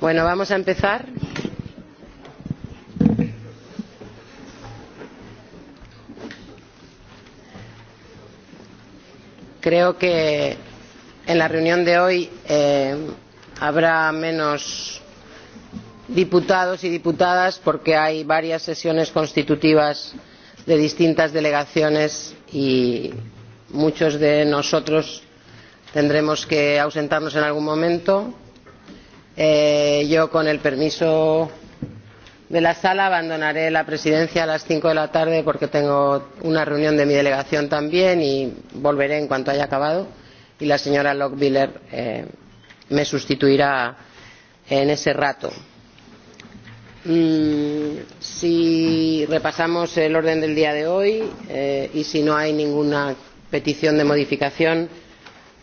Bueno, vamos a empezar. Creo que en la reunión de hoy eh, habrá menos diputados y diputadas porque hay varias sesiones constitutivas de distintas delegaciones y muchos de nosotros tendremos que ausentarnos en algún momento Eh, yo, con el permiso de la sala, abandonaré la presidencia a las cinco de la tarde porque tengo una reunión de mi delegación también y volveré en cuanto haya acabado. Y la señora Lockbiller eh, me sustituirá en ese rato. Mm, si repasamos el orden del día de hoy eh, y si no hay ninguna petición de modificación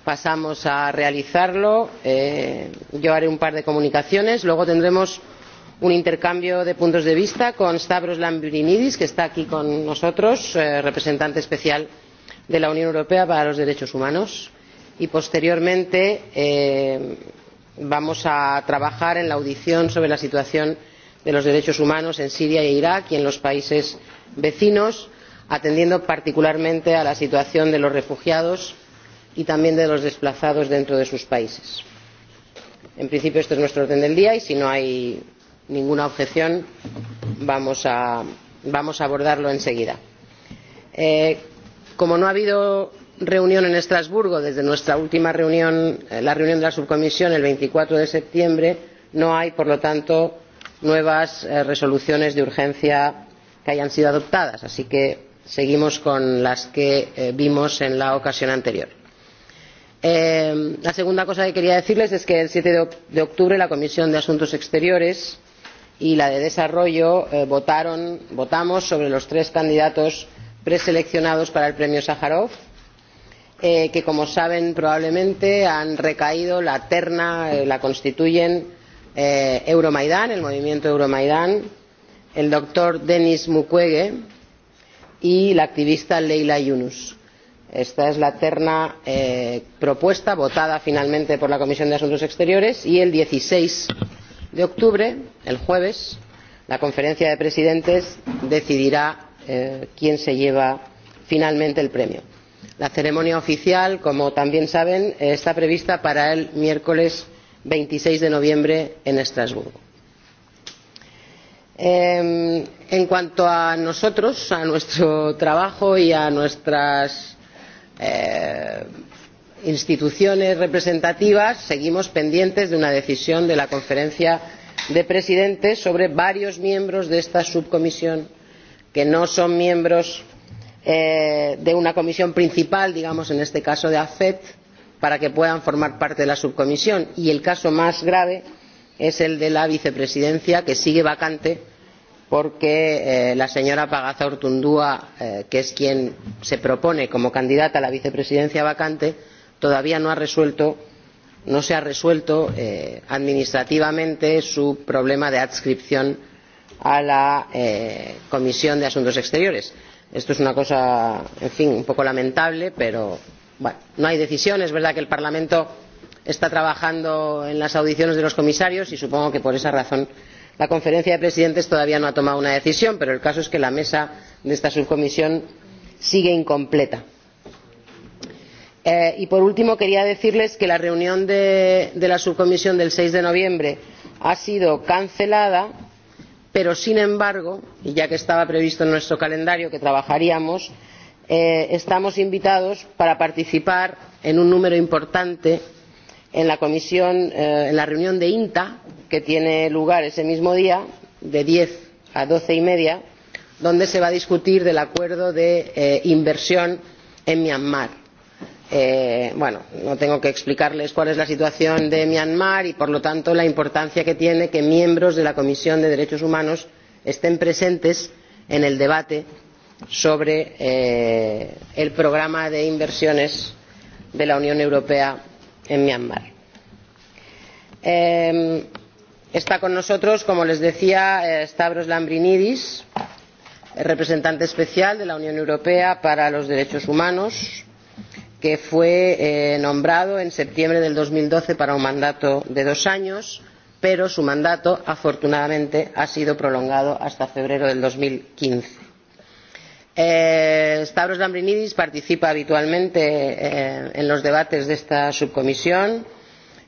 pasamos a realizarlo. Eh, yo haré un par de comunicaciones. Luego tendremos un intercambio de puntos de vista con Stavros Lambrinidis, que está aquí con nosotros, eh, representante especial de la Unión Europea para los Derechos Humanos. Y posteriormente eh, vamos a trabajar en la audición sobre la situación de los derechos humanos en Siria e Irak y en los países vecinos, atendiendo particularmente a la situación de los refugiados y también de los desplazados dentro de sus países. en principio este es nuestro orden del día y si no hay ninguna objeción vamos a, vamos a abordarlo enseguida. Eh, como no ha habido reunión en estrasburgo desde nuestra última reunión eh, la reunión de la subcomisión el 24 de septiembre no hay por lo tanto nuevas eh, resoluciones de urgencia que hayan sido adoptadas así que seguimos con las que eh, vimos en la ocasión anterior la segunda cosa que quería decirles es que el siete de octubre la comisión de asuntos exteriores y la de desarrollo eh, votamos sobre los tres candidatos preseleccionados para el premio sájarov eh, que como saben probablemente han recaído la terna eh, la constituyen euromaidán el movimiento euromaidán el doctor denis mukwege y la activista Leila yunus esta es la terna eh, propuesta votada finalmente por la comisión de asuntos exteriores y el dieciseis de octubre el jueves la conferencia de presidentes decidirá eh, quién se lleva finalmente el premio. la ceremonia oficial como también saben eh, está prevista para el miércoles veintiséis de noviembre en estrasburgo. en cuanto a nosotros a nuestro trabajo y a nuestras Eh, instituciones representativas seguimos pendientes de una decisión de la conferencia de presidentes sobre varios miembros de esta subcomisión que no son miembros eh, de una comisión principal digamos en este caso de afet para que puedan formar parte de la subcomisión y el caso más grave es el de la vicepresidencia que sigue vacante porque eh, la señora pagazaurtundúa Ortundúa, eh, que es quien se propone como candidata a la vicepresidencia vacante todavía no ha resuelto no se ha resuelto eh, administrativamente su problema de adscripción a la comisión de asuntos exteriores. esto es una cosa en fin un poco lamentable pero bueno no hay decisión. es verdad que el parlamento está trabajando en las audiciones de los comisarios y supongo que por esa razón la conferencia de presidentes todavía no ha tomado una decisión pero el caso es que la mesa de esta subcomisión sigue incompleta. Eh, y por último quería decirles que la reunión de, la subcomisión del seis de noviembre ha sido cancelada pero sin embargo y ya que estaba previsto en nuestro calendario que trabajaríamos eh, estamos invitados para participar en un número importante en la comisión eh, en la reunión de inta que tiene lugar ese mismo día de diez a doce y media donde se va a discutir el acuerdo de eh, inversión en myanmar. Eh, bueno no tengo que explicarles cuál es la situación de myanmar y por lo tanto la importancia que tiene que miembros de la comisión de derechos humanos estén presentes en el debate sobre el programa de inversiones de la unión europea en myanmar. está con nosotros como les decía eh, stavros lambrinidis representante especial de la unión europea para los derechos humanos que fue eh, nombrado en septiembre de dos mil doce para un mandato de dos años pero su mandato afortunadamente ha sido prolongado hasta febrero de dos mil quince Eh, Stavros Lambrinidis participa habitualmente eh, en los debates de esta subcomisión.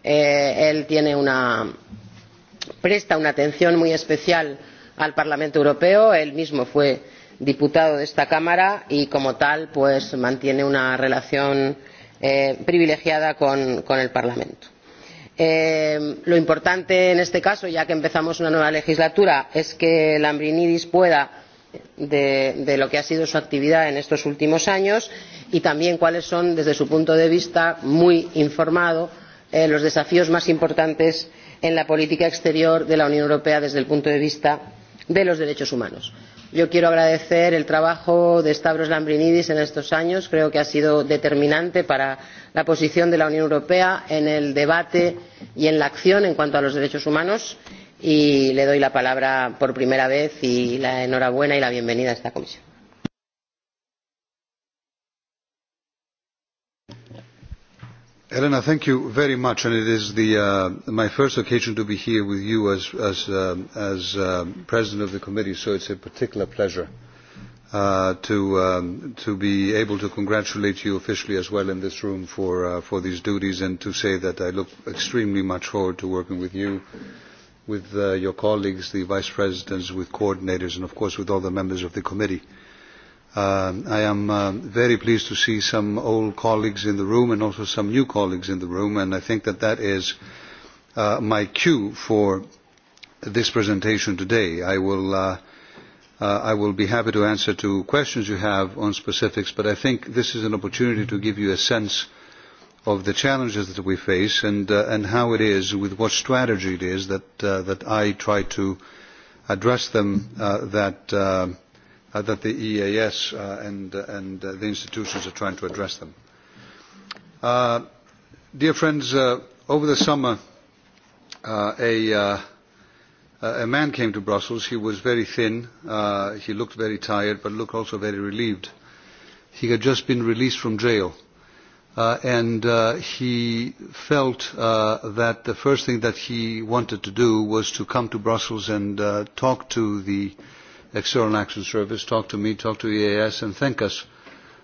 Eh, él tiene presta una atención muy especial al Parlamento Europeo. Él mismo fue diputado de esta Cámara y, como tal, pues, mantiene una relación eh, privilegiada con, con el Parlamento. Lo importante en este caso, ya que empezamos una nueva legislatura, es que Lambrinidis pueda de, lo que ha sido su actividad en estos últimos años y también cuáles son desde su punto de vista muy informado eh, los desafíos más importantes en la política exterior de la unión europea desde el punto de vista de los derechos humanos. yo quiero agradecer el trabajo de stavros lambrinidis en estos años creo que ha sido determinante para la posición de la unión europea en el debate y en la acción en cuanto a los derechos humanos y le doy la palabra por primera vez y la enhorabuena y la bienvenida a esta comisión. Elena, thank you very much, and it is the, uh, my first occasion to be here with you as, as, um, as um, President of the Committee, so it's a particular pleasure uh, to, um, to be able to congratulate you officially as well in this room for, uh, for these duties and to say that I look extremely much forward to working with you with uh, your colleagues, the vice presidents, with coordinators, and of course with all the members of the committee. Um, I am uh, very pleased to see some old colleagues in the room and also some new colleagues in the room, and I think that that is uh, my cue for this presentation today. I will, uh, uh, I will be happy to answer to questions you have on specifics, but I think this is an opportunity to give you a sense of the challenges that we face and, uh, and how it is, with what strategy it is that, uh, that I try to address them, uh, that, uh, uh that the EAS uh, and, uh, and uh, the institutions are trying to address them. Uh, dear friends, uh, over the summer, uh, a, uh, a man came to Brussels. He was very thin. Uh, he looked very tired, but looked also very relieved. He had just been released from jail Uh, and uh, he felt uh, that the first thing that he wanted to do was to come to Brussels and uh, talk to the External Action Service, talk to me, talk to EAS, and thank us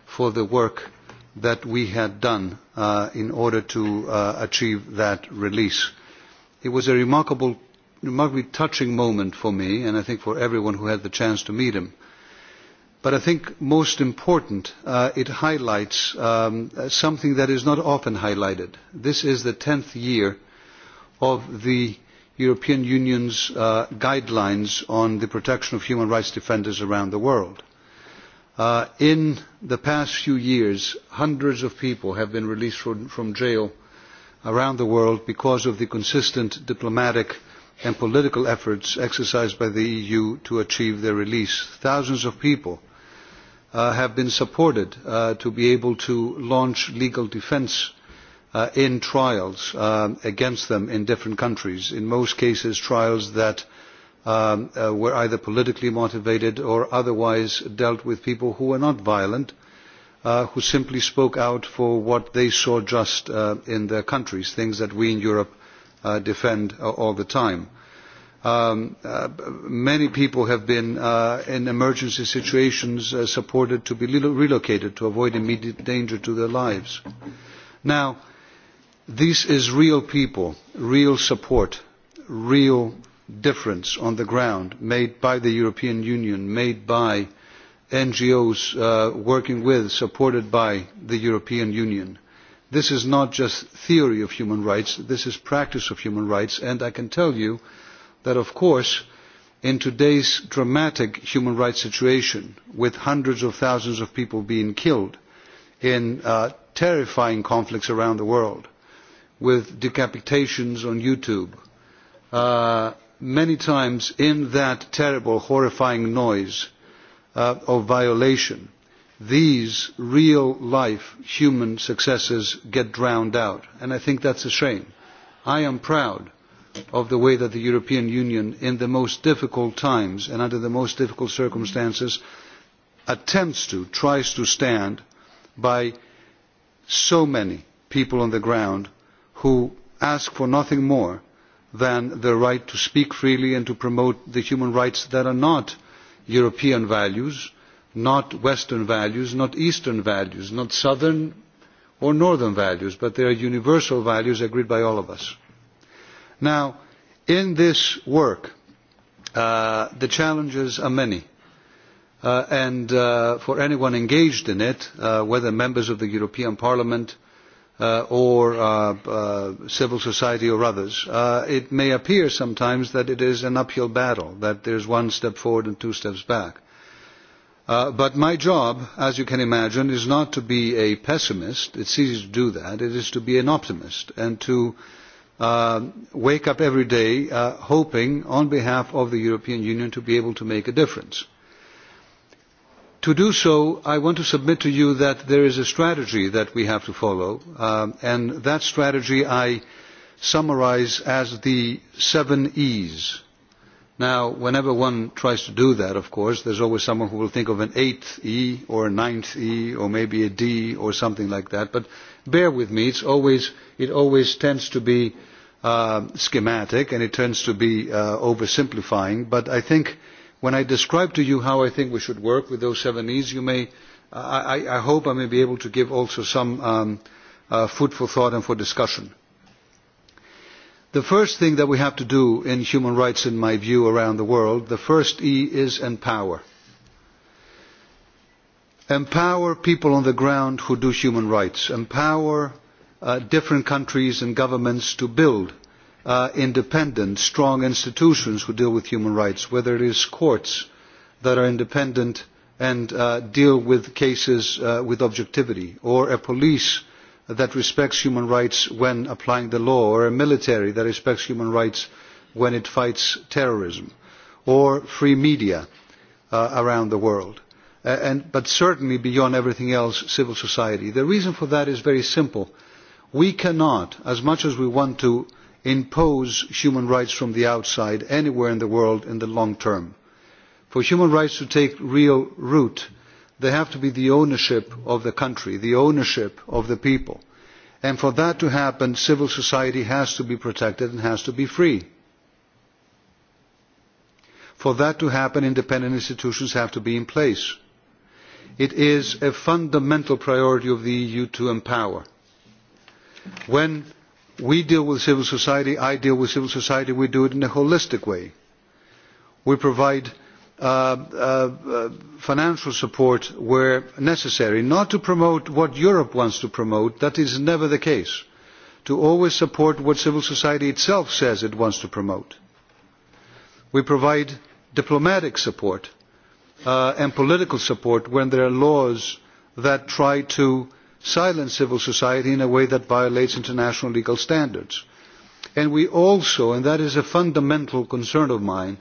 for the work that we had done uh, in order to uh, achieve that release. It was a remarkable, remarkably touching moment for me, and I think for everyone who had the chance to meet him but i think most important uh, it highlights um, uh, something that is not often highlighted this is the 10th year of the european union's uh, guidelines on the protection of human rights defenders around the world uh, in the past few years hundreds of people have been released from, from jail around the world because of the consistent diplomatic and political efforts exercised by the eu to achieve their release thousands of people Uh, have been supported uh, to be able to launch legal defence uh, in trials against them in different countries in most cases trials that um, were either politically motivated or otherwise dealt with people who were not violent, who simply spoke out for what they saw just in their countries, things that we in Europe defend all the time. Um, uh, many people have been uh, in emergency situations uh, supported to be relocated to avoid immediate danger to their lives. Now, this is real people, real support, real difference on the ground made by the European Union, made by NGOs uh, working with, supported by the European Union. This is not just theory of human rights, this is practice of human rights, and I can tell you that of course in today's dramatic human rights situation with hundreds of thousands of people being killed in uh, terrifying conflicts around the world with decapitations on youtube uh, many times in that terrible horrifying noise uh, of violation these real life human successes get drowned out and i think that's a shame i am proud of the way that the European Union, in the most difficult times and under the most difficult circumstances, attempts to, tries to stand by so many people on the ground who ask for nothing more than the right to speak freely and to promote the human rights that are not European values, not Western values, not Eastern values, not Southern or Northern values, but they are universal values agreed by all of us now in this work uh, the challenges are many uh, and uh, for anyone engaged in it whether members of the european parliament or civil society or others it may appear sometimes that it is an uphill battle that there is one step forward and two steps back but my job as you can imagine is not to be a pessimist it is easy to do that it is to be an optimist and to Uh, wake up every day uh, hoping on behalf of the European Union to be able to make a difference. To do so, I want to submit to you that there is a strategy that we have to follow, uh, and that strategy I summarize as the seven E's. Now, whenever one tries to do that, of course, there's always someone who will think of an eighth E or a ninth E or maybe a D or something like that, but bear with me it's always, it always tends to be uh, schematic and it tends to be uh, oversimplifying but i think when i describe to you how i think we should work with those seven e's you may i, I hope i may be able to give also some um, uh, food for thought and for discussion. the first thing that we have to do in human rights in my view around the world the first e is empower empower people on the ground who do human rights empower uh, different countries and governments to build uh, independent strong institutions who deal with human rights whether it is courts that are independent and uh, deal with cases with objectivity or a police that respects human rights when applying the law or a military that respects human rights when it fights terrorism or free media around the world Uh, and, but certainly beyond everything else, civil society. The reason for that is very simple. We cannot, as much as we want to, impose human rights from the outside anywhere in the world in the long term. For human rights to take real root, they have to be the ownership of the country, the ownership of the people. And for that to happen, civil society has to be protected and has to be free. For that to happen, independent institutions have to be in place it is a fundamental priority of the eu to empower. when we deal with civil society i deal with civil society we do it in a holistic way. we provide uh, uh, uh, financial support where necessary not to promote what europe wants to promote that is never the case to always support what civil society itself says it wants to promote. we provide diplomatic support Uh, and political support when there are laws that try to silence civil society in a way that violates international legal standards. And we also, and that is a fundamental concern of mine,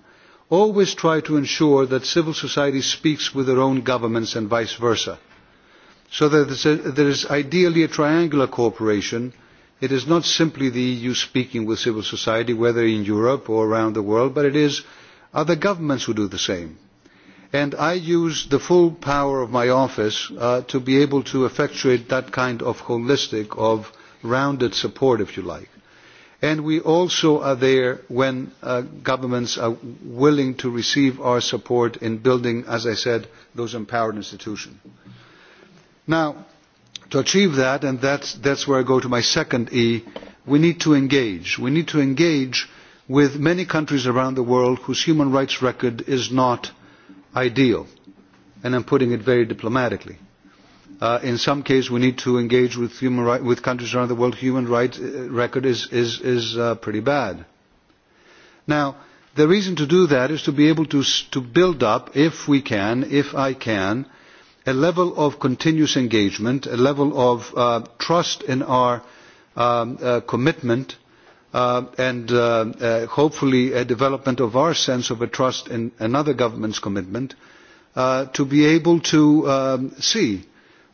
always try to ensure that civil society speaks with their own governments and vice versa. So that there is ideally a triangular cooperation. It is not simply the EU speaking with civil society, whether in Europe or around the world, but it is other governments who do the same and i use the full power of my office uh, to be able to effectuate that kind of holistic of rounded support if you like and we also are there when uh, governments are willing to receive our support in building as i said those empowered institutions now to achieve that and that that's where i go to my second e we need to engage we need to engage with many countries around the world whose human rights record is not ideal and i am putting it very diplomatically. Uh, in some cases we need to engage with, countries around the world human rights uh, record is, uh, pretty bad. now the reason to do that is to be able to, build up if we can if i can a level of continuous engagement a level of trust in our um, commitment Uh, and uh, uh, hopefully a development of our sense of a trust in another government's commitment to be able to um, see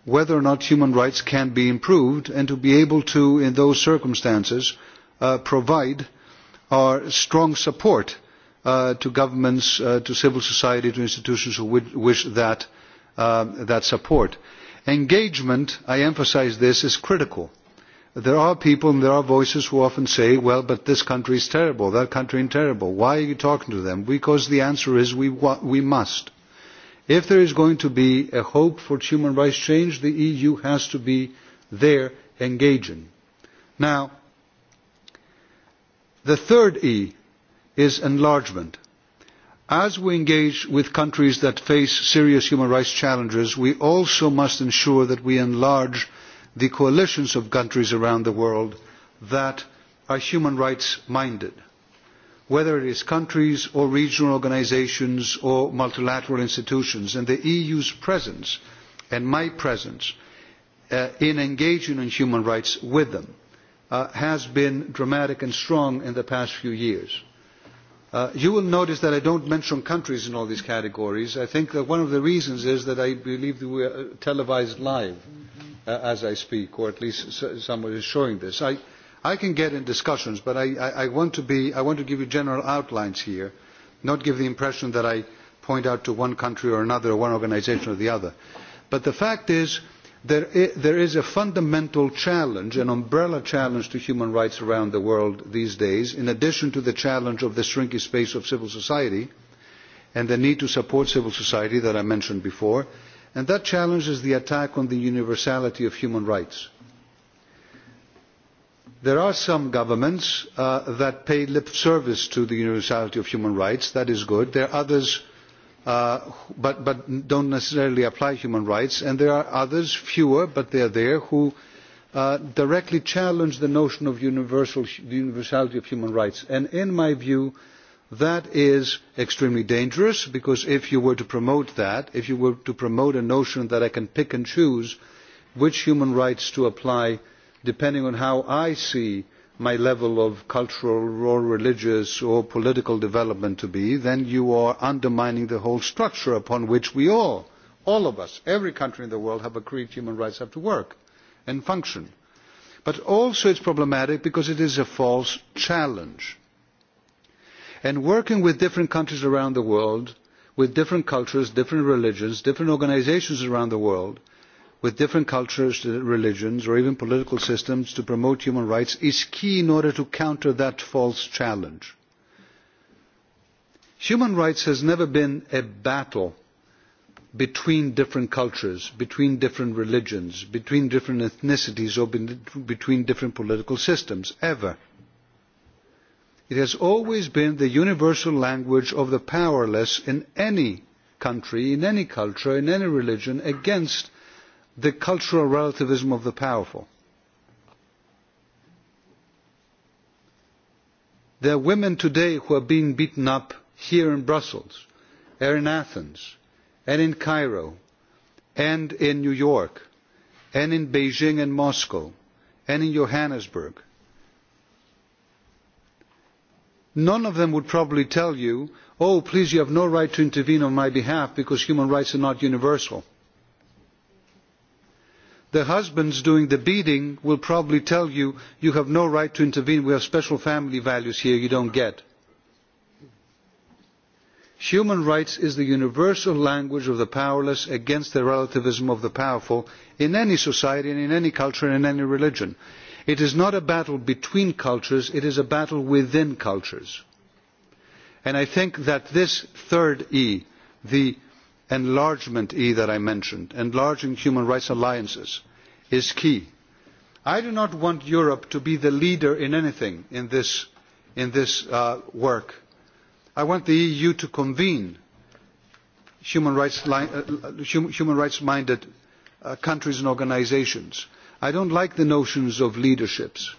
whether or not human rights can be improved and to be able to in those circumstances provide our strong support to governments to civil society to institutions who wish that, that support. engagement i emphasise this is critical there are people and there are voices who often say well but this country is terrible that country is terrible why are you talking to them? because the answer is we, we must. if there is going to be a hope for human rights change the eu has to be there engaging. now the third e is enlargement. as we engage with countries that face serious human rights challenges we also must ensure that we enlarge the coalitions of countries around the world that are human rights minded whether it is countries or regional organisations or multilateral institutions and the eu's presence and my presence uh, in engaging in human rights with them uh, has been dramatic and strong in the past few years. Uh, you will notice that i do not mention countries in all these categories. i think that one of the reasons is that i believe that we are televised live. Uh, as i speak or at least someone is showing this. i, I can get in discussions but I, I, want to be, i want to give you general outlines here not give the impression that i point out to one country or another or one organisation or the other. but the fact is there is a fundamental challenge an umbrella challenge to human rights around the world these days in addition to the challenge of the shrinking space of civil society and the need to support civil society that i mentioned before and that challenge is the attack on the universality of human rights. There are some governments uh, that pay lip service to the universality of human rights. That is good. There are others uh, but, but don't necessarily apply human rights. And there are others, fewer, but they are there, who uh, directly challenge the notion of universal, the universality of human rights. And in my view, that is extremely dangerous because if you were to promote that if you were to promote a notion that i can pick and choose which human rights to apply depending on how i see my level of cultural or religious or political development to be then you are undermining the whole structure upon which we all all of us every country in the world have agreed human rights have to work and function. but also it is problematic because it is a false challenge and working with different countries around the world with different cultures different religions different organisations around the world with different cultures uh, religions or even political systems to promote human rights is key in order to counter that false challenge. human rights has never been a battle between different cultures between different religions between different ethnicities or between different political systems ever it has always been the universal language of the powerless in any country in any culture in any religion against the cultural relativism of the powerful. There are women today who are being beaten up here in Brussels, and in Athens, and in Cairo, and in New York, and in Beijing and Moscow, and in Johannesburg none of them would probably tell you oh please you have no right to intervene on my behalf because human rights are not universal. the husbands doing the beating will probably tell you you have no right to intervene we have special family values here you don't get. human rights is the universal language of the powerless against the relativism of the powerful in any society and in any culture and in any religion it is not a battle between cultures it is a battle within cultures and i think that this third e the enlargement e that i mentioned enlarging human rights alliances is key. i do not want europe to be the leader in anything in this, in this uh, work. i want the eu to convene human rights, uh, human rights minded uh, countries and organisations i do not like the notions of leaderships.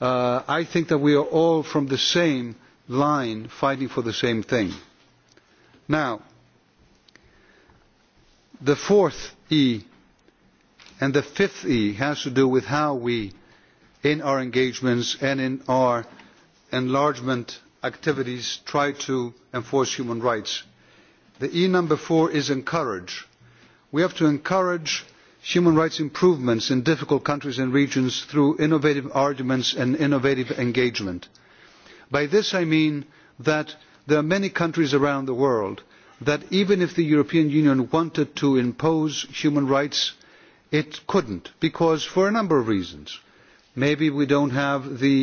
Uh, i think that we are all from the same line fighting for the same thing. now the fourth e and the fifth e has to do with how we in our engagements and in our enlargement activities try to enforce human rights. the e number four is encourage. we have to encourage human rights improvements in difficult countries and regions through innovative arguments and innovative engagement. by this i mean that there are many countries around the world that even if the european union wanted to impose human rights it could not because for a number of reasons maybe we do not have the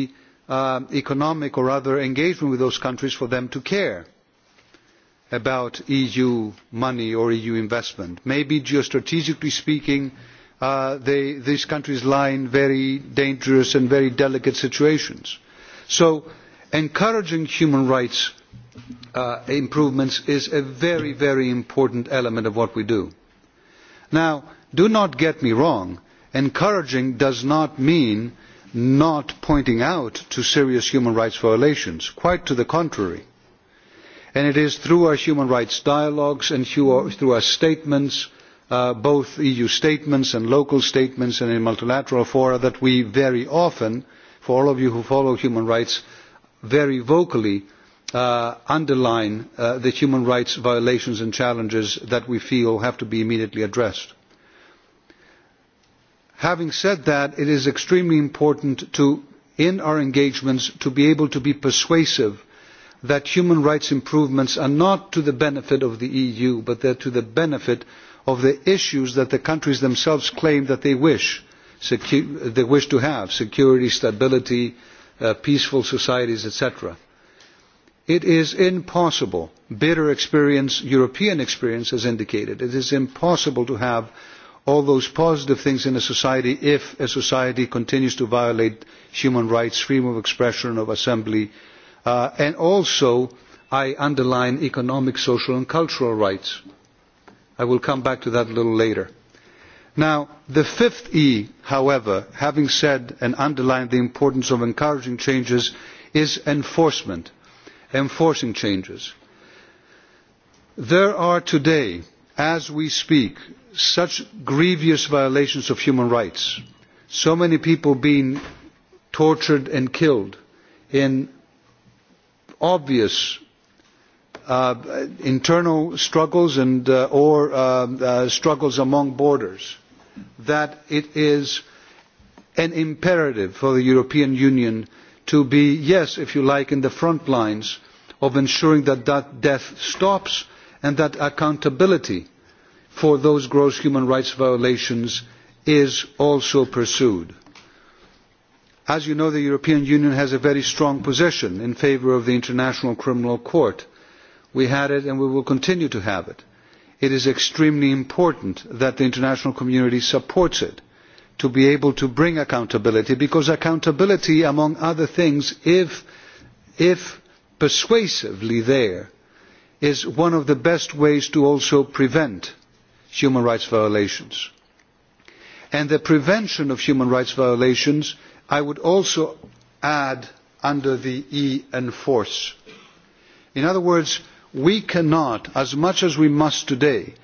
uh, economic or other engagement with those countries for them to care about eu money or eu investment. maybe geostrategically speaking uh, these countries lie in very dangerous and very delicate situations. so encouraging human rights uh, improvements is a very very important element of what we do. now do not get me wrong encouraging does not mean not pointing out to serious human rights violations quite to the contrary and it is through our human rights dialogues and through our statements uh, both eu statements and local statements and in multilateral fora that we very often for all of you who follow human rights very vocally uh, underline uh, the human rights violations and challenges that we feel have to be immediately addressed. having said that it is extremely important to in our engagements to be able to be persuasive that human rights improvements are not to the benefit of the eu but they are to the benefit of the issues that the countries themselves claim that they wish, they wish to have security stability uh, peaceful societies etc. it is impossible bitter experience european experience has indicated it is impossible to have all those positive things in a society if a society continues to violate human rights freedom of expression of assembly Uh, and also i underline economic social and cultural rights. i will come back to that a little later. now the fifth e however having said and underlined the importance of encouraging changes is enforcement enforcing changes. there are today as we speak such grievous violations of human rights so many people being tortured and killed in obvious uh, internal struggles and uh, or uh, struggles among borders that it is an imperative for the European Union to be yes if you like in the front lines of ensuring that that death stops and that accountability for those gross human rights violations is also pursued as you know the european union has a very strong position in favour of the international criminal court. we had it and we will continue to have it. it is extremely important that the international community supports it to be able to bring accountability because accountability among other things if, persuasively there is one of the best ways to also prevent human rights violations. and the prevention of human rights violations i would also add under the e enforce'. in other words we cannot as much as we must today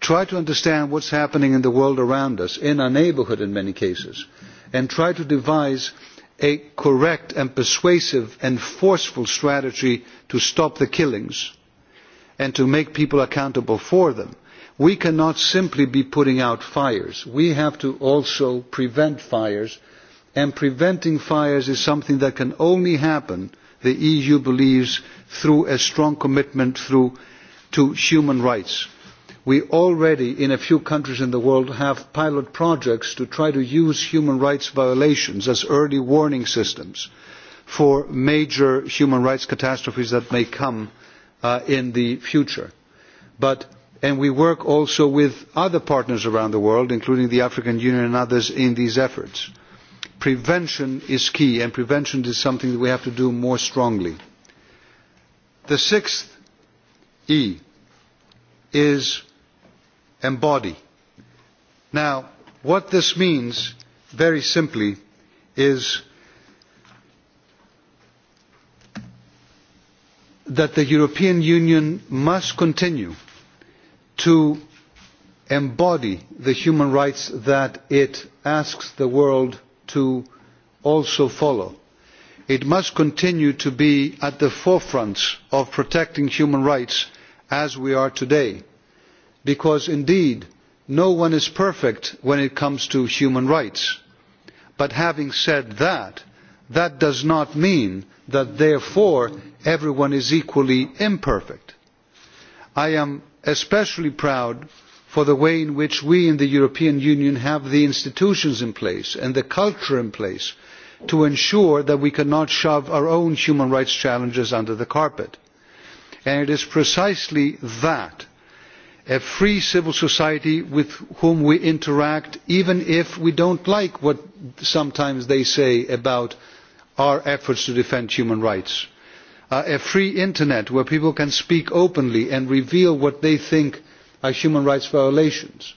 try to understand what is happening in the world around us in our neighbourhood in many cases and try to devise a correct and persuasive and forceful strategy to stop the killings and to make people accountable for them. we cannot simply be putting out fires. we have to also prevent fires and preventing fires is something that can only happen the eu believes through a strong commitment through, to human rights. we already in a few countries in the world have pilot projects to try to use human rights violations as early warning systems for major human rights catastrophes that may come uh, in the future. But, and we work also with other partners around the world including the african union and others in these efforts prevention is key and prevention is something that we have to do more strongly. The sixth E is embody. Now, what this means, very simply, is that the European Union must continue to embody the human rights that it asks the world to also follow. it must continue to be at the forefront of protecting human rights as we are today because indeed no one is perfect when it comes to human rights but having said that that does not mean that therefore everyone is equally imperfect. i am especially proud for the way in which we in the european union have the institutions in place and the culture in place to ensure that we cannot shove our own human rights challenges under the carpet. And it is precisely that a free civil society with whom we interact even if we do not like what sometimes they say about our efforts to defend human rights uh, a free internet where people can speak openly and reveal what they think by human rights violations.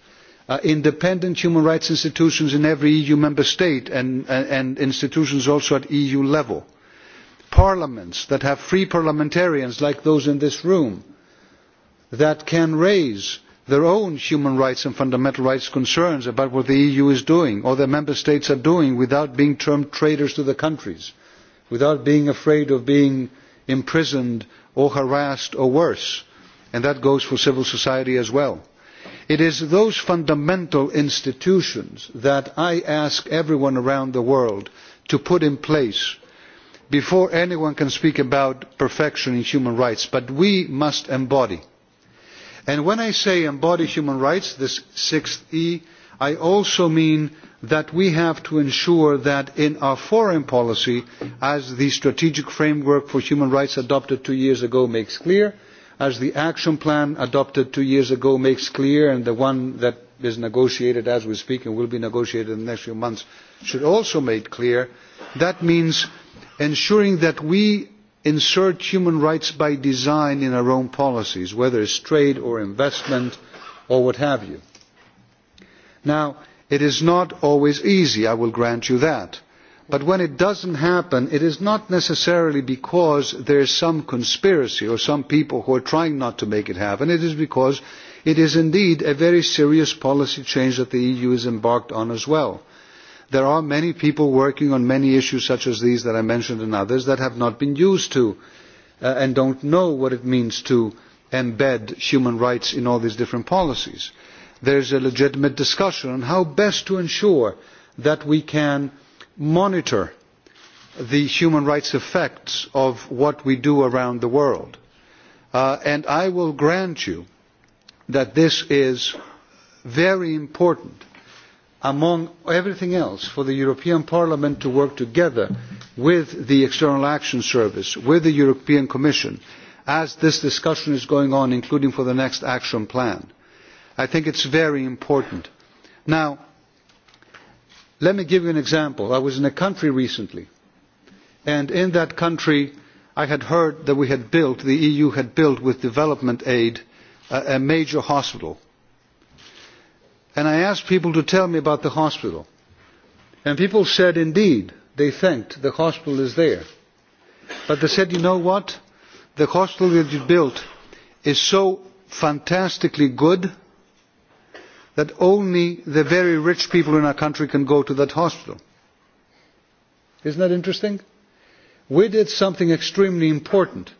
Uh, independent human rights institutions in every eu member state and, institutions also at eu level parliaments that have free parliamentarians like those in this room that can raise their own human rights and fundamental rights concerns about what the eu is doing or their member states are doing without being termed traitors to the countries without being afraid of being imprisoned or harassed or worse and that goes for civil society as well. it is those fundamental institutions that i ask everyone around the world to put in place before anyone can speak about perfection in human rights but we must embody. and when i say embody human rights this sixth e i also mean that we have to ensure that in our foreign policy as the strategic framework for human rights adopted two years ago makes clear as the action plan adopted two years ago makes clear and the one that is negotiated as we speak and will be negotiated in the next few months should also make clear that means ensuring that we insert human rights by design in our own policies whether it is trade or investment or what have you. now it is not always easy i will grant you that but when it does not happen it is not necessarily because there is some conspiracy or some people who are trying not to make it happen it is because it is indeed a very serious policy change that the eu has embarked on as well. there are many people working on many issues such as these that i mentioned and others that have not been used to uh, and do not know what it means to embed human rights in all these different policies. there is a legitimate discussion on how best to ensure that we can monitor the human rights effects of what we do around the world uh, and i will grant you that this is very important among everything else for the european parliament to work together with the external action service with the european commission as this discussion is going on including for the next action plan. i think it is very important. now let me give you an example i was in a country recently and in that country i had heard that we had built the eu had built with development aid a, major hospital and i asked people to tell me about the hospital and people said indeed they thanked the hospital is there but they said you know what the hospital that you built is so fantastically good that only the very rich people in our country can go to that hospital. Isn't that interesting? We did something extremely important,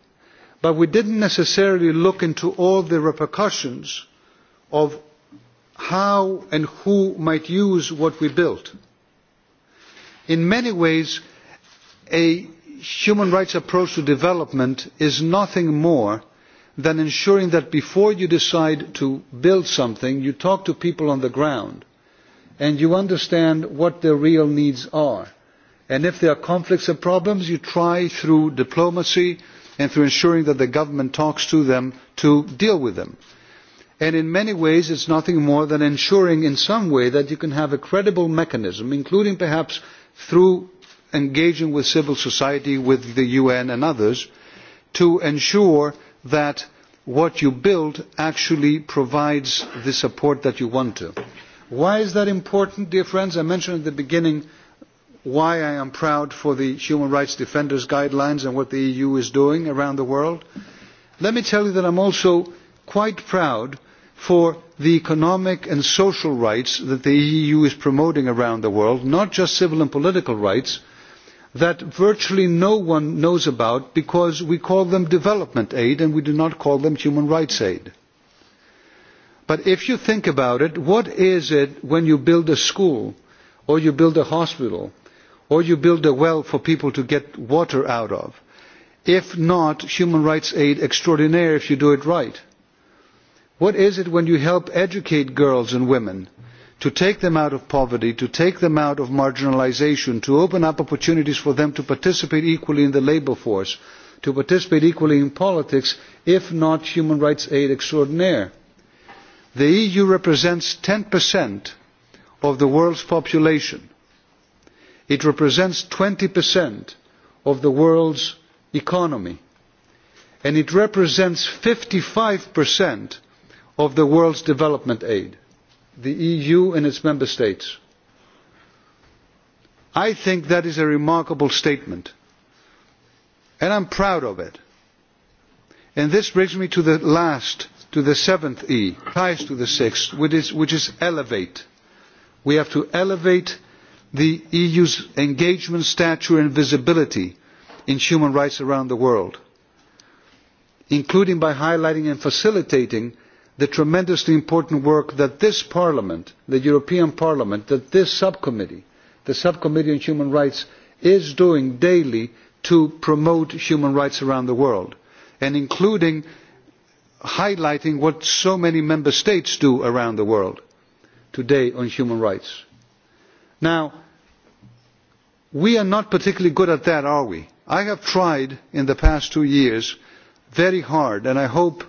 but we didn't necessarily look into all the repercussions of how and who might use what we built. In many ways, a human rights approach to development is nothing more than ensuring that before you decide to build something you talk to people on the ground and you understand what their real needs are and if there are conflicts and problems you try through diplomacy and through ensuring that the government talks to them to deal with them. And in many ways it is nothing more than ensuring in some way that you can have a credible mechanism including perhaps through engaging with civil society with the un and others to ensure that what you build actually provides the support that you want to. Why is that important, dear friends? I mentioned at the beginning why I am proud for the Human Rights Defenders Guidelines and what the EU is doing around the world. Let me tell you that I am also quite proud for the economic and social rights that the EU is promoting around the world, not just civil and political rights, that virtually no one knows about because we call them development aid and we do not call them human rights aid. But if you think about it, what is it when you build a school or you build a hospital or you build a well for people to get water out of? If not human rights aid extraordinaire if you do it right. What is it when you help educate girls and women? to take them out of poverty to take them out of marginalisation to open up opportunities for them to participate equally in the labour force to participate equally in politics if not human rights aid extraordinaire. the eu represents ten of the world's population. it represents twenty of the world's economy and it represents fifty five of the world's development aid the eu and its member states. i think that is a remarkable statement and i am proud of it. and this brings me to the last to the seventh e ties to the sixth which is, which is elevate. we have to elevate the eu's engagement stature and visibility in human rights around the world including by highlighting and facilitating the tremendously important work that this parliament the european parliament that this subcommittee the subcommittee on human rights is doing daily to promote human rights around the world and including highlighting what so many member states do around the world today on human rights. Now, we are not particularly good at that, are we? I have tried in the past two years very hard, and I hope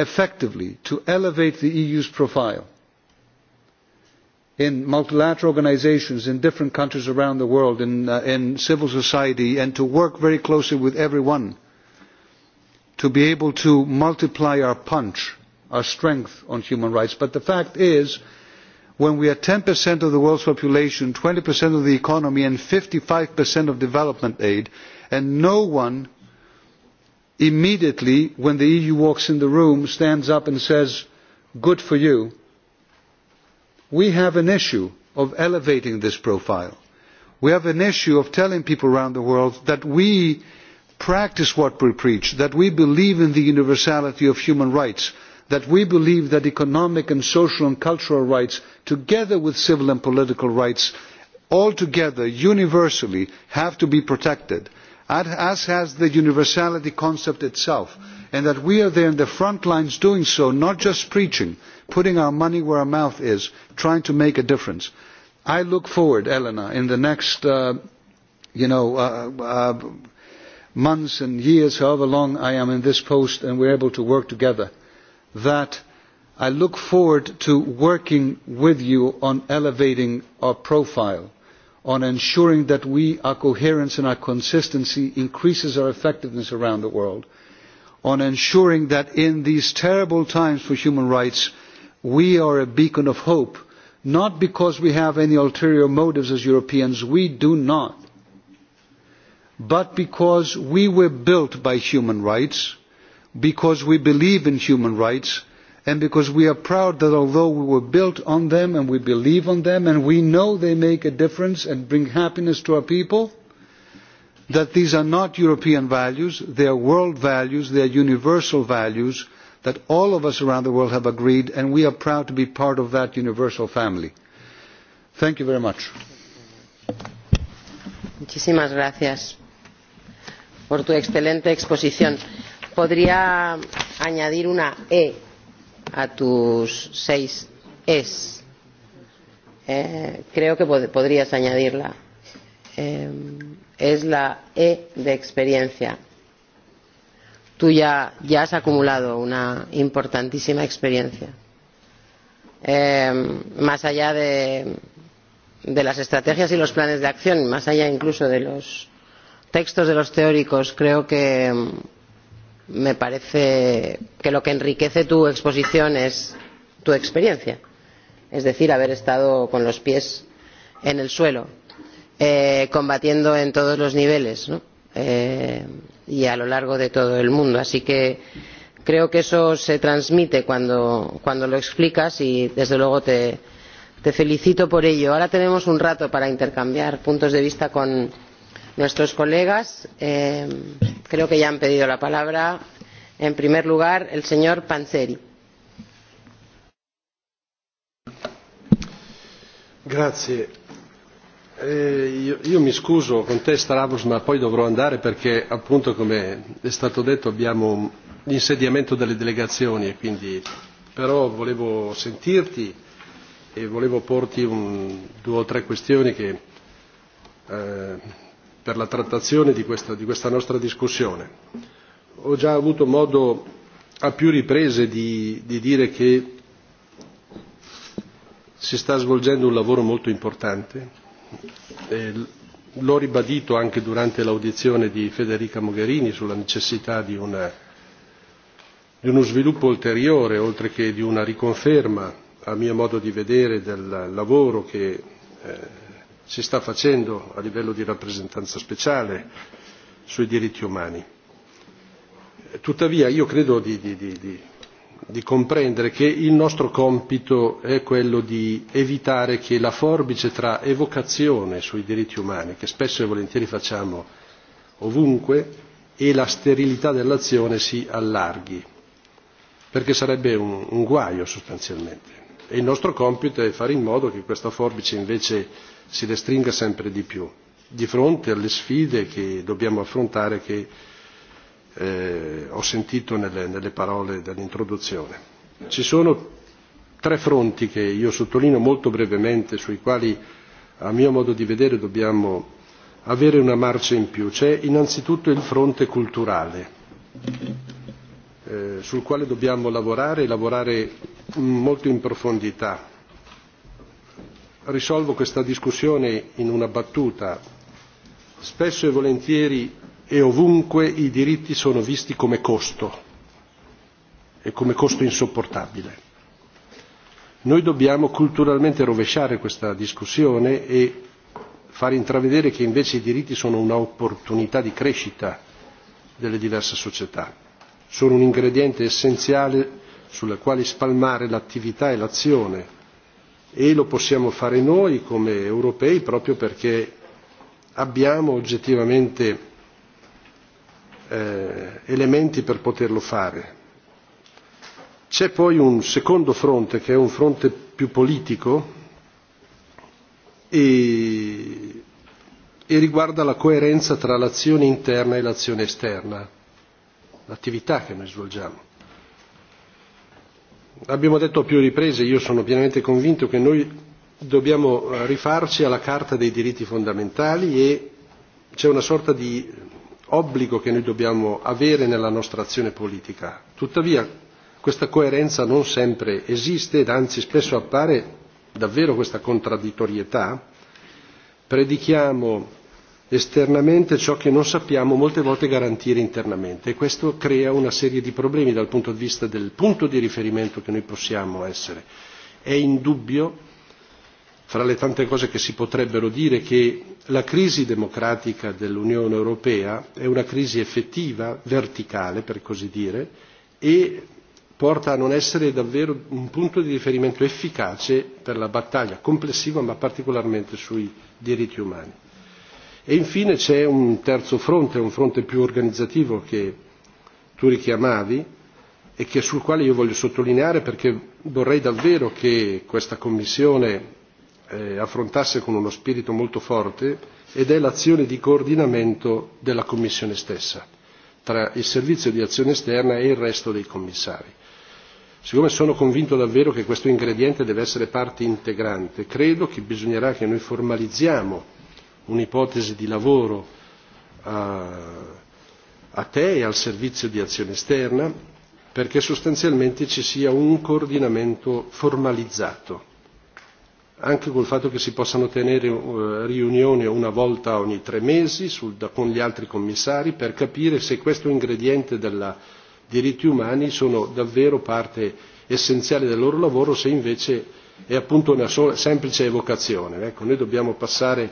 effectively to elevate the eu's profile in multilateral organisations in different countries around the world in, uh, in civil society and to work very closely with everyone to be able to multiply our punch our strength on human rights but the fact is when we are 10% of the world's population 20% of the economy and 55% of development aid and no one immediately when the eu walks in the room stands up and says good for you we have an issue of elevating this profile. we have an issue of telling people around the world that we practice what we preach that we believe in the universality of human rights that we believe that economic and social and cultural rights together with civil and political rights all together universally have to be protected as has the universality concept itself and that we are there in the front lines doing so not just preaching putting our money where our mouth is trying to make a difference. i look forward elena in the next uh, you know, uh, uh, months and years however long i am in this post and we are able to work together that i look forward to working with you on elevating our profile on ensuring that we, our coherence and our consistency increases our effectiveness around the world, on ensuring that in these terrible times for human rights, we are a beacon of hope, not because we have any ulterior motives as Europeans, we do not, but because we were built by human rights, because we believe in human rights, and because we are proud that although we were built on them and we believe on them and we know they make a difference and bring happiness to our people that these are not european values they are world values they are universal values that all of us around the world have agreed and we are proud to be part of that universal family. thank you very much. muchísimas gracias por tu excelente exposición. podría añadir una e a tus seis es. Eh, creo que pod podrías añadirla. Eh, es la E de experiencia. Tú ya, ya has acumulado una importantísima experiencia. Eh, más allá de, de las estrategias y los planes de acción, más allá incluso de los textos de los teóricos, creo que me parece que lo que enriquece tu exposición es tu experiencia es decir haber estado con los pies en el suelo eh, combatiendo en todos los niveles eh, y a lo largo de todo el mundo así que creo que eso se transmite cuando, cuando lo explicas y desde luego te, te felicito por ello. ahora tenemos un rato para intercambiar puntos de vista con nuestros colegas. Eh, creo que ya han pedido la palabra. En primer lugar, el señor Panzeri. Grazie. Eh, io, io mi scuso con te ma poi dovrò andare perché appunto come è stato detto abbiamo l'insediamento delle delegazioni e quindi però volevo sentirti e volevo porti un, due o tre questioni che eh, per la trattazione di questa, di questa nostra discussione. Ho già avuto modo a più riprese di, dire che si sta svolgendo un lavoro molto importante e l'ho ribadito anche durante l'audizione di Federica Mogherini sulla necessità di, una, di uno sviluppo ulteriore, oltre che di una riconferma, a mio modo di vedere, del lavoro che eh, si sta facendo a livello di rappresentanza speciale sui diritti umani. tuttavia io credo di, di, di, di comprendere che il nostro compito è quello di evitare che la forbice tra evocazione sui diritti umani che spesso e volentieri facciamo ovunque e la sterilità dell'azione si allarghi perché sarebbe un, un guaio sostanzialmente e il nostro compito è fare in modo che questa forbice invece si restringa sempre di più di fronte alle sfide che dobbiamo affrontare che eh, ho sentito nelle, parole dell'introduzione. Ci sono tre fronti che io sottolineo molto brevemente sui quali a mio modo di vedere dobbiamo avere una marcia in più. C'è innanzitutto il fronte culturale eh, sul quale dobbiamo lavorare e lavorare molto in profondità risolvo questa discussione in una battuta spesso e volentieri e ovunque i diritti sono visti come costo e come costo insopportabile. Noi dobbiamo culturalmente rovesciare questa discussione e far intravedere che invece i diritti sono un'opportunità di crescita delle diverse società, sono un ingrediente essenziale sulla quale spalmare l'attività e l'azione e lo possiamo fare noi come europei proprio perché abbiamo oggettivamente eh, elementi per poterlo fare. C'è poi un secondo fronte che è un fronte più politico e, e riguarda la coerenza tra l'azione interna e l'azione esterna, l'attività che noi svolgiamo abbiamo detto a più riprese io sono pienamente convinto che noi dobbiamo eh, rifarci alla carta dei diritti fondamentali e c'è una sorta di obbligo che noi dobbiamo avere nella nostra azione politica tuttavia questa coerenza non sempre esiste ed anzi spesso appare davvero questa contraddittorietà predichiamo esternamente ciò che non sappiamo molte volte garantire internamente e questo crea una serie di problemi dal punto di vista del punto di riferimento che noi possiamo essere. È indubbio fra le tante cose che si potrebbero dire che la crisi democratica dell'Unione Europea è una crisi effettiva, verticale per così dire e porta a non essere davvero un punto di riferimento efficace per la battaglia complessiva ma particolarmente sui diritti umani e infine c'è un terzo fronte un fronte più organizzativo che tu richiamavi e che, sul quale io voglio sottolineare perché vorrei davvero che questa commissione eh, affrontasse con uno spirito molto forte ed è l'azione di coordinamento della commissione stessa tra il servizio di azione esterna e il resto dei commissari. Siccome sono convinto davvero che questo ingrediente deve essere parte integrante, credo che bisognerà che noi formalizziamo un'ipotesi di lavoro eh, a, te e al servizio di azione esterna perché sostanzialmente ci sia un coordinamento formalizzato anche col fatto che si possano tenere eh, riunioni una volta ogni tre mesi con gli altri commissari per capire se questo ingrediente dei diritti umani sono davvero parte essenziale del loro lavoro se invece è appunto una semplice evocazione. Ecco, noi dobbiamo passare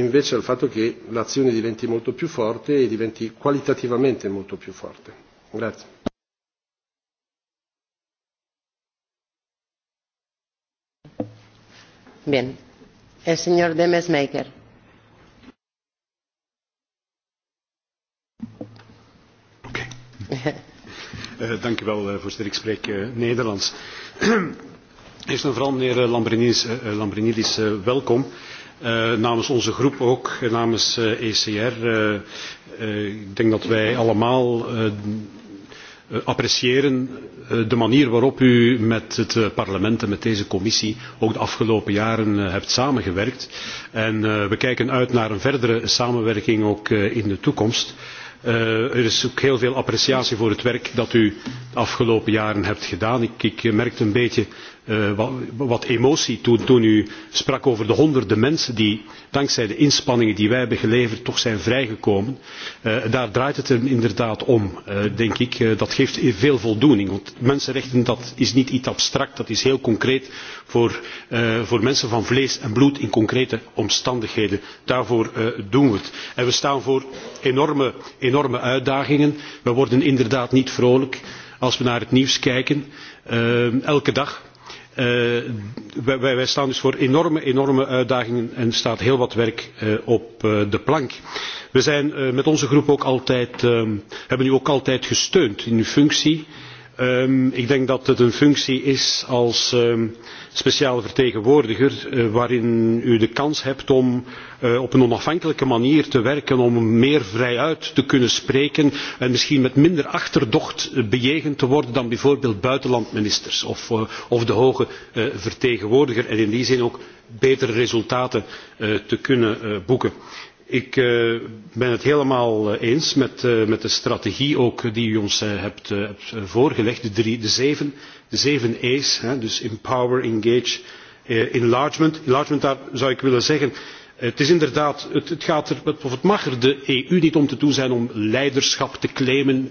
invece al fatto che l'azione diventi molto più forte e diventi qualitativamente molto più forte. Grazie. Bien. El señor Demesmaker. Okay. uh, dank u wel, eh, voorzitter. Ik spreek uh, Nederlands. Eerst en vooral, meneer Lambrinidis, uh, Lambrinidis welkom. Eh, namens onze groep ook, eh, namens ECR. Eh, e ik denk dat wij allemaal appreciëren de manier waarop u met het parlement en met deze commissie ook de afgelopen jaren hebt samengewerkt. En we kijken uit naar een verdere samenwerking ook in de toekomst. er is ook heel veel appreciatie voor het werk dat u de afgelopen jaren hebt gedaan. ik merkte een beetje Eh, wat emotie toen, u sprak over de honderden mensen die dankzij de inspanningen die wij hebben geleverd toch zijn vrijgekomen. Eh, daar draait het inderdaad om, eh, denk ik. Dat geeft veel voldoening, want mensenrechten dat is niet iets abstract, dat is heel concreet voor, voor mensen van vlees en bloed in concrete omstandigheden. Daarvoor doen we het. En we staan voor enorme, enorme uitdagingen. We worden inderdaad niet vrolijk als we naar het nieuws kijken. Elke dag Eh, wij, staan dus voor enorme, enorme uitdagingen en er staat heel wat werk eh, op eh, de plank. we zijn met onze fractie ook altijd, hebben u ook altijd gesteund in uw functie Ehm, ik denk dat het een functie is als speciaal ehm, speciale vertegenwoordiger eh, waarin u de kans hebt om eh, op een onafhankelijke manier te werken om meer vrijuit te kunnen spreken en misschien met minder achterdocht eh, bejegend te worden dan bijvoorbeeld buitenlandministers of de hoge vertegenwoordiger en in die zin ook betere resultaten te kunnen boeken ik eh, ben het helemaal eh, eens eh, met, de strategie ook die u ons hebt, voorgelegd de, drie, de zeven de e's dus empower engage enlargement. enlargement daar zou ik willen zeggen het is inderdaad het, gaat er of het mag er de eu niet om te doen zijn om leiderschap te claimen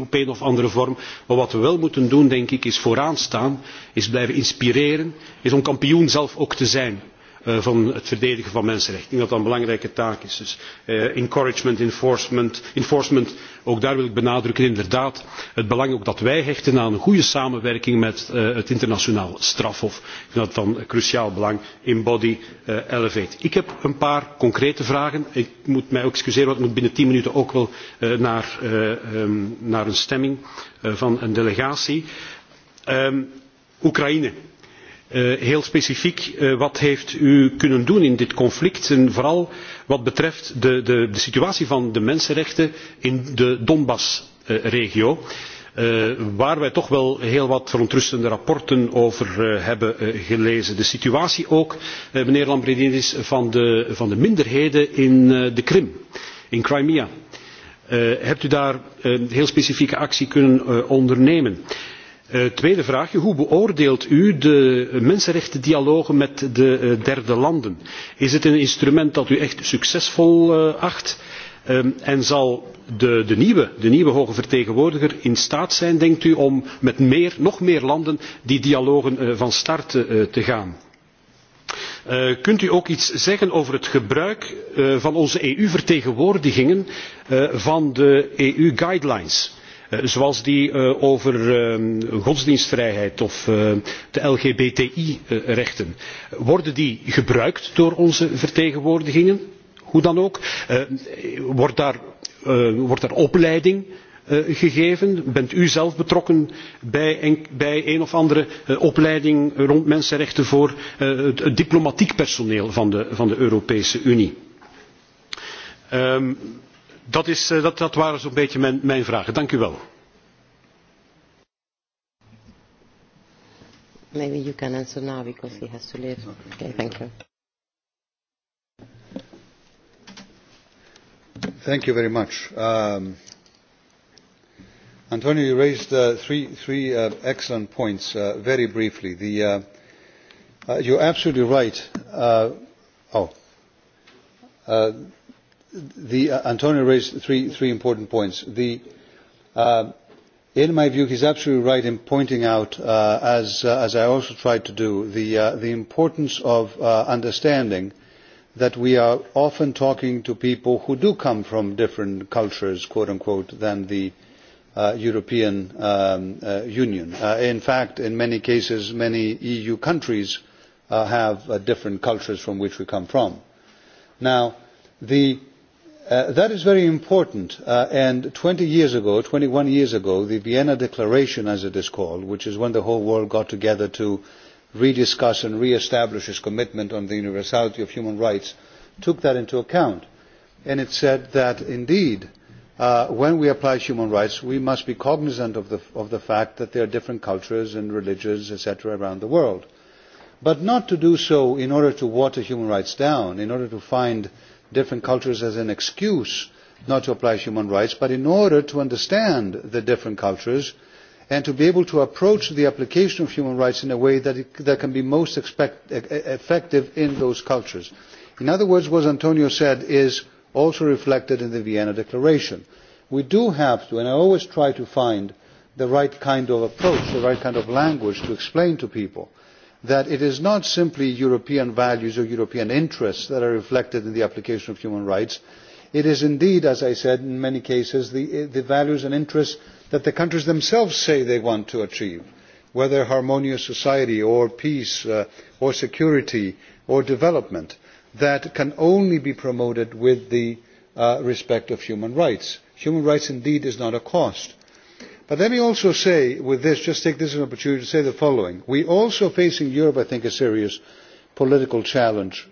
op een of andere vorm maar wat we wel moeten doen denk ik is vooraan staan is blijven inspireren is om kampioen zelf ook te zijn. Eh, van het verdedigen van mensenrechten. Ik denk dat dat een belangrijke taak is. Dus eh, encouragement, enforcement, ook daar wil ik benadrukken inderdaad het belang ook dat wij hechten aan een goede samenwerking met eh, het internationaal strafhof. Ik vind dat van cruciaal belang in body elevate. Ik heb een paar concrete vragen. Ik moet mij ook excuseren, want ik moet binnen tien minuten ook wel ehm, naar, een stemming van een delegatie. Ehm, Oekraïne Eh, heel specifiek eh, wat heeft u kunnen doen in dit conflict en vooral wat betreft de, situatie van de mensenrechten in de donbass regio eh, waar wij toch wel heel wat verontrustende rapporten over hebben gelezen. de situatie ook mijnheer lambrinidis van de, van de minderheden in de krim in crimea. hebt u daar heel specifieke actie kunnen ondernemen? Eh, tweede vraagje hoe beoordeelt u de mensenrechtendialogen met de eh, derde landen? is het een instrument dat u echt succesvol eh, acht ehm, en zal de, nieuwe, hoge vertegenwoordiger in staat zijn denkt u om met nog meer landen die dialogen van start te gaan? kunt u ook iets zeggen over het gebruik van onze eu vertegenwoordigingen van de eu guidelines? Eh, zoals die eh, over ehm, godsdienstvrijheid of eh, de lgbti rechten. worden die gebruikt door onze vertegenwoordigingen hoe dan ook? wordt daar, opleiding gegeven? bent u zelf betrokken bij een, of andere opleiding rond mensenrechten voor het diplomatiek personeel van de, europese unie? Ehm, dat, is, eh, dat, dat waren zo'n beetje mijn, vragen. Dank u wel. Maybe you can answer now because he has to leave. Thank you very much. Um, Antonio, you raised uh, three, three uh, excellent points uh, very briefly. The, uh, uh, you're absolutely right. Uh, oh. Uh, the, uh, Antonio raised three, important points. The, uh, in my view, he is absolutely right in pointing out, uh, as, as I also tried to do, the, the importance of understanding that we are often talking to people who do come from different cultures, quote than the European um, Union. in fact, in many cases, many EU countries have different cultures from which we come from. Now, the Uh, that is very important uh, and twenty years ago twenty one years ago the vienna declaration as it is called which is when the whole world got together to rediscuss and re establish its commitment on the universality of human rights took that into account and it said that indeed uh, when we apply human rights we must be cognizant of the, of the fact that there are different cultures and religions etc. around the world but not to do so in order to water human rights down in order to find different cultures as an excuse not to apply human rights but in order to understand the different cultures and to be able to approach the application of human rights in a way that, can be most e, e, effective in those cultures. in other words what antonio said is also reflected in the vienna declaration. we do have to and i always try to find the right kind of approach the right kind of language to explain to people that it is not simply european values or european interests that are reflected in the application of human rights it is indeed as i said in many cases the, values and interests that the countries themselves say they want to achieve whether harmonious society or peace uh, or security or development that can only be promoted with the uh, respect of human rights. human rights indeed is not a cost but let me also say with this just take this as an opportunity to say the following we are also facing in europe i think a serious political challenge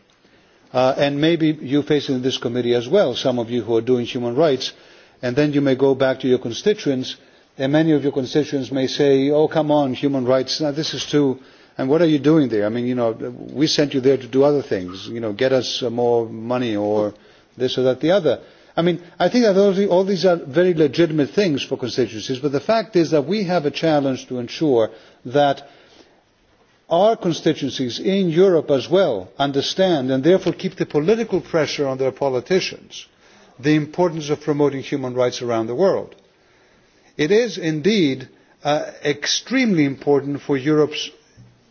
uh, and maybe you face it in this committee as well some of you who are doing human rights and then you may go back to your constituents and many of your constituents may say oh come on human rights now this is too and what are you doing there i mean you know we sent you there to do other things you know get us uh, more money or this or that the other i mean, I think that all these are very legitimate things for constituencies, but the fact is that we have a challenge to ensure that our constituencies in Europe as well understand and therefore keep the political pressure on their politicians the importance of promoting human rights around the world. It is indeed uh, extremely important for Europe's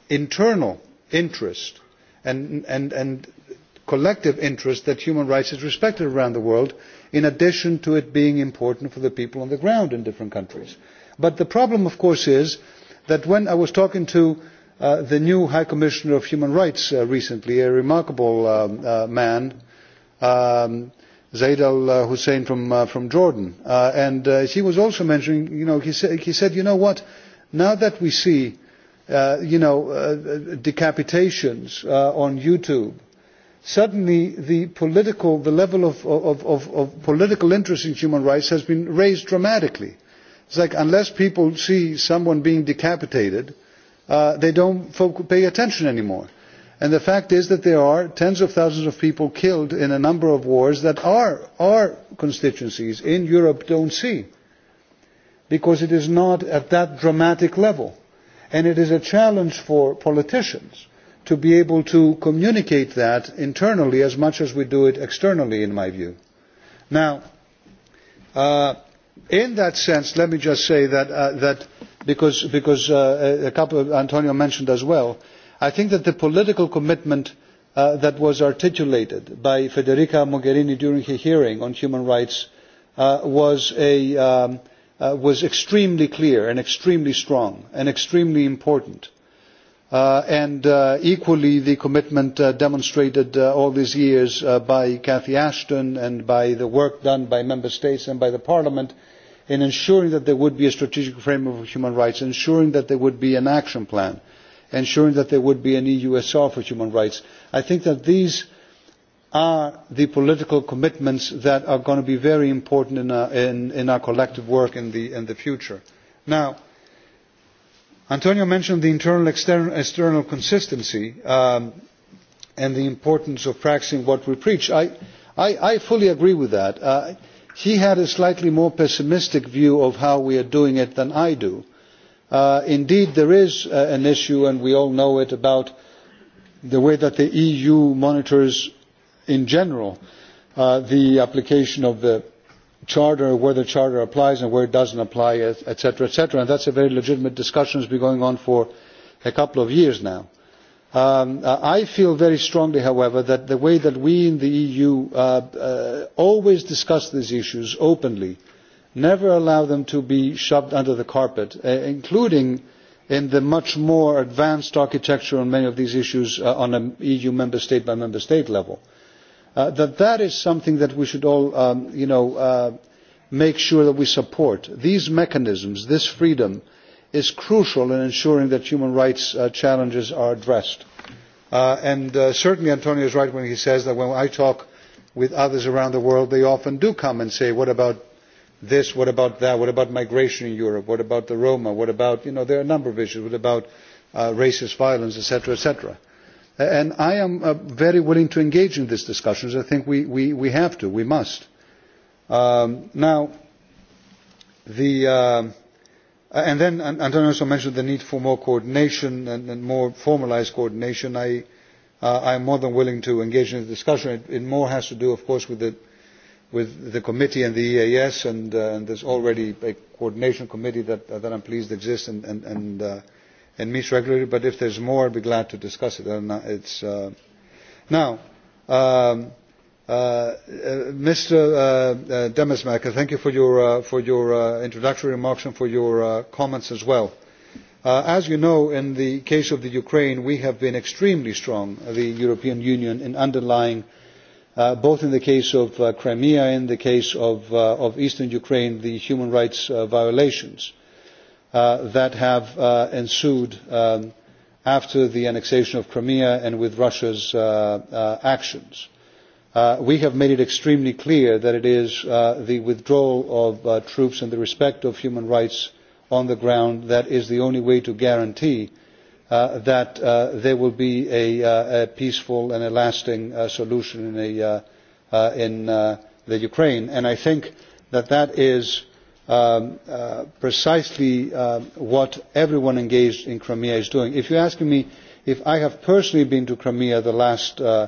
internal interest and, and, and collective interest that human rights is respected around the world in addition to it being important for the people on the ground in different countries. but the problem of course is that when i was talking to uh, the new high commissioner of human rights uh, recently a remarkable um, uh, man um, al Hussein from, from Jordan. and he was also mentioning, you know, he, he said, you know what, now that we see, you know, decapitations on YouTube, suddenly the political the level of, of, of, political interest in human rights has been raised dramatically. as like unless people see someone being decapitated, uh, they don't pay attention anymore. And the fact is that there are tens of thousands of people killed in a number of wars that our, our constituencies in Europe don't see. Because it is not at that dramatic level. And it is a challenge for politicians to be able to communicate that internally as much as we do it externally in my view. Now, uh, in that sense, let me just say that, uh, that because, because uh, a couple of Antonio mentioned as well, I think that the political commitment that was articulated by Federica Mogherini during her hearing on human rights was, a, um, was extremely clear and extremely strong and extremely important Uh, and uh, equally the commitment uh, demonstrated all these years by cathy ashton and by the work done by member states and by parliament in ensuring that there would be a strategic framework for human rights ensuring that there would be an action plan ensuring that there would be an eu for human rights. i think that these are the political commitments that are going to be very important in our collective work in the future. now antonio mentioned the internal external, external consistency um, and the importance of practicing what we preach. i, I, I fully agree with that. Uh, he had a slightly more pessimistic view of how we are doing it than i do. Uh, indeed there is uh, an issue and we all know it about the way that the eu monitors in general uh, the application of the charter where the charter applies and where it does not apply etc. etc. that is a very legitimate discussion that has been going on for a couple of years now. Um, uh, i feel very strongly however that the way that we in the eu uh, uh, always discuss these issues openly never allow them to be shoved under the carpet including in the much more advanced architecture on many of these issues on an eu member state by member state level. Uh, that that is something that we should all um, you know, uh, make sure that we support. These mechanisms, this freedom, is crucial in ensuring that human rights uh, challenges are addressed. and certainly Antonio is right when he says that when I talk with others around the world, they often do come and say, what about this, what about that, what about migration in Europe, what about the Roma, what about, you know, there are a number of issues, what about racist violence, etc., etc and i am uh, very willing to engage in these discussions. i think we, have to we must. Um, now the uh, and then antonio also mentioned the need for more coordination and, more formalised coordination. Uh, i am more than willing to engage in the discussion. it, more has to do of course with the committee and the eas and, there there's already a coordination committee that, I i'm pleased exists and and meets regularly but if there is more i be glad to discuss it. Uh, now mr um, uh, uh, demesmaeker thank you for your, for your introductory remarks and for your comments as well. as you know in the case of the ukraine we have been extremely strong the european union in underlying both in the case of crimea and in the case of, of eastern ukraine the human rights violations. Uh, that have uh, ensued um, after the annexation of Crimea and with Russia's uh, actions. We have made it extremely clear that it is the withdrawal of troops and the respect of human rights on the ground that is the only way to guarantee that there will be a, peaceful and a lasting solution in, in the Ukraine. And I think that that is Um, uh, precisely um, what everyone engaged in Crimea is doing. If you ask me if I have personally been to Crimea the last uh,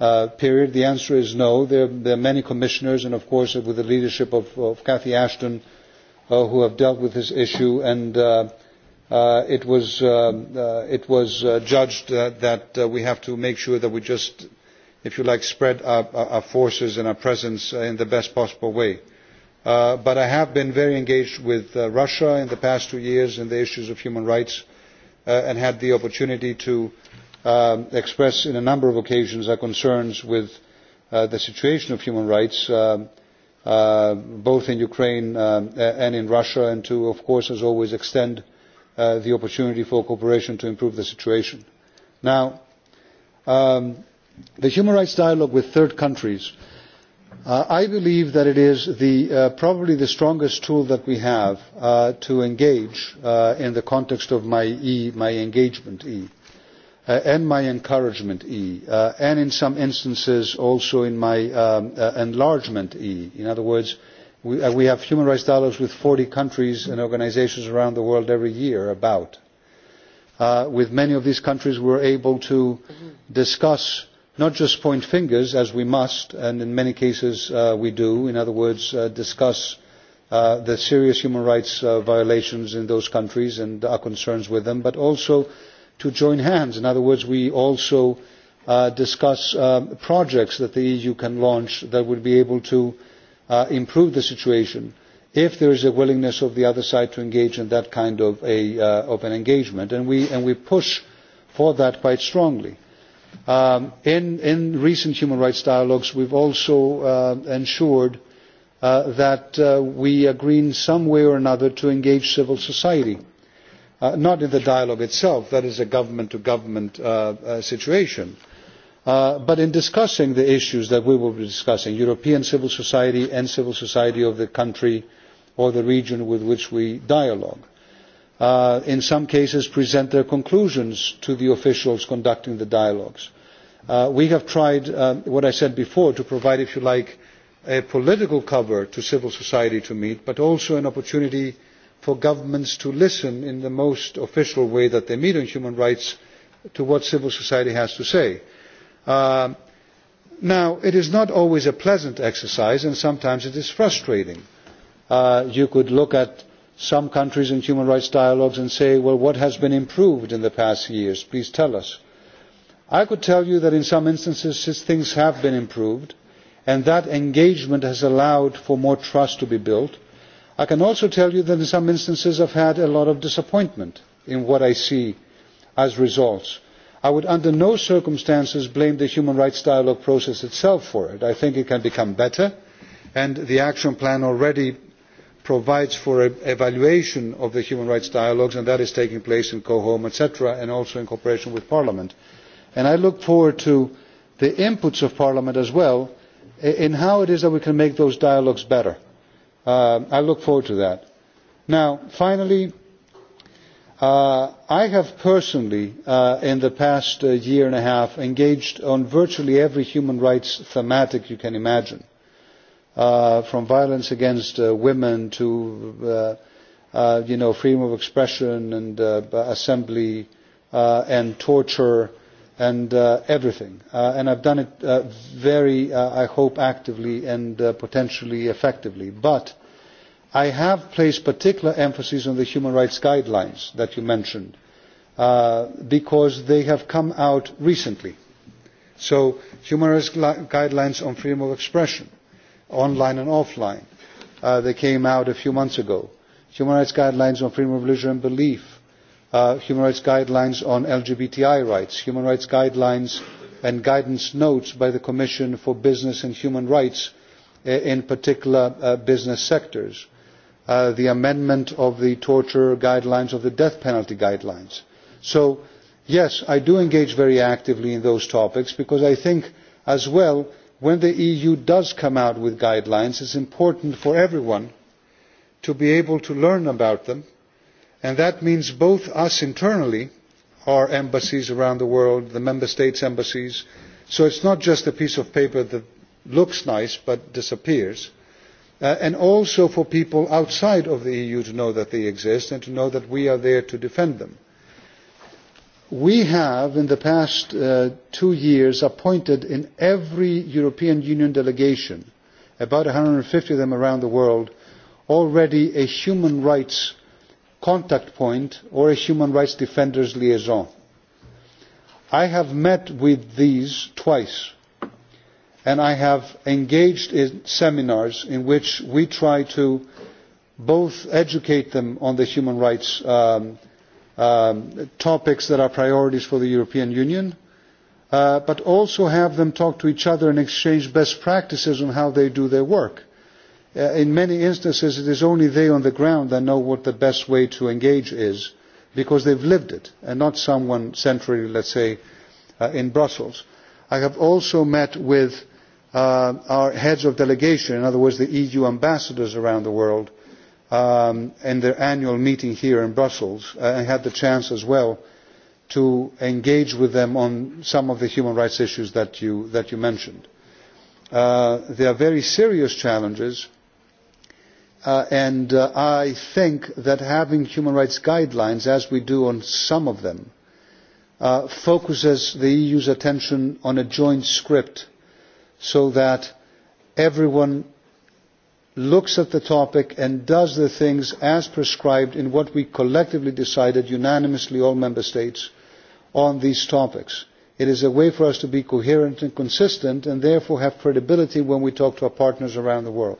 uh, period, the answer is no. There, are many commissioners and, of course, with the leadership of, of Cathy Ashton, who have dealt with this issue, and it was, um, it was judged that we have to make sure that we just, if you like, spread our forces and our presence in the best possible way Uh, but i have been very engaged with uh, russia in the past two years on the issues of human rights uh, and had the opportunity to um, express on a number of occasions our concerns with the situation of human rights um, both in ukraine um, and in russia and to of course as always extend the opportunity for cooperation to improve the situation. now the human rights dialogue with third countries Uh, I believe that it is the, uh, probably the strongest tool that we have uh, to engage uh, in the context of my E, my engagement E, uh, and my encouragement E, and in some instances also in my um, enlargement E. In other words, we, we have human rights dialogues with 40 countries and organizations around the world every year about. With many of these countries we are able to discuss not just point fingers as we must and in many cases uh, we do in other words uh, discuss uh, the serious human rights violations in those countries and our concerns with them but also to join hands in other words we also discuss projects that the eu can launch that would be able to improve the situation if there is a willingness of the other side to engage in that kind of, a, an engagement and we, and we push for that quite strongly Um, in, in recent human rights dialogues we have also uh, ensured uh, that uh, we agree in some way or another to engage civil society not in the dialogue itself that is a government to government situation but in discussing the issues that we will be discussing european civil society and civil society of the country or the region with which we dialogue. Uh, in some cases present their conclusions to the officials conducting the dialogues. Uh, we have tried uh, what I said before to provide, if you like, a political cover to civil society to meet, but also an opportunity for governments to listen in the most official way that they meet on human rights to what civil society has to say. now, it is not always a pleasant exercise and sometimes it is frustrating. you could look at some countries in human rights dialogues and say well what has been improved in the past years please tell us'. i could tell you that in some instances things have been improved and that engagement has allowed for more trust to be built. i can also tell you that in some instances i have had a lot of disappointment in what i see as results. i would under no circumstances blame the human rights dialogue process itself for it. i think it can become better and the action plan already provides for an evaluation of the human rights dialogues and that is taking place in cohom etc. and also in cooperation with parliament. i look forward to the inputs of parliament as well in how it is that we can make those dialogues better. Uh, i look forward to that. finally uh, i have personally uh, in the past year and a half engaged on virtually every human rights thematic you can imagine Uh, from violence against uh, women to uh, you know freedom of expression and assembly and torture and everything and i've done it very i hope actively and potentially effectively but i have placed particular emphasis on the human rights guidelines that you mentioned because they have come out recently so human rights guidelines on freedom of expression online and offline. Uh, they came out a few months ago. Human rights guidelines on freedom of religion and belief, uh, human rights guidelines on LGBTI rights, human rights guidelines and guidance notes by the Commission for Business and Human Rights uh, in particular business sectors, the amendment of the torture guidelines of the death penalty guidelines. So yes, I do engage very actively in those topics because I think as well when the eu does come out with guidelines it is important for everyone to be able to learn about them and that means both us internally our embassies around the world the member states' embassies so it is not just a piece of paper that looks nice but disappears uh, and also for people outside of the eu to know that they exist and to know that we are there to defend them we have in the past uh, two years appointed in every european union delegation about one hundred and fifty of them around the world already a human rights contact point or a human rights defenders liaison. i have met with these twice and i have engaged in seminars in which we try to both educate them on the human rights um, um, topics that are priorities for the European Union, uh, but also have them talk to each other and exchange best practices on how they do their work. Uh, in many instances, it is only they on the ground that know what the best way to engage is, because they've lived it, and not someone centrally, let's say, uh, in Brussels. I have also met with uh, our heads of delegation, in other words, the EU ambassadors around the world, in um, their annual meeting here in Brussels. I uh, had the chance as well to engage with them on some of the human rights issues that you, mentioned. Uh, they are very serious challenges uh, and I think that having human rights guidelines, as we do on some of them, focuses the EU's attention on a joint script so that everyone looks at the topic and does the things as prescribed in what we collectively decided unanimously all member states on these topics. It is a way for us to be coherent and consistent and therefore have credibility when we talk to our partners around the world.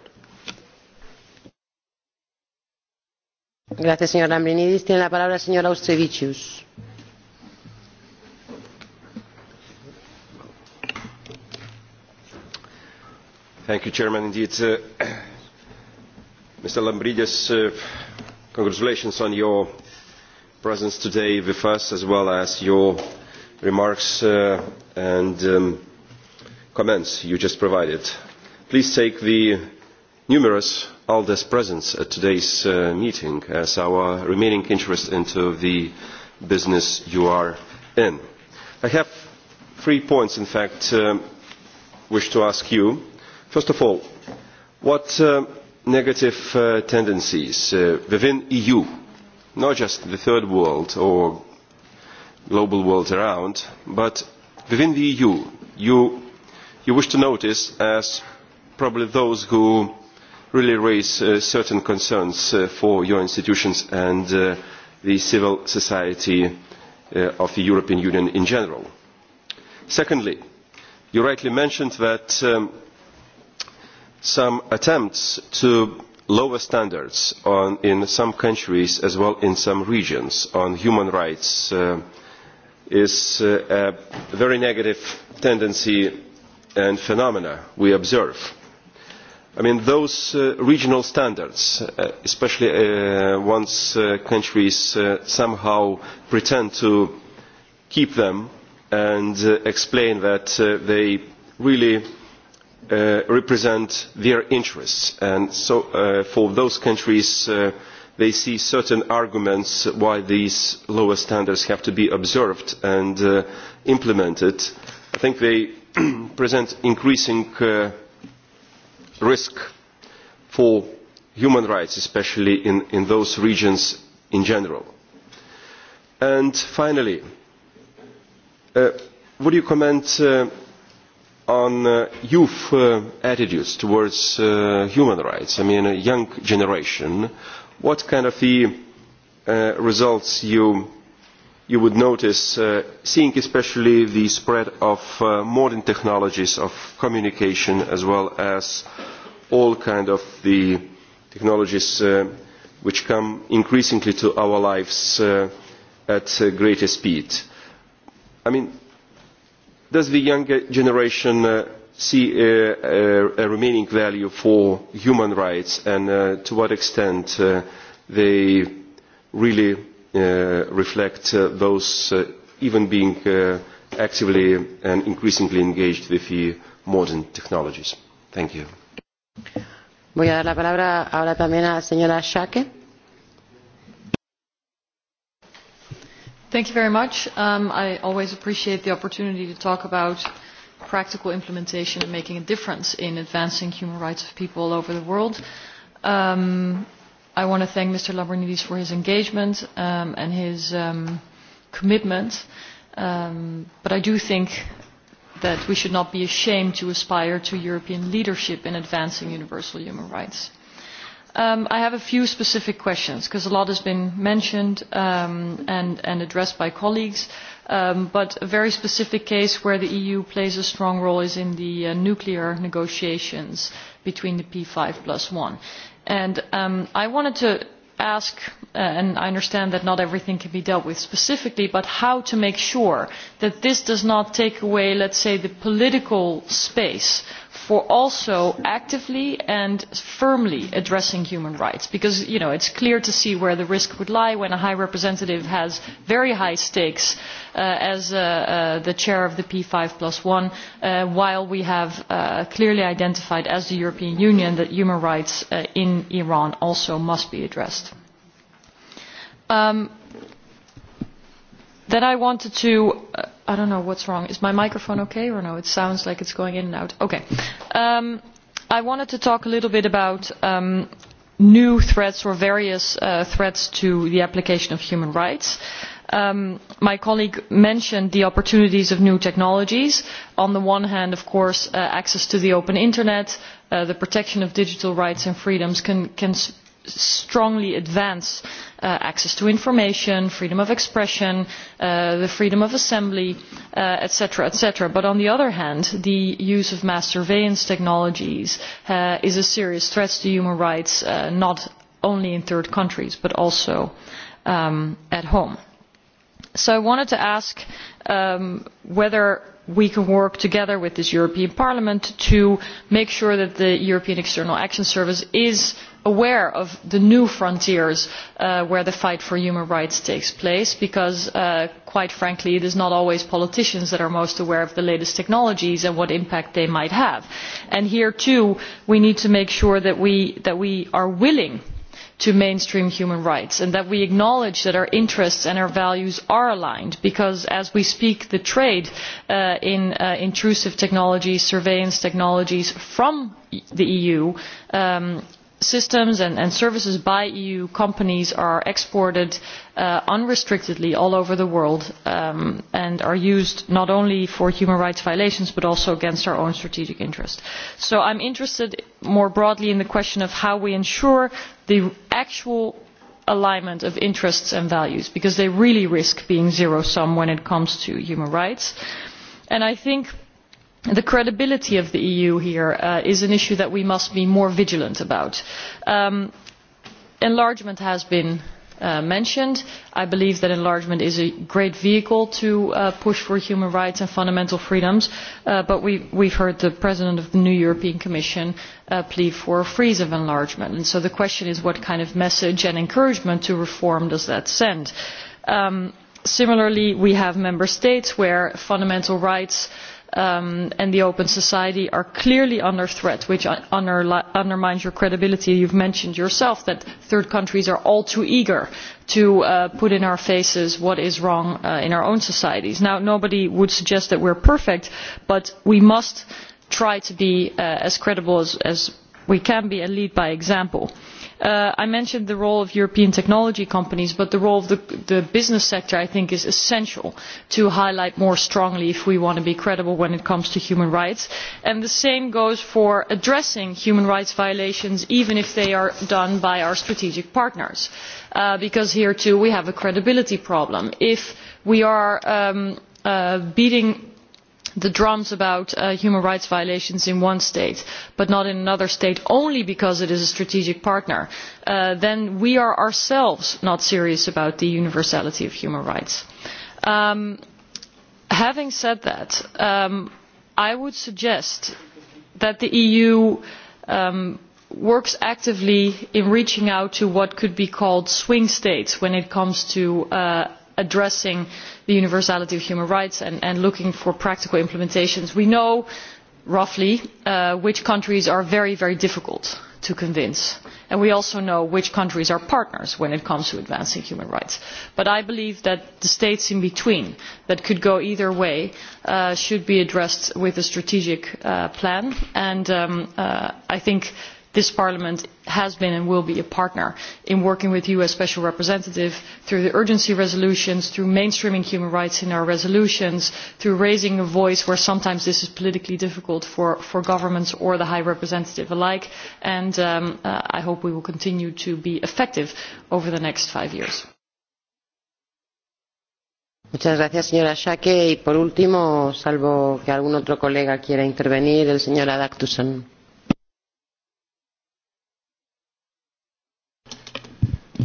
Thank you, Chairman. Indeed, Mr. Lambridis, uh, congratulations on your presence today with us as well as your remarks uh, and um, comments you just provided. Please take the numerous ALDE's presence at today's uh, meeting as our remaining interest into the business you are in. I have three points, in fact, wish to ask you. First of all, what negative uh, tendencies uh, within within e EU, not just the third world or global world around, but within the EU, you, you wish to notice as probably those who really raise uh, certain concerns for your institutions and the civil society of the European Union in general. Secondly, you rightly mentioned that um, some attempts to lower standards in some countries as well in some regions on human rights uh, is uh, a very negative tendency and phenomena we observe. I mean, those uh, regional standards, especially once countries somehow pretend to keep them and explain that they really Uh, represent their interests and so uh, for those countries uh, they see certain arguments why these lower standards have to be observed and implemented. i think they present increasing risk for human rights especially in, in those regions in general. and finally would you comment on uh, youth uh, attitudes towards uh, human rights i mean a young generation what kind of the results you would notice seeing especially the spread of modern technologies of communication as well as all kind of the technologies which come increasingly to our lives at greater speed i mean does the younger generation uh, see a remaining value for human rights and uh, to what extent uh, they really reflect those even being actively and increasingly engaged with the modern technologies. Thank you. Voy a dar la palabra ahora también a la señora Thank you very much. Um, I always appreciate the opportunity to talk about practical implementation and making a difference in advancing human rights of people all over the world. Um, I want to thank Mr. Lambrinidis for his engagement um, and his commitment, but I do think that we should not be ashamed to aspire to European leadership in advancing universal human rights. Um, I have a few specific questions because a lot has been mentioned um, and, and addressed by colleagues. Um, but a very specific case where the EU plays a strong role is in the uh, nuclear negotiations between the P5 plus one. I wanted to ask, uh, and I understand that not everything can be dealt with specifically, but how to make sure that this does not take away, let's say, the political space for also actively and firmly addressing human rights because you know, it's clear to see where the risk would lie when a high representative has very high stakes uh, as uh, uh, the chair of the P5 plus 1 while we have clearly identified as the European Union that human rights in Iran also must be addressed. Um, then I wanted to i don't know what's wrong. Is my microphone okay or no? It sounds like it's going in and out. Okay. Um, I wanted to talk a little bit about um, new threats or various uh, threats to the application of human rights. Um, my colleague mentioned the opportunities of new technologies on the one hand of course uh, access to the open internet uh, the protection of digital rights and freedoms can, can strongly advance uh, access to information freedom of expression uh, the freedom of assembly etc. Uh, etc. but on the other hand the use of mass surveillance technologies is a serious threat to human rights not only in third countries but also um, at home. so i wanted to ask um, whether we can work together with this european parliament to make sure that the european external action service is aware of the new frontiers uh, where the fight for human rights takes place because uh, quite frankly it is not always politicians that are most aware of the latest technologies and what impact they might have here too we need to make sure that we, that we are willing to mainstream human rights and that we acknowledge that our interests and our values are aligned because as we speak the trade uh, in uh, intrusive technologies surveillance technologies from the eu um, systems and, services by eu companies are exported uh, unrestrictedly all over the world um, and are used not only for human rights violations but also against our own strategic interests. so i am interested more broadly in the question of how we ensure the actual alignment of interests and values because they really risk being zero sum when it comes to human rights and i think the credibility of the eu here uh, is an issue that we must be more vigilant about. Um, enlargement has been uh, mentioned. i believe that enlargement is a great vehicle to uh, push for human rights and fundamental freedoms but we have heard the president of the new european commission plead for a freeze of enlargement and so the question is what kind of message and encouragement to reform does that send? Um, similarly we have member states where fundamental rights Um, and the open society are clearly under threat which undermines your credibility. you have mentioned yourself that third countries are all too eager to uh, put in our faces what is wrong uh, in our own societies. Now, nobody would suggest that we are perfect but we must try to be uh, as credible as we can be and lead by example. Uh, I mentioned the role of European technology companies, but the role of the, business sector I think is essential to highlight more strongly if we want to be credible when it comes to human rights. And the same goes for addressing human rights violations, even if they are done by our strategic partners, uh, because here too we have a credibility problem. If we are um, uh, beating the drums about uh, human rights violations in one state but not in another state only because it is a strategic partner uh, then we are ourselves not serious about the universality of human rights. Um, having said that um, i would suggest that the eu um, works actively in reaching out to what could be called swing states when it comes to uh, addressing the universality of human rights and, looking for practical implementations. we know roughly uh, which countries are very very difficult to convince and we also know which countries are partners when it comes to advancing human rights but i believe that the states in between that could go either way uh, should be addressed with a strategic uh, plan and um, i think this parliament has been and will be a partner in working with you as special representative through the urgency resolutions through mainstreaming human rights in our resolutions through raising a voice where sometimes this is politically difficult for, for governments or the high representative alike and um, uh, i hope we will continue to be effective over the next five years. Muchas gracias, señora Shaque. Y por último, salvo que algún otro colega quiera intervenir, el señor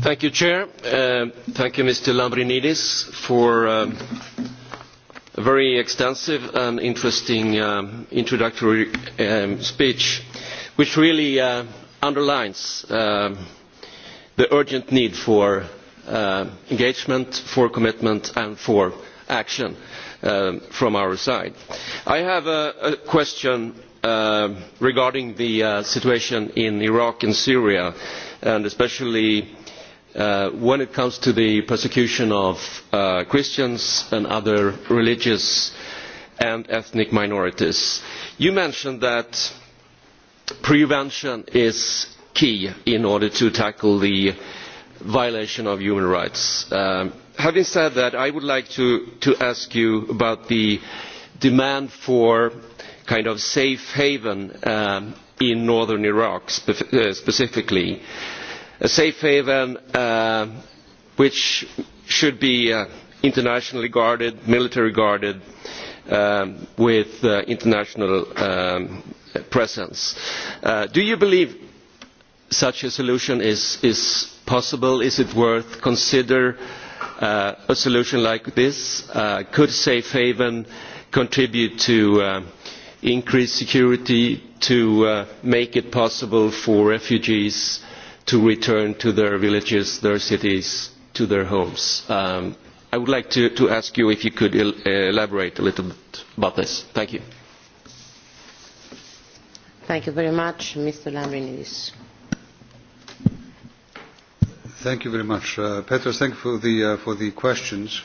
Thank you, Chair. Uh, thank you, Mr. Lambrinidis, for um, a very extensive and interesting um, introductory um, speech, which really uh, underlines the urgent need for engagement, for commitment and for action from our side. I have a, a question regarding the uh, situation in Iraq and Syria, and especially Uh, when it comes to the persecution of uh, Christians and other religious and ethnic minorities. You mentioned that prevention is key in order to tackle the violation of human rights. Um, having said that, I would like to, ask you about the demand for a kind of safe haven um, in northern Iraq uh, specifically a safe haven uh, which should be uh, internationally guarded military guarded um, with uh, international um, presence. do you believe such a solution is, possible? is it worth considering a solution like this? could safe haven contribute to increased security, to make it possible for refugees to return to their villages, their cities, to their homes. Um, I would like to, to ask you if you could elaborate a little bit about this. Thank you. Thank you very much, Mr. Lambrinidis. Thank you very much. Uh, Petros, thank you for the, uh, for the questions.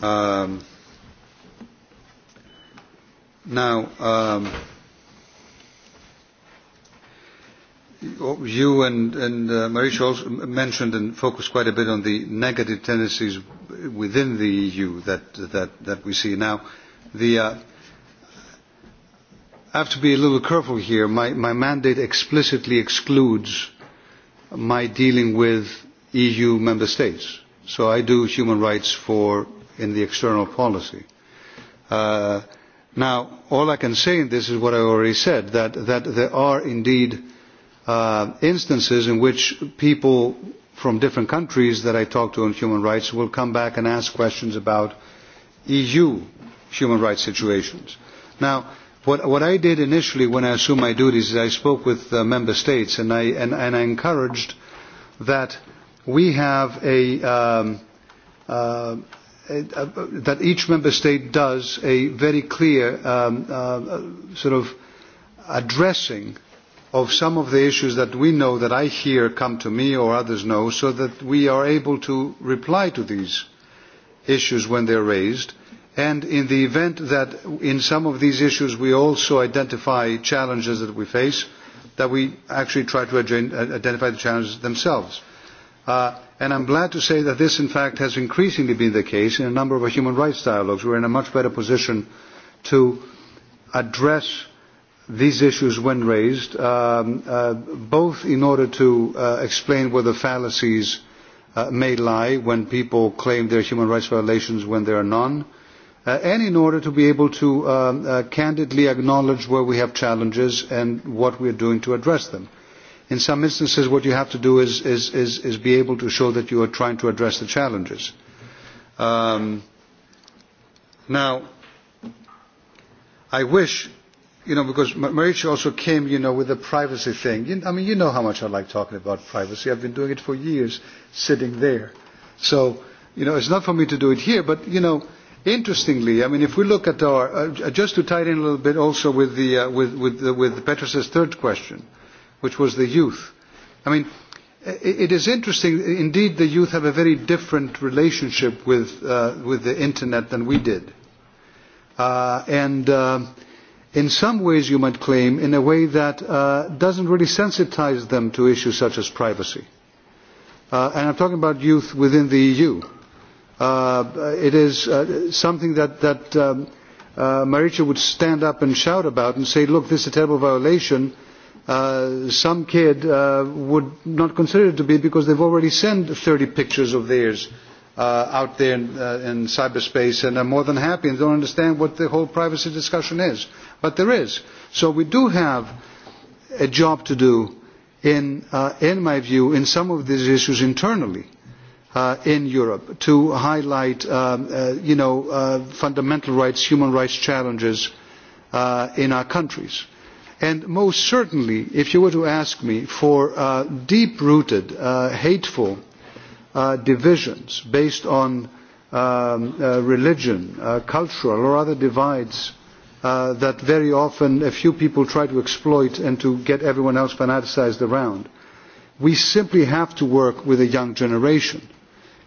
Um, now, um, you and, Marie uh, mentioned and focused quite a bit on the negative tendencies within the EU that, we see now. Uh, I have to be a little careful here. My, mandate explicitly excludes my dealing with EU member states. So I do human rights for in the external policy. Uh, now, all I can say in this is what I already said, that, that there are indeed uh, instances in which people from different countries that I talk to on human rights will come back and ask questions about EU human rights situations. Now, what, what I did initially when I assumed my duties is I spoke with uh, member states and I, and, and I encouraged that we have a, um, uh, that each member state does a very clear um, uh, sort of addressing of some of the issues that we know that I hear come to me or others know so that we are able to reply to these issues when they are raised and in the event that in some of these issues we also identify challenges that we face that we actually try to uh, identify the challenges themselves. Uh, and I am glad to say that this in fact has increasingly been the case in a number of our human rights dialogues. We are in a much better position to address these issues when raised, um, uh, both in order to uh, explain where the fallacies uh, may lie when people claim there are human rights violations when there are none, uh, and in order to be able to um, uh, candidly acknowledge where we have challenges and what we are doing to address them. In some instances, what you have to do is, is, is, is be able to show that you are trying to address the challenges. Um, now, I wish you know, because Maricha also came, you know, with the privacy thing. I mean, you know how much I like talking about privacy. I've been doing it for years, sitting there. So, you know, it's not for me to do it here, but, you know, interestingly, I mean, if we look at our, uh, uh just to tie it in a little bit also with, the, uh, with, with, the, with Petrus's third question, which was the youth. I mean, it, it is interesting, indeed, the youth have a very different relationship with, uh, with the Internet than we did. Uh, and... Um, in some ways you might claim in a way that uh, doesn't really sensitize them to issues such as privacy. Uh, and I'm talking about youth within the EU. Uh, uh, it is uh, something that, that um, uh, Maricha would stand up and shout about and say, look, this is a terrible violation. Uh, some kid uh, would not consider it to be because they've already sent 30 pictures of theirs uh, out there in, uh, in cyberspace and are more than happy and don't understand what the whole privacy discussion is. But there is. So we do have a job to do in, uh, in my view, in some of these issues internally. Uh, in Europe to highlight um, uh, you know, uh, fundamental rights, human rights challenges uh, in our countries. And most certainly, if you were to ask me for uh, deep-rooted, uh, hateful uh, divisions based on um, uh, religion, uh, cultural or other divides uh, that very often a few people try to exploit and to get everyone else fanaticized around. We simply have to work with a young generation.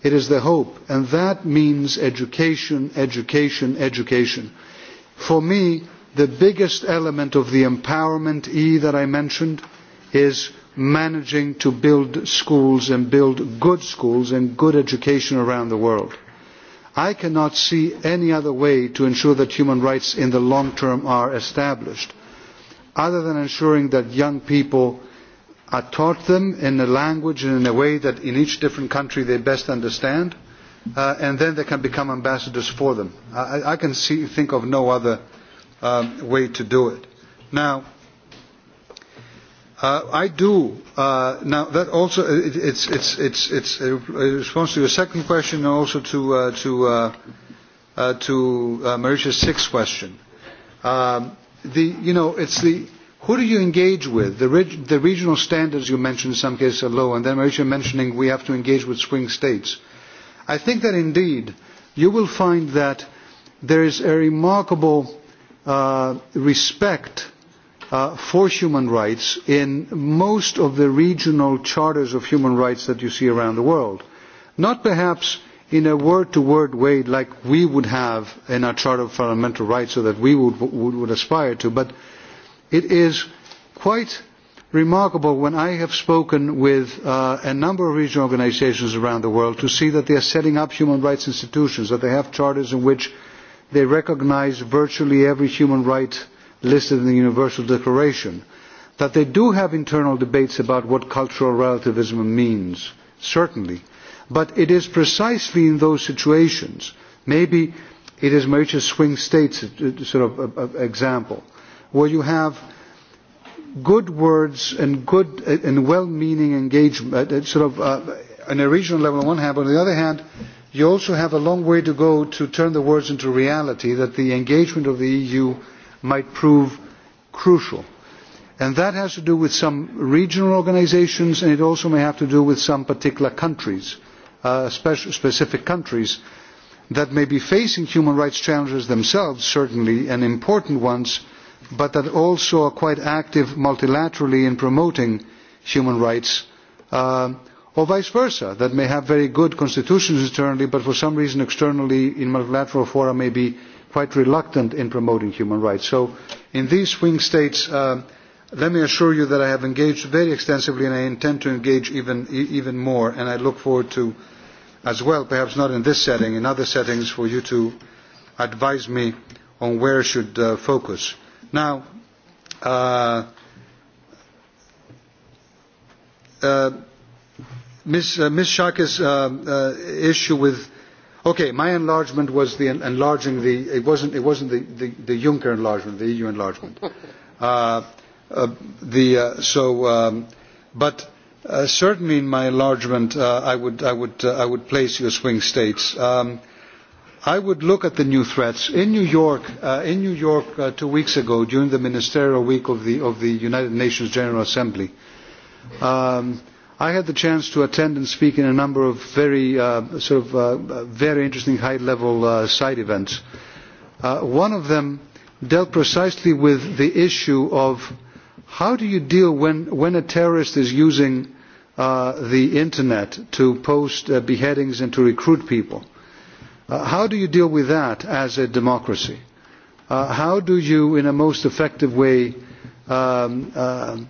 It is the hope, and that means education, education, education. For me, the biggest element of the empowerment E that I mentioned is managing to build schools and build good schools and good education around the world. I cannot see any other way to ensure that human rights in the long term are established other than ensuring that young people are taught them in a language and in a way that in each different country they best understand uh, and then they can become ambassadors for them. I, I can see, think of no other um, way to do it. Now, Uh, I do. Uh, now that also it's it's it's it's a response to your second question and also to uh, to uh, uh, to uh, sixth question. Um, the you know it's the who do you engage with? The, reg the regional standards you mentioned in some cases are low, and then Mauritius mentioning we have to engage with swing states. I think that indeed you will find that there is a remarkable uh, respect Uh, for human rights in most of the regional charters of human rights that you see around the world not perhaps in a word to word way like we would have in our charter of fundamental rights or that we would, would, would aspire to but it is quite remarkable when i have spoken with uh, a number of regional organisations around the world to see that they are setting up human rights institutions that they have charters in which they recognise virtually every human right listed in the Universal Declaration, that they do have internal debates about what cultural relativism means, certainly. But it is precisely in those situations, maybe it is Mauritius swing states uh, uh, sort of uh, example, where you have good words and good and well-meaning engagement, sort of on a regional level on one hand, but on the other hand, you also have a long way to go to turn the words into reality, that the engagement of the EU might prove crucial. And that has to do with some regional organisations and it also may have to do with some particular countries, uh, specific countries that may be facing human rights challenges themselves, certainly, and important ones, but that also are quite active multilaterally in promoting human rights, uh, or vice versa, that may have very good constitutions internally, but for some reason externally in multilateral fora may be quite reluctant in promoting human rights. So in these swing states, uh, let me assure you that I have engaged very extensively and I intend to engage even, e, even more. And I look forward to, as well, perhaps not in this setting, in other settings for you to advise me on where I should uh, focus. Now, uh, Ms. Um, uh, issue with Okay, my enlargement was the enlarging the it wasn't it wasn't the, the, the Juncker enlargement, the EU enlargement. Uh, uh, the uh, so um, but uh, certainly in my enlargement uh, I would I would uh, I would place your swing states. Um, I would look at the new threats in New York. in New York, two weeks ago, during the ministerial week of the of the United Nations General Assembly, um, i had the chance to attend and speak in a number of very uh, sort of uh, uh, very interesting high level side events. One of them dealt precisely with the issue of how do you deal when, when a terrorist is using the internet to post beheadings and to recruit people? How do you deal with that as a democracy? How do you in a most effective way um,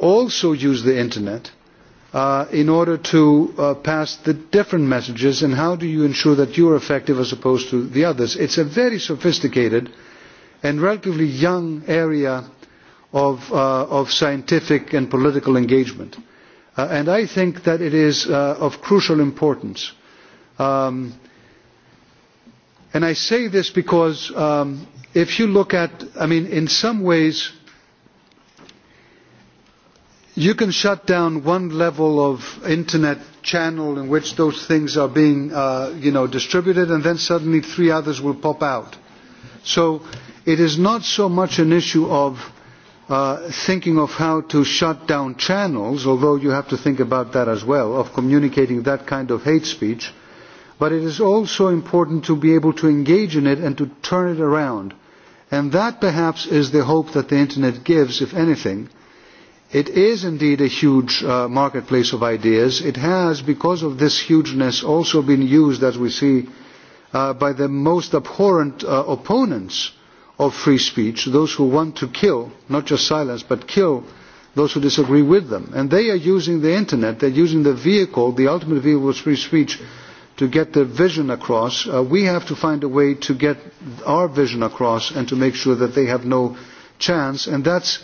also use the internet Uh, in order to uh, pass the different messages and how do you ensure that you are effective as opposed to the others? It's a very sophisticated and relatively young area of, uh, of scientific and political engagement. Uh, and I think that it is of crucial importance. Um, and I say this because um, if you look at, I mean, in some ways, you can shut down one level of internet channel in which those things are being uh, you know, distributed and then suddenly three others will pop out. So it is not so much an issue of uh, thinking of how to shut down channels, although you have to think about that as well, of communicating that kind of hate speech, but it is also important to be able to engage in it and to turn it around. And that perhaps is the hope that the internet gives, if anything, It is indeed a huge uh, marketplace of ideas. It has, because of this hugeness, also been used, as we see, uh, by the most abhorrent uh, opponents of free speech, those who want to kill, not just silence, but kill those who disagree with them. And they are using the Internet, they using the vehicle, the ultimate vehicle of free speech, to get their vision across. we have to find a way to get our vision across and to make sure that they have no chance. And that's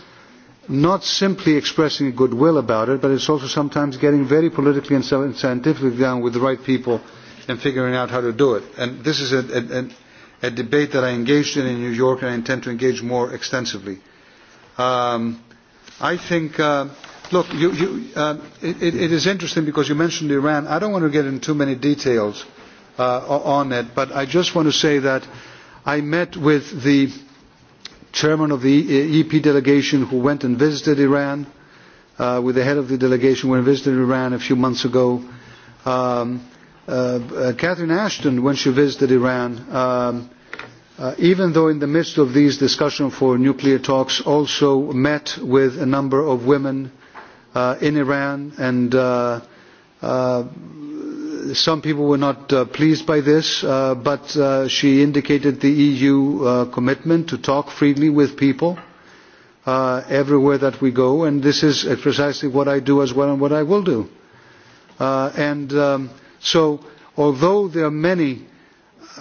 not simply expressing goodwill about it, but it's also sometimes getting very politically and scientifically down with the right people and figuring out how to do it. And this is a, a, a debate that I engaged in in New York and I intend to engage more extensively. Um, I think, uh, look, you, you, uh, it, it is interesting because you mentioned Iran. I don't want to get into too many details uh, on it, but I just want to say that I met with the chairman of the ep delegation who went and visited iran uh, with the head of the delegation when visited iran a few months ago um, uh, uh, catherine ashton when she visited iran um, Uh, even though in the midst of these discussions for nuclear talks also met with a number of women uh, in iran and uh, uh some people were not uh, pleased by this uh, but uh, she indicated the eu uh, commitment to talk freely with people uh, everywhere that we go and this is precisely what i do as well and what i will do and um, so although there are many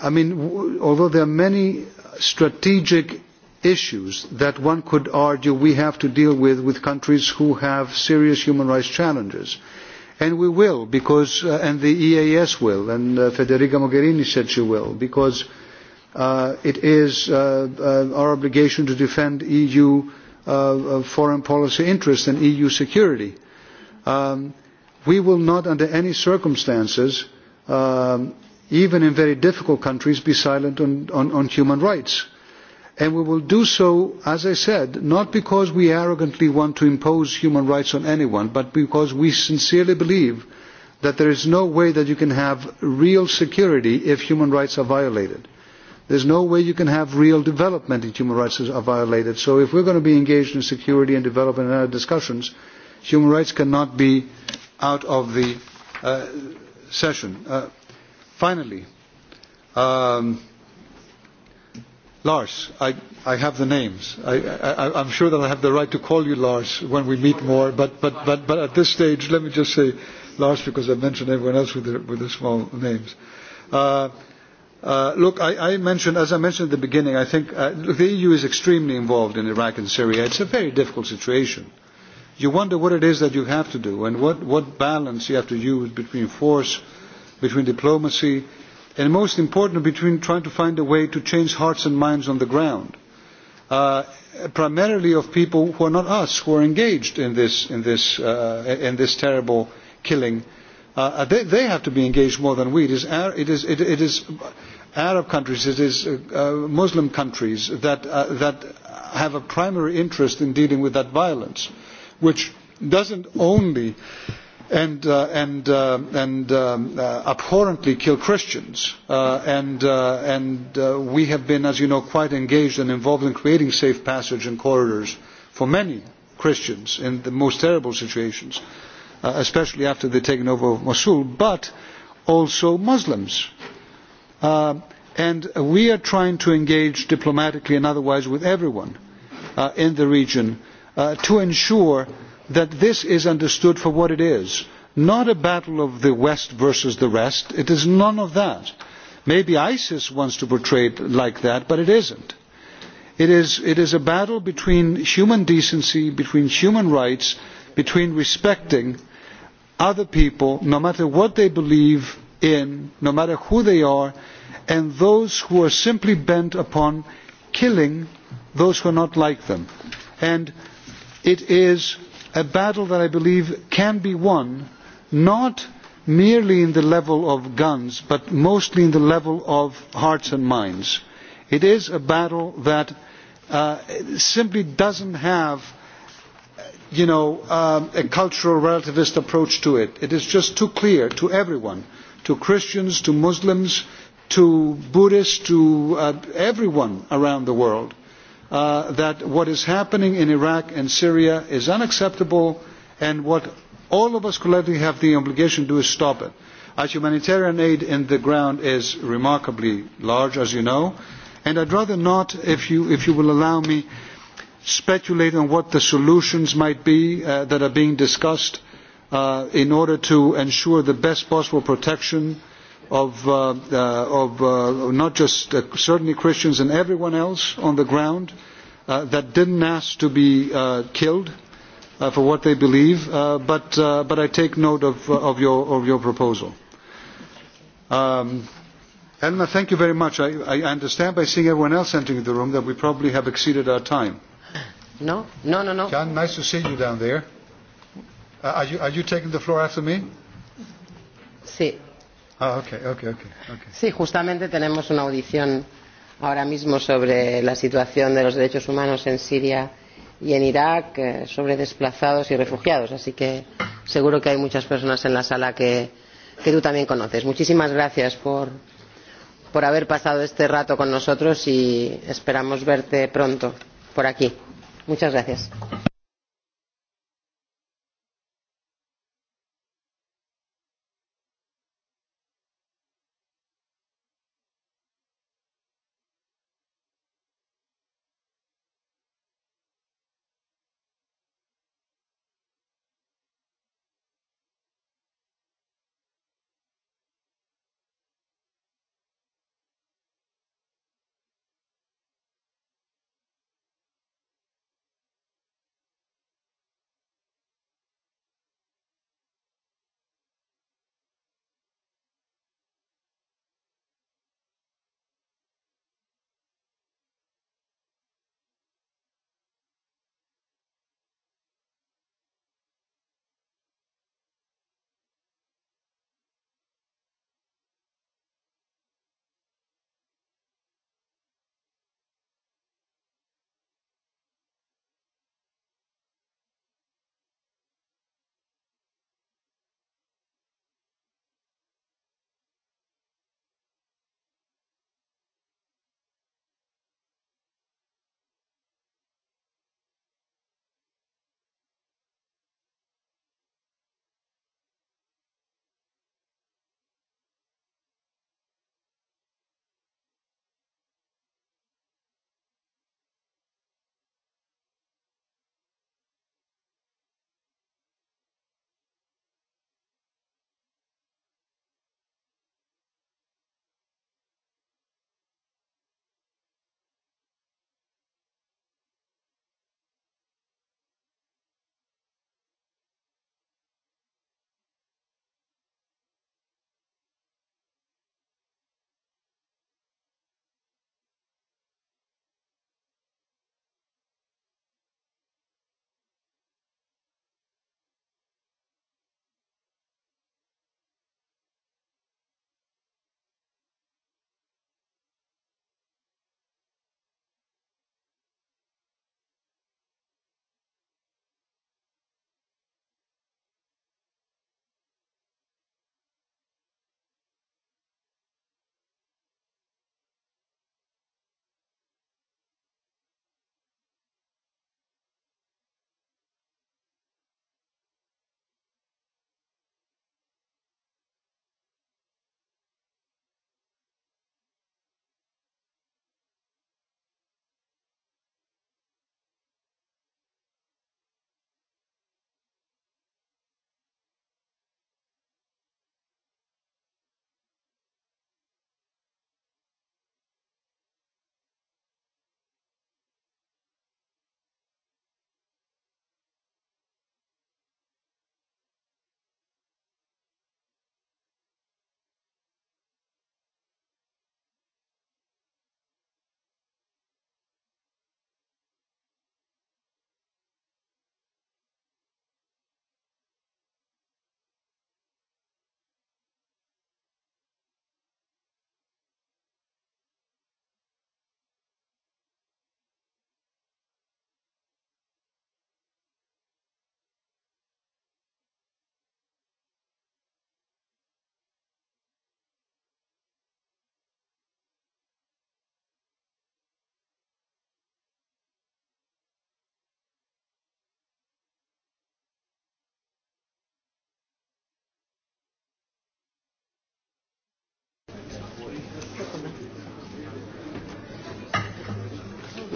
i mean although there are many strategic issues that one could argue we have to deal with with countries who have serious human rights challenges and we will because uh, and the eas will and uh, federica mogherini said she will because uh, it is our obligation to defend eu foreign policy interests and eu security. Um, we will not under any circumstances um, even in very difficult countries be silent on, on human rights and we will do so as i said not because we arrogantly want to impose human rights on anyone but because we sincerely believe that there is no way that you can have real security if human rights are violated. There is no way you can have real development if human rights are violated. So if we are going to be engaged in security and development and other discussions, human rights cannot be out of the uh, session. Uh, finally, um, Lars, I, I have the names. I, I, I'm sure that I have the right to call you Lars when we meet more, but, but, but, but at this stage, let me just say Lars because I mentioned everyone else with the, with the small names. Uh, uh, look, I, I mentioned, as I mentioned at the beginning, I think uh, look, the EU is extremely involved in Iraq and Syria. It's a very difficult situation. You wonder what it is that you have to do and what, what balance you have to use between force, between diplomacy, and most important between trying to find a way to change hearts and minds on the ground uh, primarily of people who are not us who are engaged in this in this uh, in this terrible killing uh, uh they, they have to be engaged more than we it is it is it, it is arab countries it is uh, uh, muslim countries that that have a primary interest in dealing with that violence which doesn't only and uh, and uh, and um, uh, abhorrently kill Christians uh, and uh, and uh, we have been as you know quite engaged and involved in creating safe passage and corridors for many Christians in the most terrible situations especially after the taken over of Mosul but also Muslims and we are trying to engage diplomatically and otherwise with everyone in the region to ensure that this is understood for what it is not a battle of the west versus the rest it is none of that. maybe isis wants to portray it like that but it isn't. It is, it is a battle between human decency between human rights between respecting other people no matter what they believe in no matter who they are and those who are simply bent upon killing those who are not like them. and it is a battle that I believe can be won not merely in the level of guns but mostly in the level of hearts and minds. It is a battle that simply uh, simply doesn't have um, a cultural relativist approach to it. It is just too clear to everyone, to Christians, to Muslims, to Buddhists, to uh, everyone around the world Uh, that what is happening in Iraq and Syria is unacceptable and what all of us collectively have the obligation to do is stop it. Our humanitarian aid in the ground is remarkably large, as you know, and I'd rather not, if you, if you will allow me, speculate on what the solutions might be uh, that are being discussed uh, in order to ensure the best possible protection of, uh, uh of uh, not just uh, certainly Christians and everyone else on the ground that didn't ask to be killed for what they believe, but, but I take note of, of, your, of your proposal. Um, Elena, thank you very much. I, I understand by seeing everyone else entering the room that we probably have exceeded our time. No, no, no, no. nice to see you down there. Uh, are, you, are you taking the floor after me? Si. Ah, okay, okay, okay. Sí, justamente tenemos una audición ahora mismo sobre la situación de los derechos humanos en Siria y en Irak, eh, sobre desplazados y refugiados. Así que seguro que hay muchas personas en la sala que, que tú también conoces. Muchísimas gracias por, por haber pasado este rato con nosotros y esperamos verte pronto por aquí. Muchas gracias.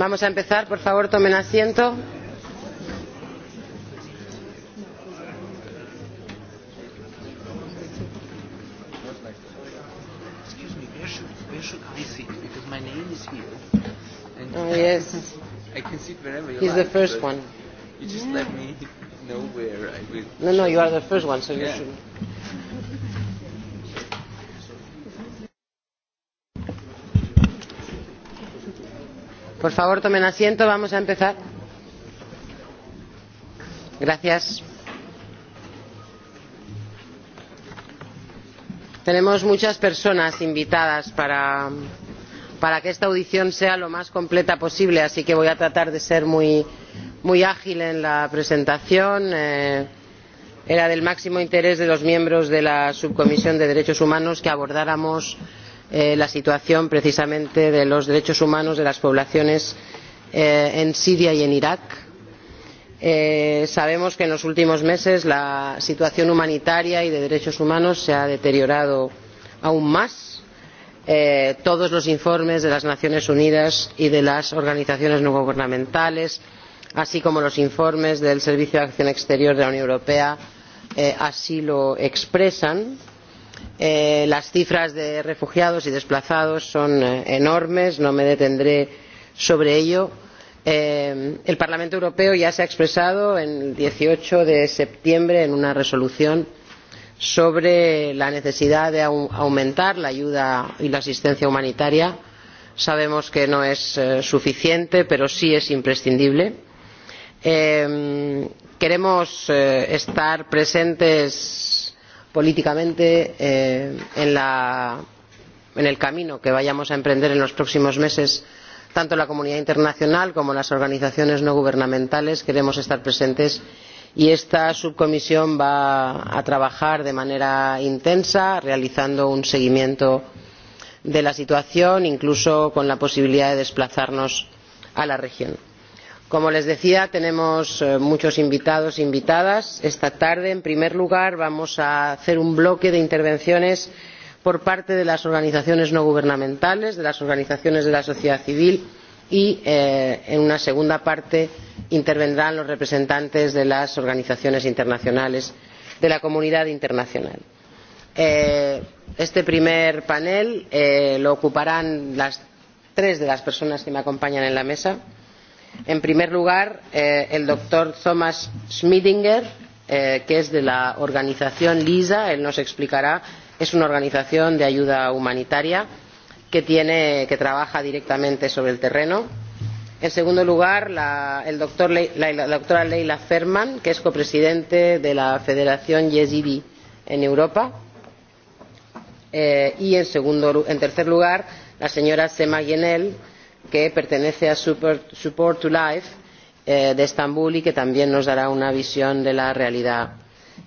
vamos a empezar por favor tomen asiento Oh, yes. I can sit wherever you He's the first one. You just yeah. let me know where I will. No, no, you are the first one, so yeah. you should. Por favor, tomen asiento, vamos a empezar. Gracias. Tenemos muchas personas invitadas para, para que esta audición sea lo más completa posible, así que voy a tratar de ser muy, muy ágil en la presentación. Eh, era del máximo interés de los miembros de la Subcomisión de Derechos Humanos que abordáramos Eh, la situación precisamente de los derechos humanos de las poblaciones eh, en siria y en irak. Eh, sabemos que en los últimos meses la situación humanitaria y de derechos humanos se ha deteriorado aún más. todos los informes de las naciones unidas y de las organizaciones no gubernamentales así como los informes del servicio de acción exterior de la unión europea así lo expresan Eh, las cifras de refugiados y desplazados son eh, enormes no me detendré sobre ello. Eh, el parlamento europeo ya se ha expresado el dieciocho de septiembre en una resolución sobre la necesidad de aumentar la ayuda y la asistencia humanitaria. sabemos que no es suficiente pero sí es imprescindible. queremos estar presentes políticamente eh, en, la, en el camino que vayamos a emprender en los próximos meses tanto la comunidad internacional como las organizaciones no gubernamentales queremos estar presentes y esta subcomisión va a trabajar de manera intensa realizando un seguimiento de la situación incluso con la posibilidad de desplazarnos a la región como les decía tenemos eh, muchos invitados e invitadas esta tarde. en primer lugar vamos a hacer un bloque de intervenciones por parte de las organizaciones no gubernamentales de las organizaciones de la sociedad civil y eh, en una segunda parte intervendrán los representantes de las organizaciones internacionales de la comunidad internacional. Eh, este primer panel lo ocuparán las tres de las personas que me acompañan en la mesa en primer lugar eh, el doctor thomas schmidinger eh, que es de la organización lisa él nos explicará es una organización de ayuda humanitaria que, trabaja directamente sobre el terreno. en segundo lugar la, doctor la, doctora leila ferman que es copresidente de la federación yezidi en europa eh, y en, tercer lugar la señora sema yenel que pertenece a support to life eh, de estambul y que también nos dará una visión de la realidad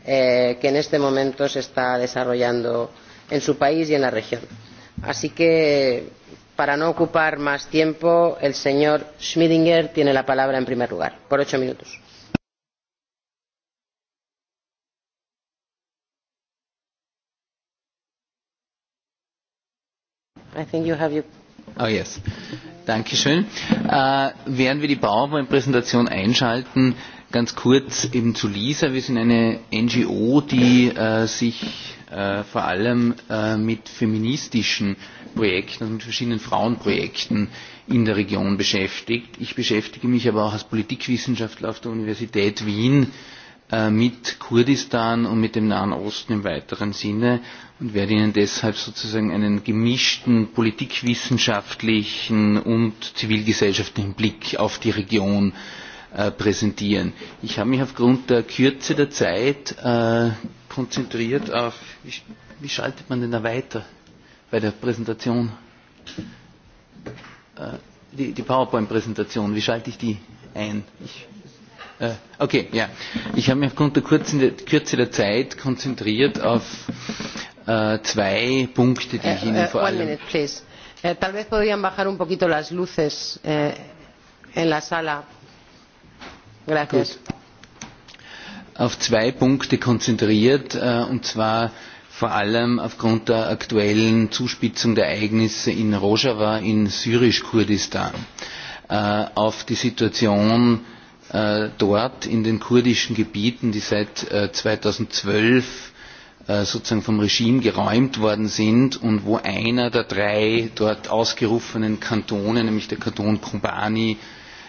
eh, que en este momento se está desarrollando en su país y en la región. así que para no ocupar más tiempo el señor schmidinger tiene la palabra en primer lugar por ocho minutos. I think you have oh, yes. Herr Präsident. Äh, während wir die PowerPoint-Präsentation einschalten, ganz kurz eben zu Lisa. Wir sind eine NGO, die äh, sich äh, vor allem mit feministischen Projekten und mit verschiedenen Frauenprojekten in der Region beschäftigt. Ich beschäftige mich aber auch als Politikwissenschaftler auf der Universität Wien Äh, mit Kurdistan und mit dem Nahen Osten im weiteren Sinne und werde Ihnen deshalb sozusagen einen gemischten politikwissenschaftlichen und zivilgesellschaftlichen Blick auf die Region äh, präsentieren. Ich habe mich aufgrund der Kürze der Zeit äh, konzentriert auf, wie, schaltet man denn da weiter bei der Präsentation? Die, die PowerPoint-Präsentation, wie schalte ich die ein? Äh, okay, ja. Ich habe mich aufgrund der Kürze der Zeit konzentriert auf äh, zwei Punkte, die äh, ich Ihnen vor allem... Auf zwei Punkte konzentriert, und zwar vor allem aufgrund der aktuellen Zuspitzung der Ereignisse in Rojava in syrisch-Kurdistan auf die Situation Äh, dort in den kurdischen Gebieten, die seit 2012 äh, äh, sozusagen vom Regime geräumt worden sind und wo einer der drei dort ausgerufenen Kantone, nämlich der Kanton Kobani,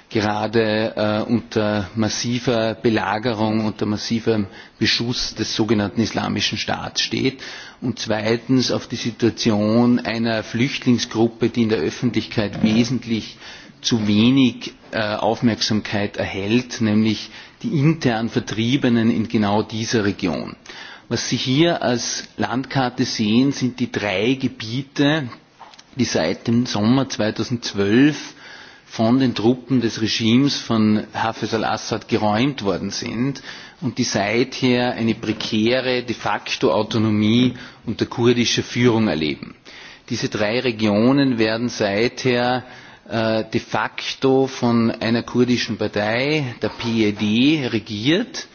gerade unter massiver Belagerung, unter massivem Beschuss des sogenannten Islamischen Staats steht und zweitens auf die Situation einer Flüchtlingsgruppe, die in der Öffentlichkeit wesentlich zu wenig äh, Aufmerksamkeit erhält, nämlich die intern Vertriebenen in genau dieser Region. Was Sie hier als Landkarte sehen, sind die drei Gebiete, die seit dem Sommer 2012 von den Truppen des Regimes von Hafez al-Assad geräumt worden sind und die seither eine prekäre de facto Autonomie unter kurdischer Führung erleben. Diese drei Regionen werden seither Äh, de facto von einer kurdischen Partei, der PED, regiert.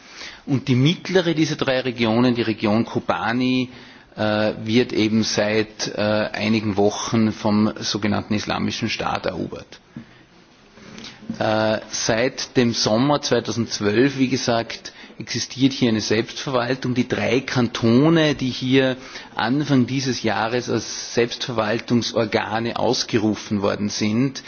Und die mittlere dieser drei Regionen, die Region Kobani, äh, wird eben seit äh, einigen Wochen vom sogenannten Islamischen Staat erobert. Seit dem Sommer 2012, wie gesagt, existiert hier eine Selbstverwaltung. Die drei Kantone, die hier Anfang dieses Jahres als Selbstverwaltungsorgane ausgerufen worden sind,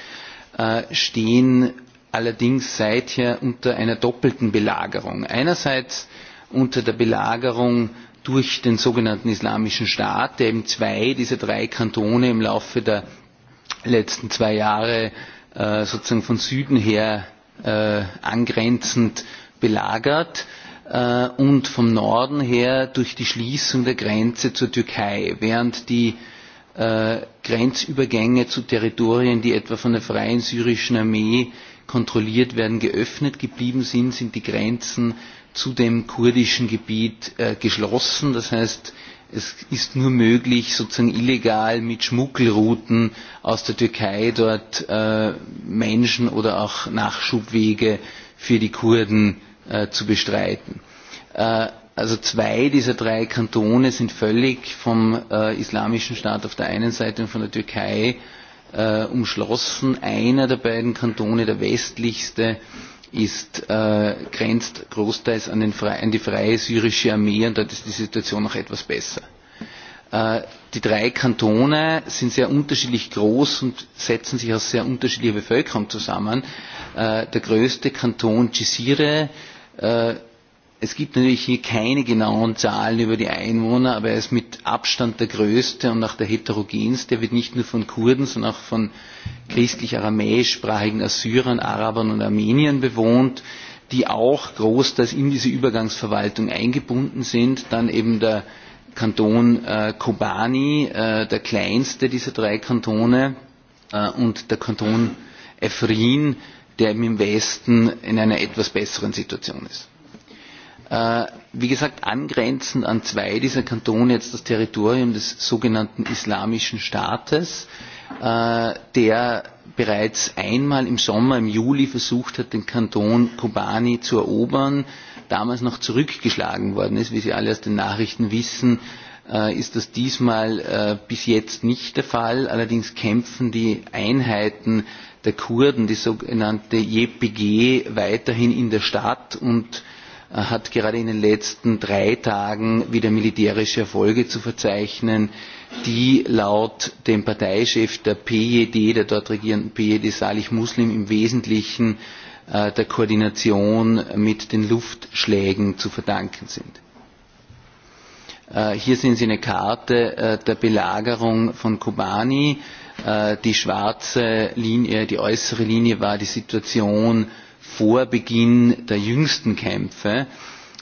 äh, stehen allerdings seither unter einer doppelten Belagerung. Einerseits unter der Belagerung durch den sogenannten Islamischen Staat, der eben zwei dieser drei Kantone im Laufe der letzten zwei Jahre äh, sozusagen von Süden her äh, angrenzend belagert Äh, und vom Norden her durch die Schließung der Grenze zur Türkei, während die äh, Grenzübergänge zu Territorien, die etwa von der Freien Syrischen Armee kontrolliert werden, geöffnet geblieben sind, sind die Grenzen zu dem kurdischen Gebiet äh, geschlossen. Das heißt, es ist nur möglich, sozusagen illegal mit Schmuggelrouten aus der Türkei dort Menschen oder auch Nachschubwege für die Kurden Äh, zu bestreiten. Äh, also zwei dieser drei Kantone sind völlig vom äh, Islamischen Staat auf der einen Seite und von der Türkei umschlossen. Einer der beiden Kantone, der westlichste, ist, äh, grenzt großteils an, den an die freie syrische Armee und dort ist die Situation noch etwas besser. die drei Kantone sind sehr unterschiedlich groß und setzen sich aus sehr unterschiedlicher Bevölkerung zusammen. der größte Kanton Cisire, Äh, es gibt natürlich hier keine genauen Zahlen über die Einwohner, aber er ist mit Abstand der größte und auch der heterogenste. Er wird nicht nur von Kurden, sondern auch von christlich-aramäischsprachigen Assyrern, Arabern und Armeniern bewohnt, die auch großteils in diese Übergangsverwaltung eingebunden sind. Dann eben der Kanton äh, Kobani, äh, der kleinste dieser drei Kantone, und der Kanton Efrin, der im Westen in einer etwas besseren Situation ist. Äh, wie gesagt, angrenzend an zwei dieser Kantone jetzt das Territorium des sogenannten Islamischen Staates, äh, der bereits einmal im Sommer, im Juli versucht hat, den Kanton Kobani zu erobern, damals noch zurückgeschlagen worden ist. Wie Sie alle aus den Nachrichten wissen, äh, ist das diesmal bis jetzt nicht der Fall. Allerdings kämpfen die Einheiten der Kurden, die sogenannte YPG, weiterhin in der Stadt und äh, hat gerade in den letzten drei Tagen wieder militärische Erfolge zu verzeichnen, die laut dem Parteichef der pyd der dort regierenden PED Salih Muslim, im Wesentlichen äh, der Koordination mit den Luftschlägen zu verdanken sind. Äh, hier sehen Sie eine Karte der Belagerung von Kobani Äh, die schwarze linie die äußere linie war die situation vor beginn der jüngsten kämpfe.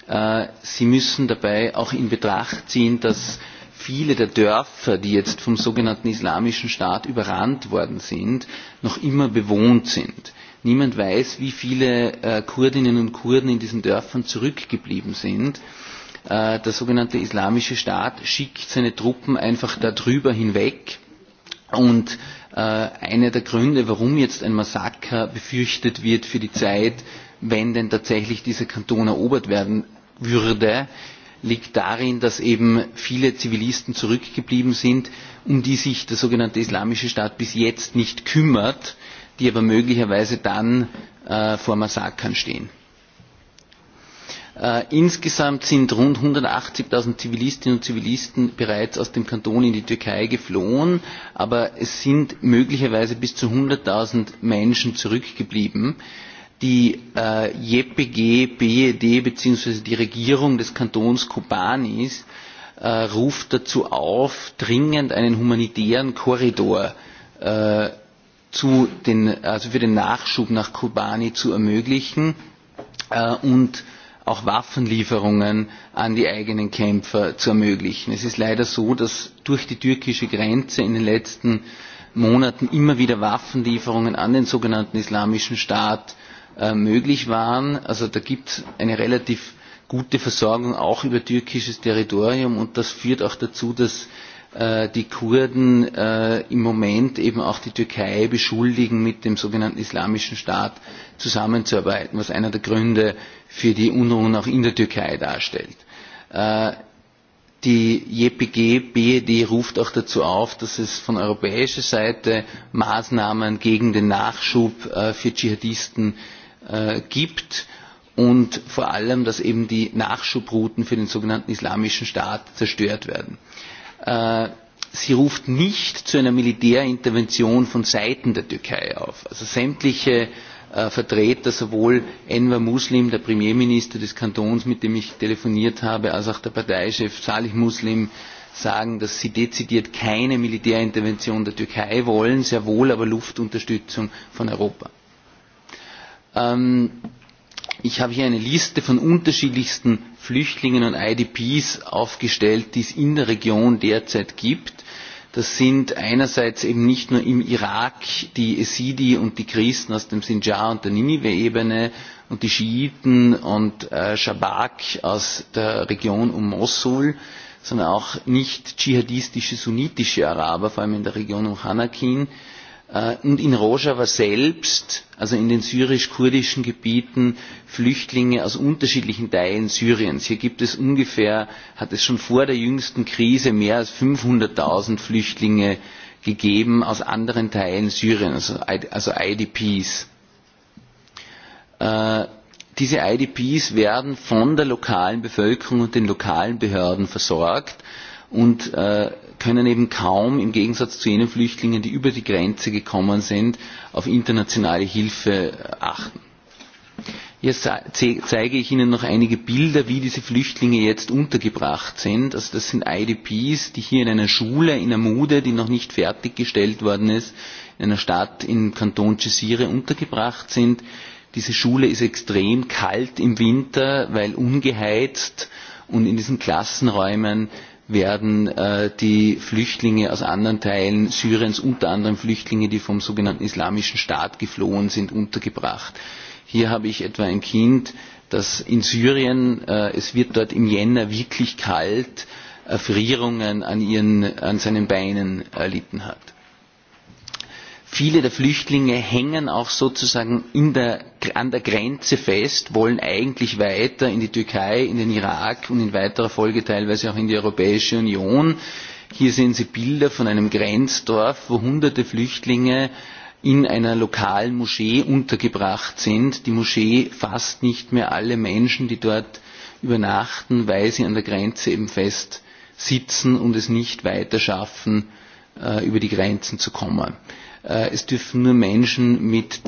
Äh, sie müssen dabei auch in betracht ziehen dass viele der dörfer die jetzt vom sogenannten islamischen staat überrannt worden sind noch immer bewohnt sind. niemand weiß wie viele äh, kurdinnen und kurden in diesen dörfern zurückgeblieben sind. der sogenannte islamische staat schickt seine truppen einfach darüber hinweg und äh, einer der gründe warum jetzt ein massaker befürchtet wird für die zeit wenn denn tatsächlich dieser kanton erobert werden würde liegt darin dass eben viele zivilisten zurückgeblieben sind um die sich der sogenannte islamische staat bis jetzt nicht kümmert die aber möglicherweise dann äh, vor massakern stehen. Äh, insgesamt sind rund 180.000 Zivilistinnen und Zivilisten bereits aus dem Kanton in die Türkei geflohen, aber es sind möglicherweise bis zu 100.000 Menschen zurückgeblieben. Die ypg JPG, BED bzw. die Regierung des Kantons Kobanis äh, ruft dazu auf, dringend einen humanitären Korridor äh, also für den Nachschub nach Kobani zu ermöglichen und auch Waffenlieferungen an die eigenen Kämpfer zu ermöglichen. Es ist leider so, dass durch die türkische Grenze in den letzten Monaten immer wieder Waffenlieferungen an den sogenannten Islamischen Staat äh, möglich waren. Also da gibt es eine relativ gute Versorgung auch über türkisches Territorium und das führt auch dazu, dass äh, die Kurden äh, im Moment eben auch die Türkei beschuldigen, mit dem sogenannten Islamischen Staat zusammenzuarbeiten, was einer der Gründe für die unruhen auch in der türkei darstellt. Äh, die jpg bed ruft auch dazu auf dass es von europäischer seite maßnahmen gegen den nachschub äh, für dschihadisten äh, gibt und vor allem dass eben die nachschubrouten für den sogenannten islamischen staat zerstört werden. sie ruft nicht zu einer militärintervention von seiten der türkei auf. also sämtliche Äh, vertreter sowohl enver muslim der premierminister des kantons mit dem ich telefoniert habe als auch der parteichef salih muslim sagen dass sie dezidiert keine militärintervention der türkei wollen sehr wohl aber luftunterstützung von europa. Ähm, ich habe hier eine liste von unterschiedlichsten flüchtlingen und idps aufgestellt die es in der region derzeit gibt. Das sind einerseits eben nicht nur im Irak die Esidi und die Christen aus dem Sinjar und der Ninive-Ebene und die Schiiten und äh, Schabak Shabak aus der Region um Mossul, sondern auch nicht dschihadistische sunnitische Araber, vor allem in der Region um Hanakin, Äh, und in rojava selbst also in den syrisch kurdischen gebieten flüchtlinge aus unterschiedlichen teilen syriens. hier gibt es ungefähr hat es schon vor der jüngsten krise mehr als fünfhundert null flüchtlinge gegeben aus anderen teilen syriens also idps. Äh, diese idps werden von der lokalen bevölkerung und den lokalen behörden versorgt und äh, können eben kaum im Gegensatz zu jenen Flüchtlingen, die über die Grenze gekommen sind, auf internationale Hilfe äh, achten. Hier zeige ich Ihnen noch einige Bilder, wie diese Flüchtlinge jetzt untergebracht sind. Also das sind IDPs, die hier in einer Schule in Amude, die noch nicht fertiggestellt worden ist, in einer Stadt im Kanton Cesire untergebracht sind. Diese Schule ist extrem kalt im Winter, weil ungeheizt und in diesen Klassenräumen werden äh, die Flüchtlinge aus anderen Teilen Syriens, unter anderem Flüchtlinge, die vom sogenannten Islamischen Staat geflohen sind, untergebracht. Hier habe ich etwa ein Kind, das in Syrien, äh, es wird dort im Jänner wirklich kalt, Erfrierungen an, ihren, an seinen Beinen erlitten hat. Viele der Flüchtlinge hängen auch sozusagen in der, an der Grenze fest, wollen eigentlich weiter in die Türkei, in den Irak und in weiterer Folge teilweise auch in die Europäische Union. Hier sehen Sie Bilder von einem Grenzdorf, wo hunderte Flüchtlinge in einer lokalen Moschee untergebracht sind. Die Moschee fasst nicht mehr alle Menschen, die dort übernachten, weil sie an der Grenze eben fest sitzen und es nicht weiter schaffen, äh, über die Grenzen zu kommen. Äh, es dürfen nur Menschen mit,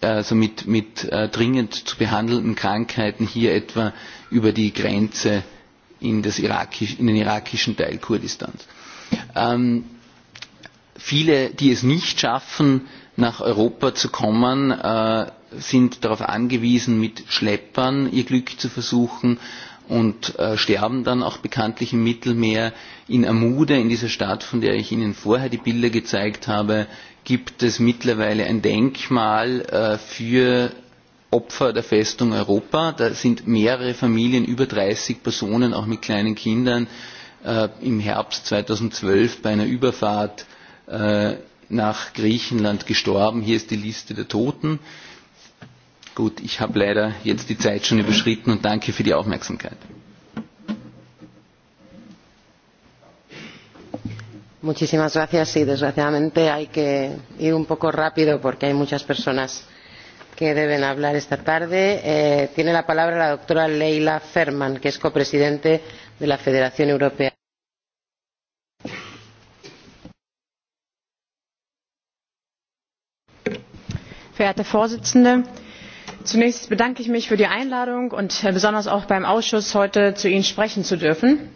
also mit, mit äh, dringend zu behandelnden Krankheiten hier etwa über die Grenze in, das Irakisch, in den irakischen Teil Kurdistans. Ähm, viele, die es nicht schaffen, nach Europa zu kommen, äh, sind darauf angewiesen, mit Schleppern ihr Glück zu versuchen und äh, sterben dann auch bekanntlich im Mittelmeer. In Amude, in dieser Stadt, von der ich Ihnen vorher die Bilder gezeigt habe, gibt es mittlerweile ein Denkmal äh, für Opfer der Festung Europa. Da sind mehrere Familien, über 30 Personen, auch mit kleinen Kindern, äh, im Herbst 2012 bei einer Überfahrt äh, nach Griechenland gestorben. Hier ist die Liste der Toten Gut, ich habe leider jetzt die Zeit schon überschritten und danke für die Aufmerksamkeit. Muchísimas gracias. y desgraciadamente hay que ir un poco rápido porque hay muchas personas que deben hablar esta tarde. Eh, tiene la palabra la doctora Leila Ferman, que es copresidente de la Federación Europea. Verehrte Vorsitzende, zunächst bedanke ich mich für die einladung und äh, besonders auch beim ausschuss heute zu ihnen sprechen zu dürfen.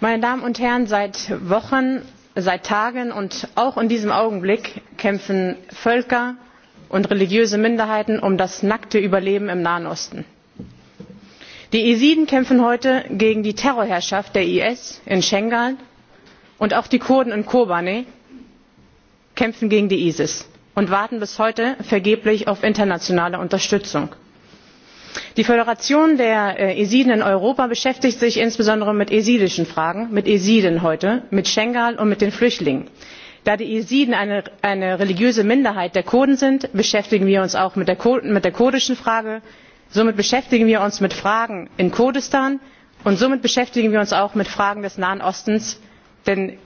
meine damen und herren seit wochen seit tagen und auch in diesem augenblick kämpfen völker und religiöse minderheiten um das nackte überleben im nahen osten. die jesiden kämpfen heute gegen die terrorherrschaft der is in schengal und auch die kurden in kobane kämpfen gegen den isis und warten bis heute vergeblich auf internationale unterstützung. die föderation der äh, Esiden in europa beschäftigt sich insbesondere mit esidischen fragen mit Esiden heute mit schengal und mit den flüchtlingen. da die Esiden eine, religiöse minderheit der kurden sind beschäftigen wir uns auch mit der, mit der kurdischen frage somit beschäftigen wir uns mit fragen in kurdistan und somit beschäftigen wir uns auch mit fragen des nahen ostens denn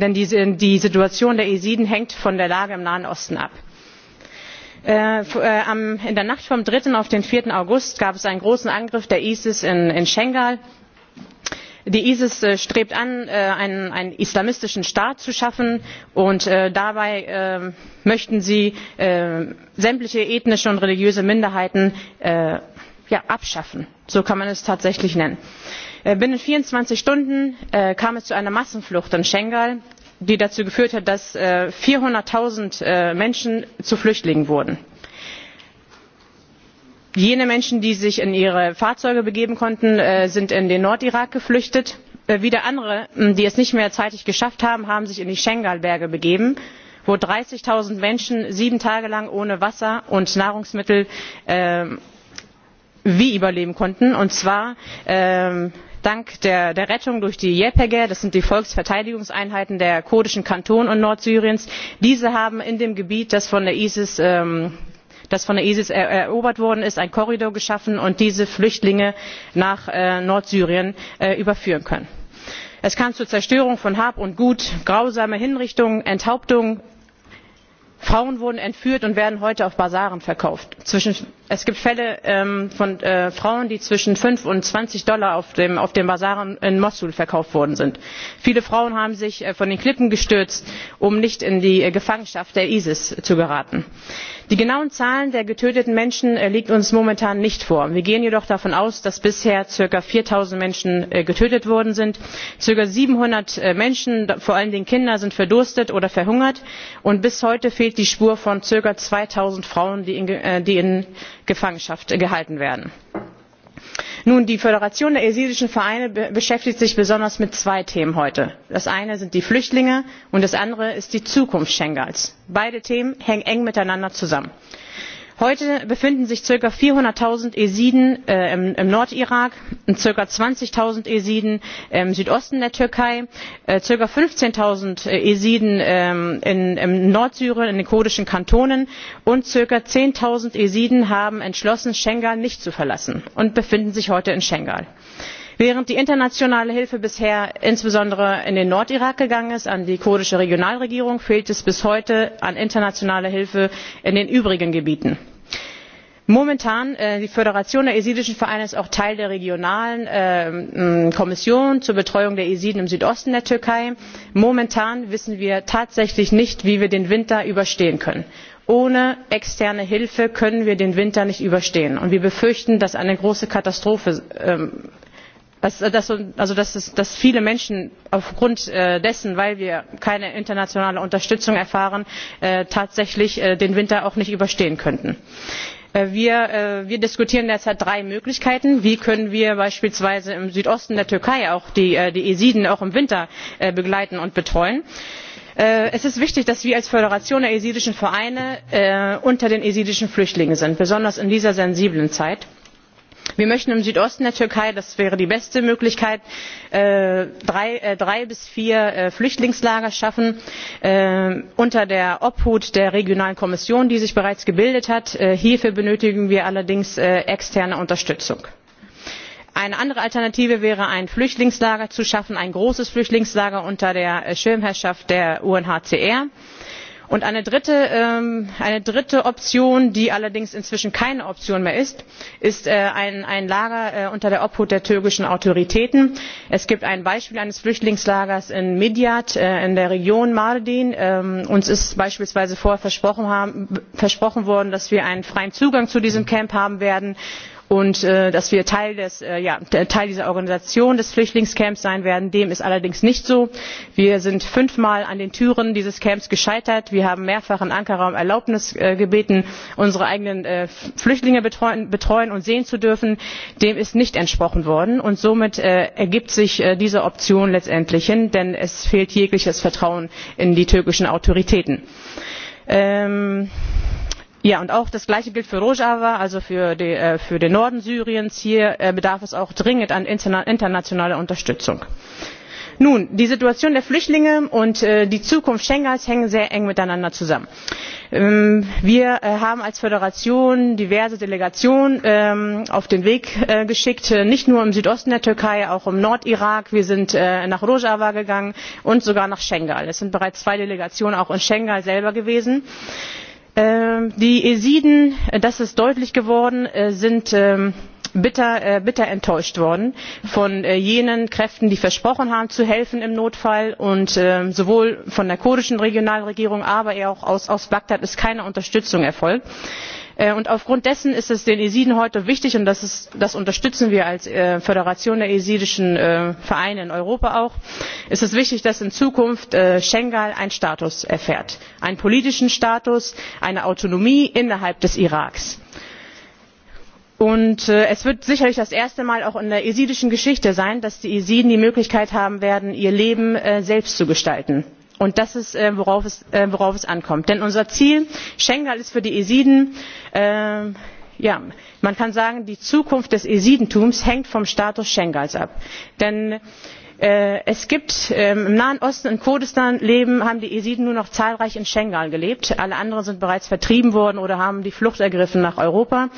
denn die, situation der jesiden hängt von der lage im nahen osten ab. Äh, äh, in der nacht vom. drei auf den. vier august gab es einen großen angriff der isis in, schengal. die isis äh, strebt an einen, islamistischen staat zu schaffen und dabei möchten sie sämtliche ethnische und religiöse minderheiten abschaffen so kann man es tatsächlich nennen Äh, binnen vierundzwanzig stunden äh, kam es zu einer massenflucht in schengal die dazu geführt hat dass äh, vierhundert null menschen zu flüchtlingen wurden. jene menschen die sich in ihre fahrzeuge begeben konnten sind in den nordirak geflüchtet wieder andere die es nicht mehr zeitig geschafft haben haben sich in die schengal berge begeben wo dreißig null menschen sieben tage lang ohne wasser und nahrungsmittel ähm, wie überleben konnten und zwar ähm, dank der, rettung durch die jpg das sind die volksverteidigungseinheiten der kurdischen kantone und nordsyriens diese haben in dem gebiet das von der isis ähm, er, erobert worden ist einen korridor geschaffen und diese flüchtlinge nach äh, nordsyrien äh, überführen können. es kam zur zerstörung von hab und gut grausame hinrichtungen enthauptungen frauen wurden entführt und werden heute auf basaren verkauft. zwischen es gibt fälle ähm, von äh, frauen die zwischen fünf und zwanzig dollar auf dem basaren in mossul verkauft worden sind. viele frauen haben sich äh, von den klippen gestürzt um nicht in die äh, gefangenschaft des isis zu geraten. die genauen zahlen der getöteten menschen liegen uns momentan nicht vor. wir gehen jedoch davon aus dass bisher circa vier null menschen getötet worden sind circa siebenhundert menschen vor allen dingen kinder sind verdurstet oder verhungert und bis heute fehlt die spur von circa zwei null frauen die in gefangenschaft gehalten werden. nun die föderation der jesidischen vereine beschäftigt sich besonders mit zwei themen heute das eine sind die flüchtlinge und das andere ist die zukunft schengens. beide themen hängen eng miteinander zusammen heute befinden sich circa vierhundert null jesiden äh, im, nordirak circa zwanzig null jesiden äh, im südosten der türkei zirka äh, circa fünfzehn null jesiden ähm, in, nordsyrien in den kurdischen kantonen und circa zehn null haben entschlossen schengal nicht zu verlassen und befinden sich heute in schengal während die internationale hilfe bisher insbesondere in den nordirak gegangen ist an die kurdische regionalregierung fehlt es bis heute an internationaler hilfe in den übrigen gebieten. momentan äh, die föderation der jesidischen vereine auch teil der regionalen ähm, kommission zur betreuung der jesiden im südosten der türkei. momentan wissen wir tatsächlich nicht wie wir den winter überstehen können ohne externe hilfe können wir den winter nicht überstehen und wir befürchten dass eine große katastrophe ähm, Äh, dass, viele menschen aufgrund äh, dessen weil wir keine internationale unterstützung erfahren äh, tatsächlich den winter auch nicht überstehen könnten. Wir, diskutieren derzeit drei möglichkeiten wie können wir beispielsweise im südosten der türkei auch die, die auch im winter begleiten und betreuen? es ist wichtig dass wir als föderation der esidischen vereine unter den esidischen flüchtlingen sind besonders in dieser sensiblen zeit wir möchten im südosten der türkei das wäre die beste möglichkeit äh, äh, drei, bis vier äh, flüchtlingslager schaffen unter der obhut der regionalen kommission die sich bereits gebildet hat. hierfür benötigen wir allerdings externe unterstützung eine andere alternative wäre ein flüchtlingslager zu schaffen ein großes flüchtlingslager unter der schirmherrschaft der unhcr und ähm, eine dritte, option die allerdings inzwischen keine option mehr ist ist äh, ein, lager äh, unter der obhut der türkischen autoritäten. es gibt ein beispiel eines flüchtlingslagers in midyat äh, in der region mardin. Ähm, uns ist beispielsweise vorher versprochen worden dass wir einen freien zugang zu diesem camp haben werden und äh, dass wir Teil, des, äh, ja, Teil dieser Organisation des Flüchtlingscamps sein werden. Dem ist allerdings nicht so. Wir sind fünfmal an den Türen dieses Camps gescheitert. Wir haben mehrfach in Ankara um Erlaubnis äh, gebeten, unsere eigenen Flüchtlinge betreuen, und sehen zu dürfen. Dem ist nicht entsprochen worden und somit ergibt sich diese Option letztendlich hin, denn es fehlt jegliches Vertrauen in die türkischen Autoritäten. Ähm, ja, und auch das gleiche gilt für rojava also für, äh, den norden syriens. hier äh, bedarf es auch dringend an internationaler unterstützung. nun die situation der flüchtlinge und äh, die zukunft schengens hängen sehr eng miteinander zusammen. Ähm, wir haben als föderation diverse delegationen ähm, auf den weg geschickt nicht nur im südosten der türkei auch im nordirak wir sind nach rojava gegangen und sogar nach schengal. es sind bereits zwei delegationen auch in schengal selber gewesen Ähm, die Esiden äh, das ist deutlich geworden äh, sind ähm, äh, bitter, enttäuscht worden von jenen kräften die versprochen haben zu helfen im notfall und ähm, sowohl von der kurdischen regionalregierung aber auch aus bagdad ist keine unterstützung erfolgt. Äh, und aufgrund dessen ist es den jesiden heute wichtig und das, unterstützen wir als äh, föderation der jesidischen äh, vereine in europa auch ist es wichtig dass in zukunft schengal einen status erfährt einen politischen status eine autonomie innerhalb des iraks und es wird sicherlich das erste mal auch in der jesidischen geschichte sein dass die jesiden die möglichkeit haben werden ihr leben selbst zu gestalten und das ist äh, äh, worauf es, ankommt. denn unser ziel schengal ist für die Esiden äh, ja, man kann sagen die zukunft des Esidentums hängt vom status schengals ab. denn es gibt ähm, im nahen osten in kurdistan leben, haben die Esiden nur noch zahlreich in schengal gelebt alle anderen sind bereits vertrieben worden oder haben die flucht ergriffen nach europa.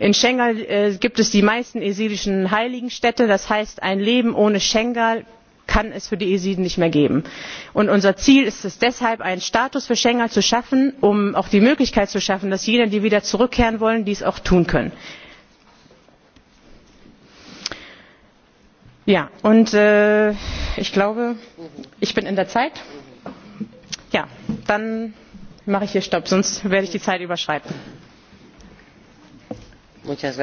in schengal gibt es die meisten jesidischen heiligenstädte das heißt ein leben ohne schengal kann es für die jesiden nicht mehr geben. unser ziel ist es deshalb einen status für schengen zu schaffen um auch die möglichkeit zu schaffen dass jene die wieder zurückkehren wollen dies auch tun können. Äh, ich glaube ich bin in der zeit. dann mache ich hier stopp sonst werde ich die zeit überschreiten. Muchas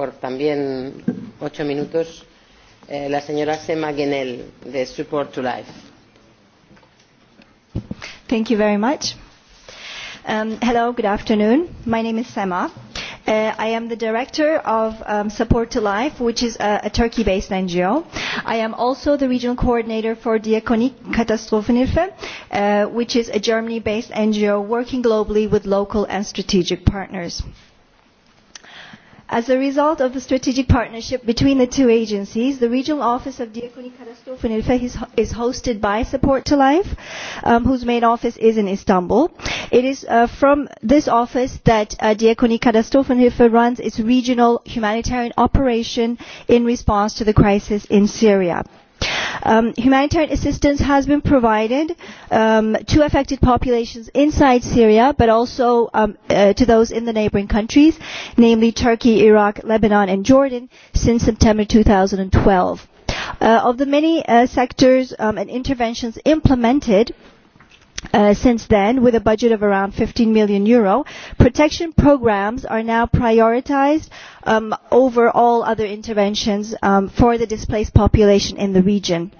por también ocho minutos eh, la señora Sema Genel de Support to Life. Thank you very much. Um, hello, good afternoon. My name is Sema. Uh, I am the director of um, Support to Life, which is a, a Turkey-based NGO. I am also the regional coordinator for Diakonik Katastrophenhilfe, uh, which is a Germany-based NGO working globally with local and strategic partners. As a result of the strategic partnership between the two agencies, the regional office of Diakoni Karastofunilfe is, is hosted by Support to Life, um, whose main office is in Istanbul. It is uh, from this office that uh, Diakoni runs its regional humanitarian operation in response to the crisis in Syria Um, humanitarian assistance has been provided um, to affected populations inside Syria, but also um, uh, to those in the neighboring countries, namely Turkey, Iraq, Lebanon, and Jordan, since September 2012. Uh, of the many uh, sectors um, and interventions implemented, Uh, since then with a budget of around 15 million euro protection programs are now prioritized um, over all other interventions um, for the displaced population in the region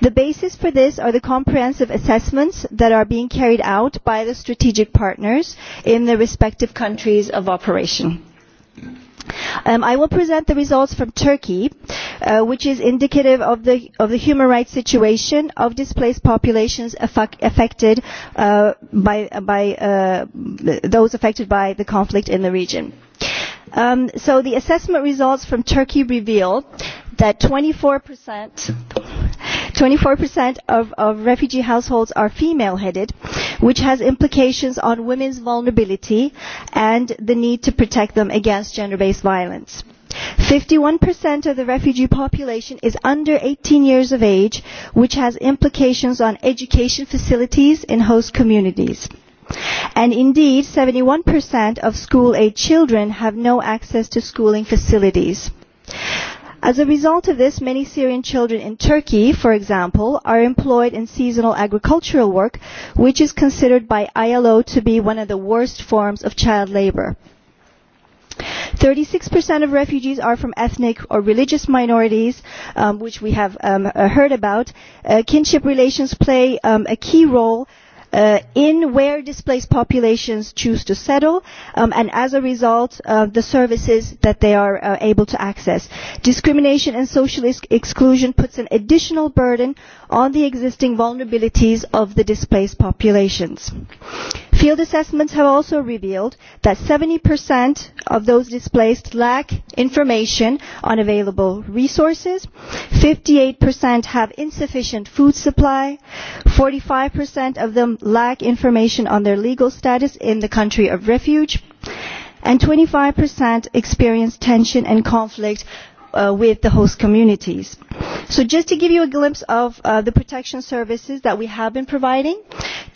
the basis for this are the comprehensive assessments that are being carried out by the strategic partners in the respective countries of operation Um, I will present the results from Turkey, uh, which is indicative of the, of the human rights situation of displaced populations affected uh, by, uh, those affected by the conflict in the region. Um, so the assessment results from Turkey reveal that 24 percent 24% of, of refugee households are female headed which has implications on women's vulnerability and the need to protect them against gender based violence. 51% of the refugee population is under 18 years of age which has implications on education facilities in host communities. And indeed, 71% of school aid children have no access to schooling facilities As a result of this, many Syrian children in Turkey, for example, are employed in seasonal agricultural work, which is considered by ILO to be one of the worst forms of child labour. 36% of refugees are from ethnic or religious minorities, um, which we have um, heard about. Uh, kinship relations play um, a key role Uh, in where displaced populations choose to settle um, and as a result the services that they are uh, able to access. Discrimination and social exclusion puts an additional burden on the existing vulnerabilities of the displaced populations. Field assessments have also revealed that 70% of those displaced lack information on available resources, 58% have insufficient food supply, 45% of them lack information on their legal status in the country of refuge, and 25% experience tension and conflict uh, with the host communities. So just to give you a glimpse of uh, the protection services that we have been providing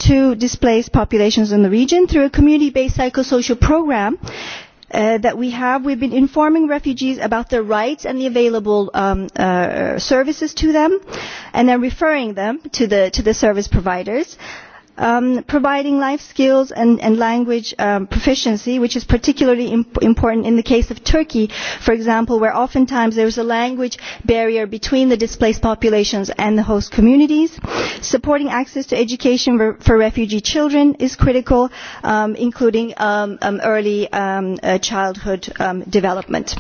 to displaced populations in the region through a community-based psychosocial program, Uh, that we have we've been informing refugees about their rights and the available um, uh, services to them and then referring them to the to the service providers Um, providing life skills and, language um, proficiency which is particularly important in the case of turkey for example where oftentimes there is a language barrier between the displaced populations and the host communities. supporting access to education for, refugee children is critical um, including um, early uh, childhood development.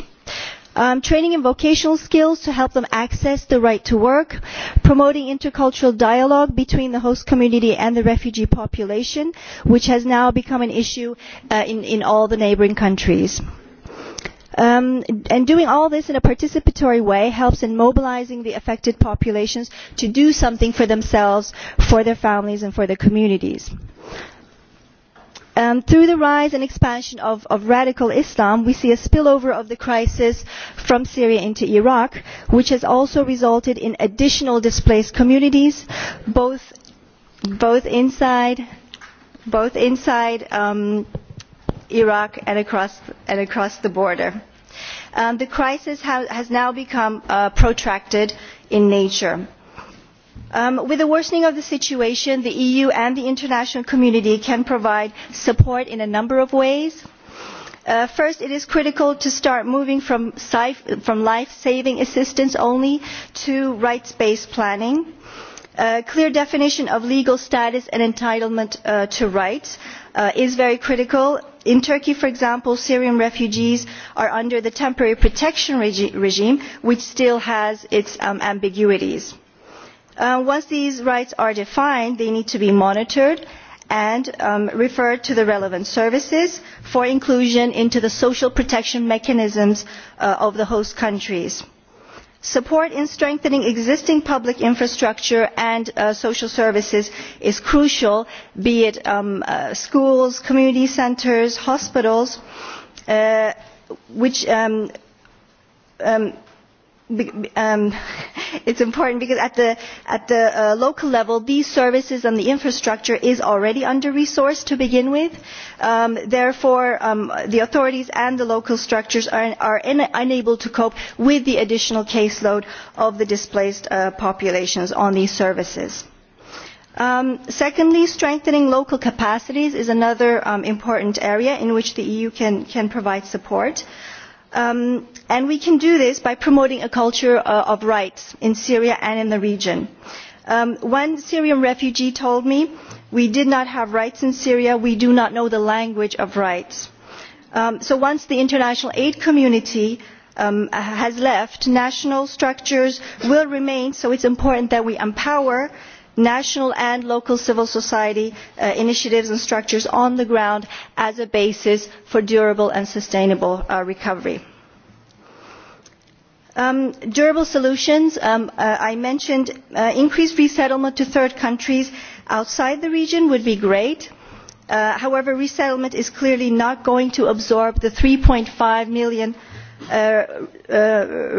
Um, training in vocational skills to help them access the right to work promoting intercultural dialogue between the host community and the refugee population which has now become an issue uh, in, all the neighbouring countries. Um, and doing all this in a participatory way helps in mobilising the affected populations to do something for themselves for their families and for their communities. Um, through the rise and expansion of, of radical islam we see a spillover of the crisis from syria into iraq which has also resulted in additional displaced communities both, both inside, both inside um, iraq and across, and across the border. Um, the crisis has now become uh, protracted in nature Um, with the worsening of the situation the eu and the international community can provide support in a number of ways. Uh, first it is critical to start moving from, life saving assistance only to rights based planning a uh, clear definition of legal status and entitlement uh, to rights is very critical. in turkey for example syrian refugees are under the temporary protection regime which still has its um, ambiguities Uh, once these rights are defined they need to be monitored and um, referred to the relevant services for inclusion into the social protection mechanisms uh, of the host countries. support in strengthening existing public infrastructure and uh, social services is crucial be it um, schools community centres hospitals which um, um, it's important because at the, at the uh, local level these services and the infrastructure is already under resourced to begin with um, therefore um, the authorities and the local structures are, are in, unable to cope with the additional caseload of the displaced uh, populations on these services. Um, secondly strengthening local capacities is another um, important area in which the eu can, can provide support. Um, and we can do this by promoting a culture uh, of rights in syria and in the region. Um, one syrian refugee told me we did not have rights in syria we do not know the language of rights'. Um, so once the international aid community has left national structures will remain so it is important that we empower national and local civil society uh, initiatives and structures on the ground as a basis for durable and sustainable uh, recovery. Um, durable solutions um, uh, i mentioned increased resettlement to third countries outside the region would be great. however resettlement is clearly not going to absorb the. three five million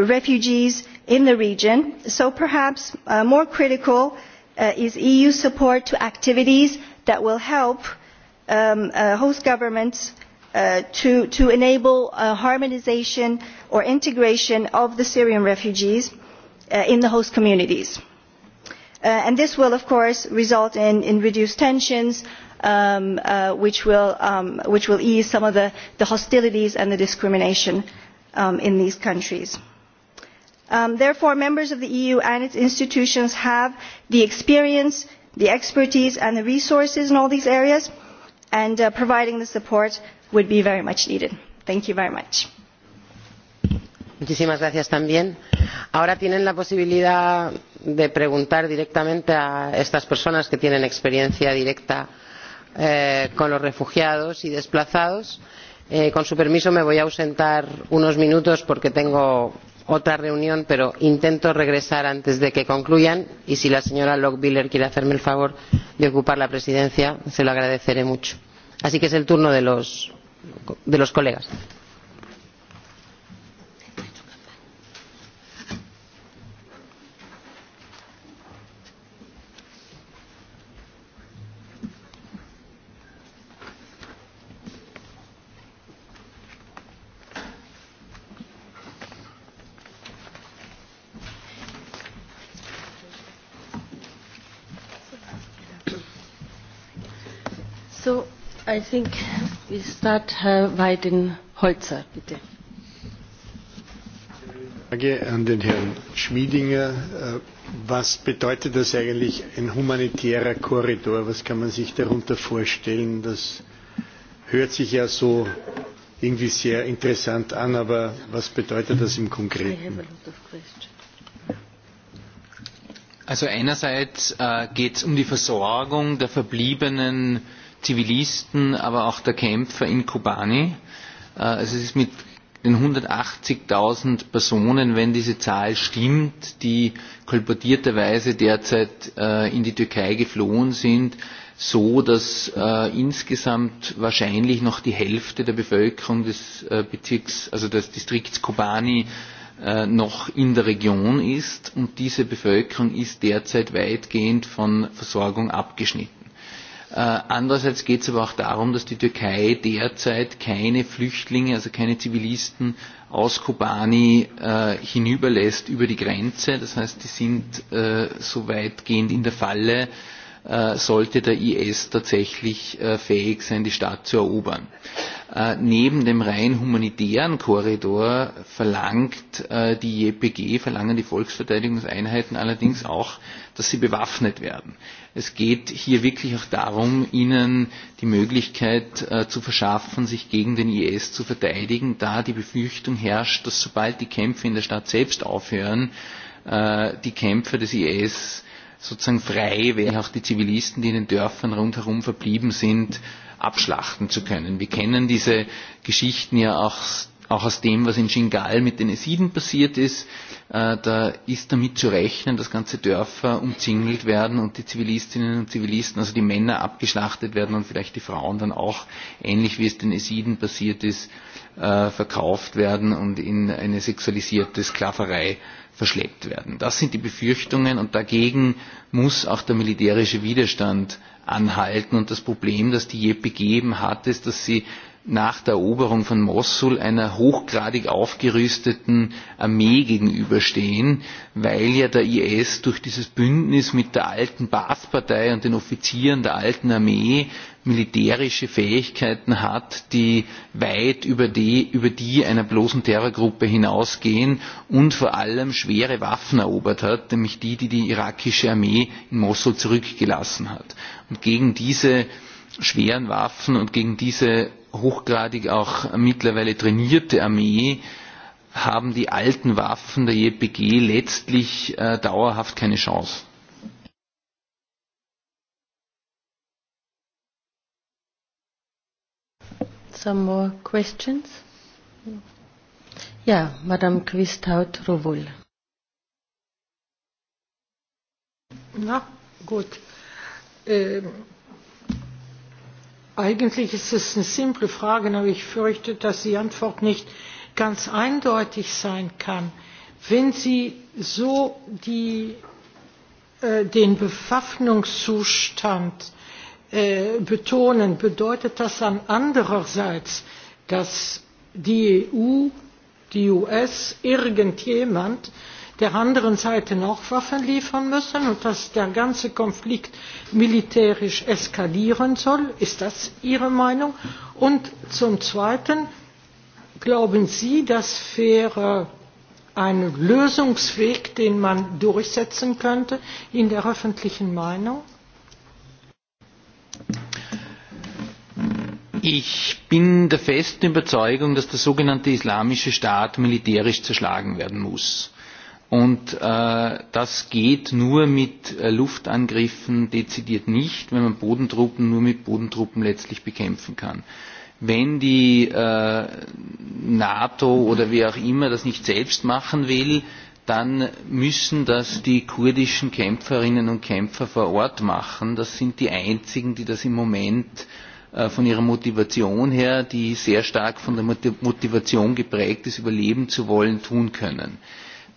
refugees in the region so perhaps more critical Uh, is eu support to activities that will help um, uh, host governments uh, to, enable harmonisation or integration of the syrian refugees in the host communities. this will of course result in, reduced tensions um, um, which, will, ease some of the hostilities and the discrimination in these countries. Um, therefore members of the eu and its institutions have the experience the expertise and the resources in all these areas and uh, providing the support would be very much needed. thank you very much. Muchísimas gracias también. Ahora tienen la posibilidad de preguntar directamente a estas personas que tienen experiencia directa eh, con los refugiados y desplazados. Eh, con su permiso me voy a ausentar unos minutos porque tengo otra reunión pero intento regresar antes de que concluyan y si la señora lochbihler quiere hacerme el favor de ocupar la presidencia se lo agradeceré mucho. así que es el turno de los, de los colegas. So, I we start bitte. Frage an den Herrn Schmiedinger. Äh, was bedeutet das eigentlich, ein humanitärer Korridor? Was kann man sich darunter vorstellen? Das hört sich ja so irgendwie sehr interessant an, aber was bedeutet das im Konkreten? Also einerseits äh, geht es um die Versorgung der verbliebenen Zivilisten, aber auch der Kämpfer in Kobani. Äh, also es ist mit den 180.000 Personen, wenn diese Zahl stimmt, die kolportierterweise derzeit äh, in die Türkei geflohen sind, so, dass äh, insgesamt wahrscheinlich noch die Hälfte der Bevölkerung des Bezirks, also des Distrikts Kobani noch in der Region ist und diese Bevölkerung ist derzeit weitgehend von Versorgung abgeschnitten. Äh, andererseits geht es aber auch darum, dass die Türkei derzeit keine Flüchtlinge, also keine Zivilisten aus Kobani äh, hinüberlässt über die Grenze. Das heißt, die sind äh, so weitgehend in der Falle, Äh, sollte der is tatsächlich äh, fähig sein die stadt zu erobern. Äh, neben dem rein humanitären korridor verlangt die ypg verlangen die volksverteidigungseinheiten allerdings auch dass sie bewaffnet werden. es geht hier wirklich auch darum ihnen die möglichkeit zu verschaffen sich gegen den is zu verteidigen da die befürchtung herrscht dass sobald die kämpfe in der stadt selbst aufhören die kämpfer des is sozusagen frei wären, auch die Zivilisten, die in den Dörfern rundherum verblieben sind, abschlachten zu können. Wir kennen diese Geschichten ja auch, auch aus dem, was in Shingal mit den Esiden passiert ist. Äh, da ist damit zu rechnen, dass ganze Dörfer umzingelt werden und die Zivilistinnen und Zivilisten, also die Männer abgeschlachtet werden und vielleicht die Frauen dann auch, ähnlich wie es den Esiden passiert ist, äh, verkauft werden und in eine sexualisierte Sklaverei verschleppt werden. Das sind die Befürchtungen und dagegen muss auch der militärische Widerstand anhalten. Und das Problem, das die JPG hat, ist, dass sie nach der Eroberung von Mossul einer hochgradig aufgerüsteten Armee gegenüberstehen, weil ja der IS durch dieses Bündnis mit der alten Baath-Partei und den Offizieren der alten Armee militärische Fähigkeiten hat, die weit über die, einer bloßen Terrorgruppe hinausgehen und vor allem schwere Waffen erobert hat, nämlich die, die die irakische Armee in Mossul zurückgelassen hat. Und gegen diese schweren Waffen und gegen diese hochgradig auch mittlerweile trainierte Armee haben die alten Waffen der JPG letztlich äh, dauerhaft keine Chance. some more questions? Yeah, Madame Quisthout Rovul. Na, gut. Ähm, eigentlich ist es eine simple Frage, aber ich fürchte, dass die Antwort nicht ganz eindeutig sein kann. Wenn Sie so die, äh, den Bewaffnungszustand Äh, betonen bedeutet das dann andererseits dass die eu die us irgendjemand der anderen seite noch waffen liefern müssen und dass der ganze konflikt militärisch eskalieren soll? ist das ihre meinung? und zum zweiten glauben sie das wäre ein lösungsweg den man durchsetzen könnte in der öffentlichen meinung? ich bin der festen überzeugung dass der sogenannte islamische staat militärisch zerschlagen werden muss und äh, das geht nur mit äh, luftangriffen dezidiert nicht wenn man bodentruppen nur mit bodentruppen letztlich bekämpfen kann wenn die äh, nato oder wer auch immer das nicht selbst machen will dann müssen das die kurdischen kämpferinnen und kämpfer vor ort machen das sind die einzigen die das im moment Äh, von ihrer Motivation her, die sehr stark von der Motivation geprägt ist, überleben zu wollen, tun können.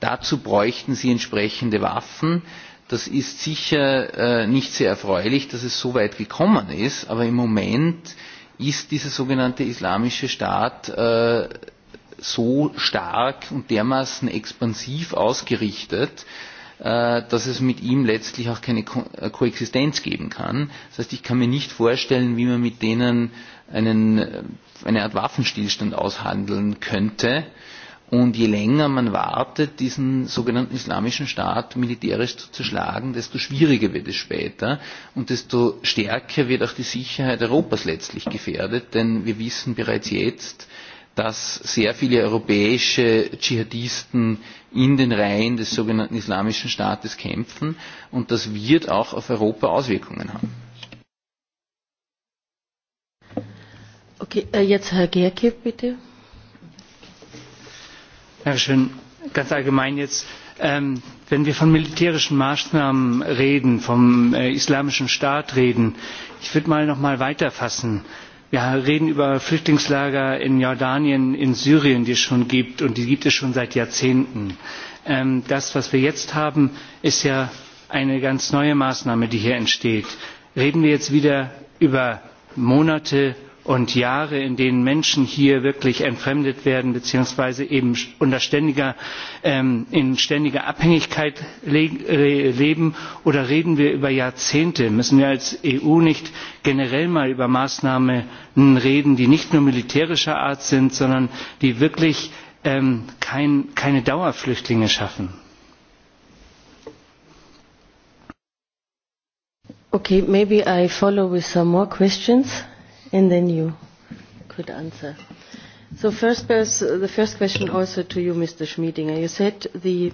Dazu bräuchten sie entsprechende Waffen. Das ist sicher äh, nicht sehr erfreulich, dass es so weit gekommen ist, aber im Moment ist dieser sogenannte Islamische Staat äh, so stark und dermaßen expansiv ausgerichtet, Äh, dass es mit ihm letztlich auch keine äh, Koexistenz geben kann. Das heißt, ich kann mir nicht vorstellen, wie man mit denen einen, äh, eine Art Waffenstillstand aushandeln könnte. Und je länger man wartet, diesen sogenannten islamischen Staat militärisch zu zerschlagen, desto schwieriger wird es später und desto stärker wird auch die Sicherheit Europas letztlich gefährdet. Denn wir wissen bereits jetzt, dass sehr viele europäische Dschihadisten in den Reihen des sogenannten Islamischen Staates kämpfen, und das wird auch auf Europa Auswirkungen haben. Okay, äh, jetzt Herr Gerke, bitte. ganz allgemein jetzt ähm, wenn wir von militärischen Maßnahmen reden, vom äh, Islamischen Staat reden, ich würde mal noch mal weiterfassen wir reden über flüchtlingslager in jordanien in syrien die es schon gibt und die gibt es schon seit jahrzehnten. Ähm, das was wir jetzt haben ist ja eine ganz neue maßnahme die hier entsteht. reden wir jetzt wieder über monate und jahre in denen menschen hier wirklich entfremdet werden beziehungsweise eben ähm, in ständiger abhängigkeit leben oder reden wir über jahrzehnte? müssen wir als eu nicht generell mal über maßnahmen reden die nicht nur militärischer art sind sondern die wirklich ähm, keine dauerflüchtlinge schaffen? okay maybe i follow with some more questions and then you could answer. So first, the first question also to you, Mr. Schmiedinger. You said the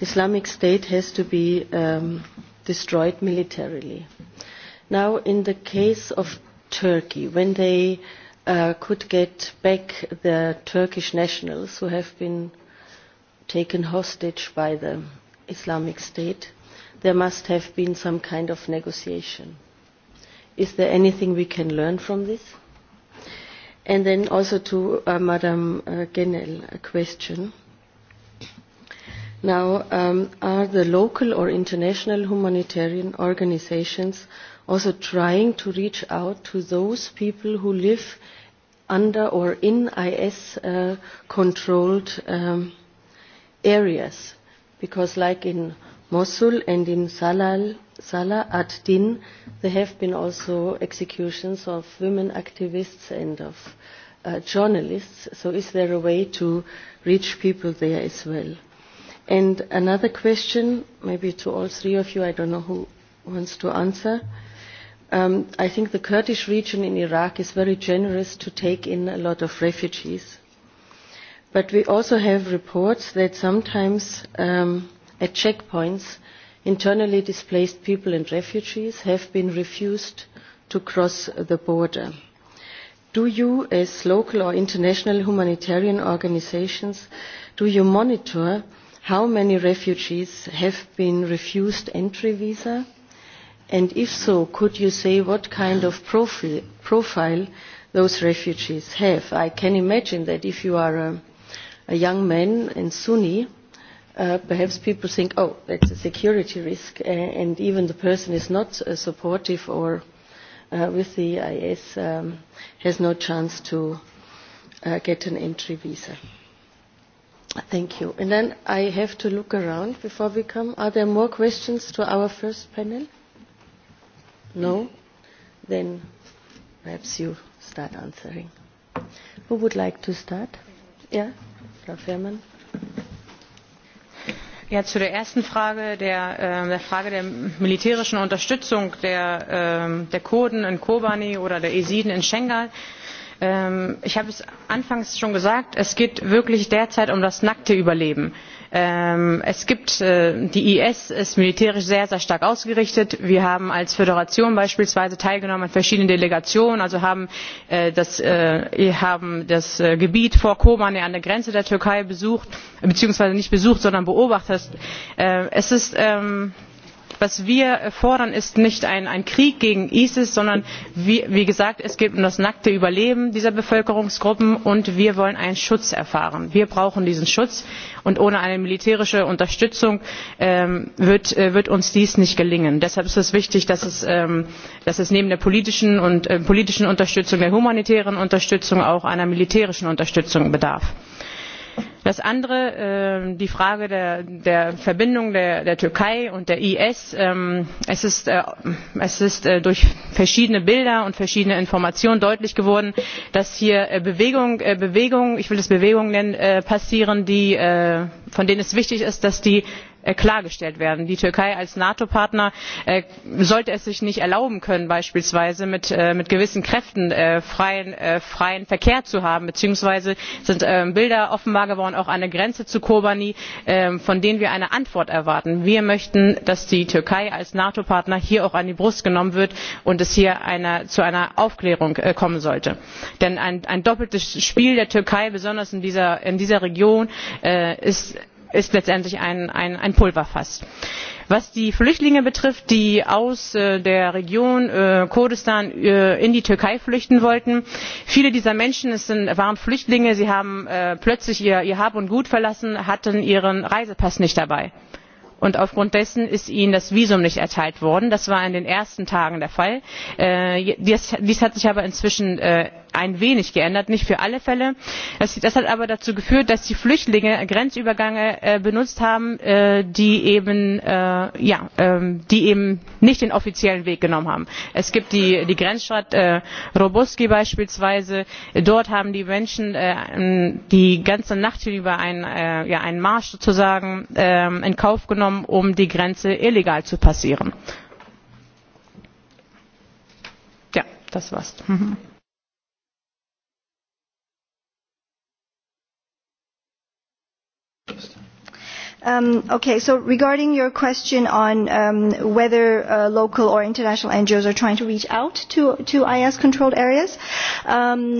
Islamic State has to be um, destroyed militarily. Now, in the case of Turkey, when they uh, could get back the Turkish nationals who have been taken hostage by the Islamic State, there must have been some kind of negotiation is there anything we can learn from this? And then also to uh, Madam uh, Genel, a question. Now, um, are the local or international humanitarian organizations also trying to reach out to those people who live under or in IS uh, controlled um, areas? Because like in Mosul and in Salal, salah ad din there have been also executions of women activists and of uh, journalists so is there a way to reach people there as well and another question maybe to all three of you i don't know who wants to answer um, i think the kurdish region in iraq is very generous to take in a lot of refugees but we also have reports that sometimes um, at checkpoints internally displaced people and refugees have been refused to cross the border. do you as local or international humanitarian organisations monitor how many refugees have been refused entry visa and if so could you say what kind of profile those refugees have? i can imagine that if you are a, young man and sunni Uh, perhaps people think oh that's a security risk uh, and even the person is not uh, supportive or uh, with the is um, has no chance to uh, get an entry visa thank you and then i have to look around before we come are there more questions to our first panel no then perhaps you start answering who would like to start yeah frau Fehrmann zu der ersten Frage, ähm, der, Frage der militärischen Unterstützung der, ähm, der Kurden in Kobani oder der Esiden in Schengal. Ähm, ich habe es anfangs schon gesagt, es geht wirklich derzeit um das nackte Überleben Ähm, es gibt äh, die is ist militärisch sehr sehr stark ausgerichtet wir haben als föderation beispielsweise teilgenommen an verschiedenen delegationen also haben äh, das, äh, haben das gebiet vor kobane an der grenze der türkei besucht beziehungsweise nicht besucht sondern beobachtet. es ist ähm, was wir fordern ist nicht ein, krieg gegen isis sondern wie, gesagt es geht um das nackte überleben dieser bevölkerungsgruppen und wir wollen einen schutz erfahren. wir brauchen diesen schutz und ohne eine militärische unterstützung ähm, äh, wird, uns dies nicht gelingen. deshalb ist es wichtig dass es, ähm, neben der politischen, und, äh, politischen unterstützung der humanitären unterstützung auch einer militärischen unterstützung bedarf das andere ähm, die frage der, verbindung der, türkei und des is ähm, es ist, äh, äh, durch verschiedene bilder und verschiedene informationen deutlich geworden dass hier äh, bewegungen ich will es bewegungen nennen passieren von denen es wichtig ist dass die Äh, klargestellt werden. die türkei als nato partner äh, sollte es sich nicht erlauben können beispielsweise mit, äh, gewissen kräften freien, verkehr zu haben beziehungsweise sind ähm, bilder offenbar geworden auch an der grenze zu kobani ähm, von denen wir eine antwort erwarten. wir möchten dass die türkei als nato partner hier auch an die brust genommen wird und es hier zu einer aufklärung kommen sollte. denn ein, doppeltes spiel der türkei besonders in dieser, in dieser region ist ist letztendlich ein, pulverfass. was die flüchtlinge betrifft die aus äh, der region äh, kurdistan äh, in die türkei flüchten wollten viele dieser menschen waren flüchtlinge sie haben plötzlich ihr, ihr hab und gut verlassen hatten ihren reisepass nicht dabei und aufgrund dessen ist ihnen das visum nicht erteilt worden. das war in den ersten tagen der fall. dies hat sich aber inzwischen ein wenig geändert nicht für alle fälle. das hat aber dazu geführt dass die flüchtlinge grenzübergänge äh, benutzt haben äh, die eben, äh, ja, ähm, die eben nicht den offiziellen weg genommen haben. es gibt die, grenzstadt roboski beispielsweise dort haben die menschen die ganze nacht über einen, einen marsch sozusagen ähm, in kauf genommen um die grenze illegal zu passieren. ja das war's. Mhm. budućnost. Um, okay, so regarding your question on um, whether uh, local or international NGOs are trying to reach out to, to IS-controlled areas, um,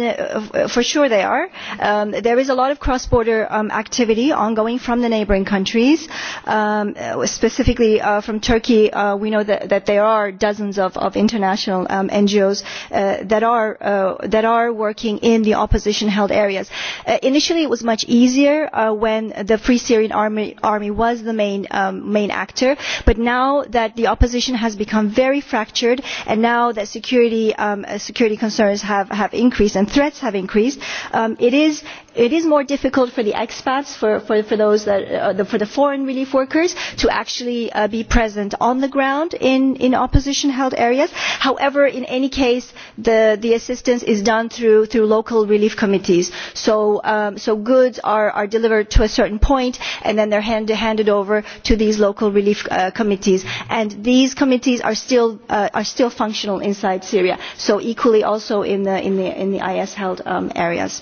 for sure they are. Um, there is a lot of cross-border um, activity ongoing from the neighboring countries, um, specifically uh, from Turkey. Uh, we know that, that there are dozens of, of international um, NGOs uh, that, are, uh, that are working in the opposition-held areas. Uh, initially, it was much easier uh, when the Free Syrian Army army was the main, um, main actor but now that the opposition has become very fractured and now that security, um, uh, security concerns have, have increased and threats have increased um, it is it is more difficult for the expats for, for, those that uh, the, for the foreign relief workers to actually uh, be present on the ground in, in opposition held areas however in any case the, the assistance is done through, through local relief committees so, um, so goods are, are delivered to a certain point and then they're hand, handed over to these local relief uh, committees and these committees are still, are still functional inside Syria so equally also in the, in the, IS held um, areas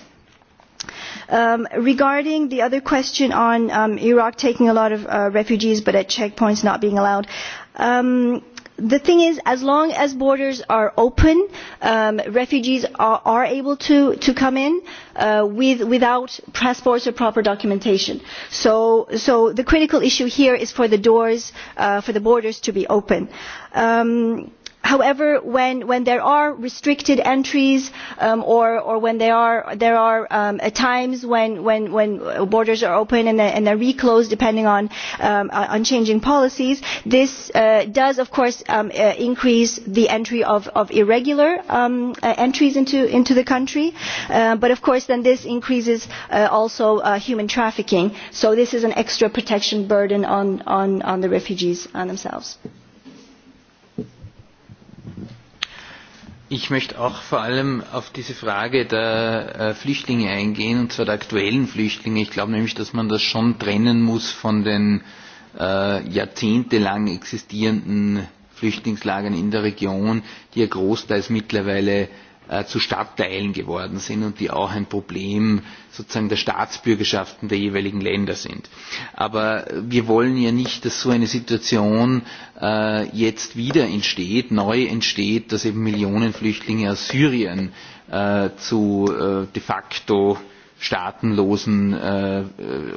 Um, regarding the other question on um, Iraq taking a lot of uh, refugees but at checkpoints not being allowed, um, the thing is as long as borders are open refugees are, are able to, to come in uh, with, without passports or proper documentation so, so the critical issue here is for the doors uh, for the borders to be open however when, when there are restricted entries um, or, or when there are, there are um, uh, times when, when, uh, borders are open and they and reclosed depending on, um, uh, changing policies this does of course um, increase the entry of, irregular entries into, into the country but of course then this increases also human trafficking so this is an extra protection burden on, on, on the refugees themselves. Ich möchte auch vor allem auf diese Frage der äh, Flüchtlinge eingehen, und zwar der aktuellen Flüchtlinge. Ich glaube nämlich, dass man das schon trennen muss von den äh, jahrzehntelang existierenden Flüchtlingslagern in der Region, die ja großteils mittlerweile Äh, zu Stadtteilen geworden sind und die auch ein Problem sozusagen der Staatsbürgerschaften der jeweiligen Länder sind. Aber wir wollen ja nicht, dass so eine Situation äh, jetzt wieder entsteht, neu entsteht, dass eben Millionen Flüchtlinge aus Syrien äh, zu äh, de facto staatenlosen äh,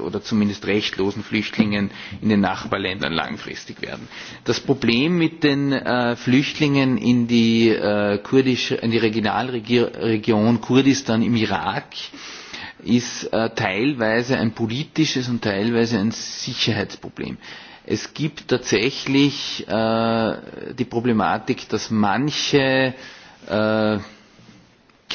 oder zumindest rechtlosen Flüchtlingen in den Nachbarländern langfristig werden. Das Problem mit den äh, Flüchtlingen in die, äh, kurdische in die Regionalregion Kurdistan im Irak ist teilweise ein politisches und teilweise ein Sicherheitsproblem. Es gibt tatsächlich die Problematik, dass manche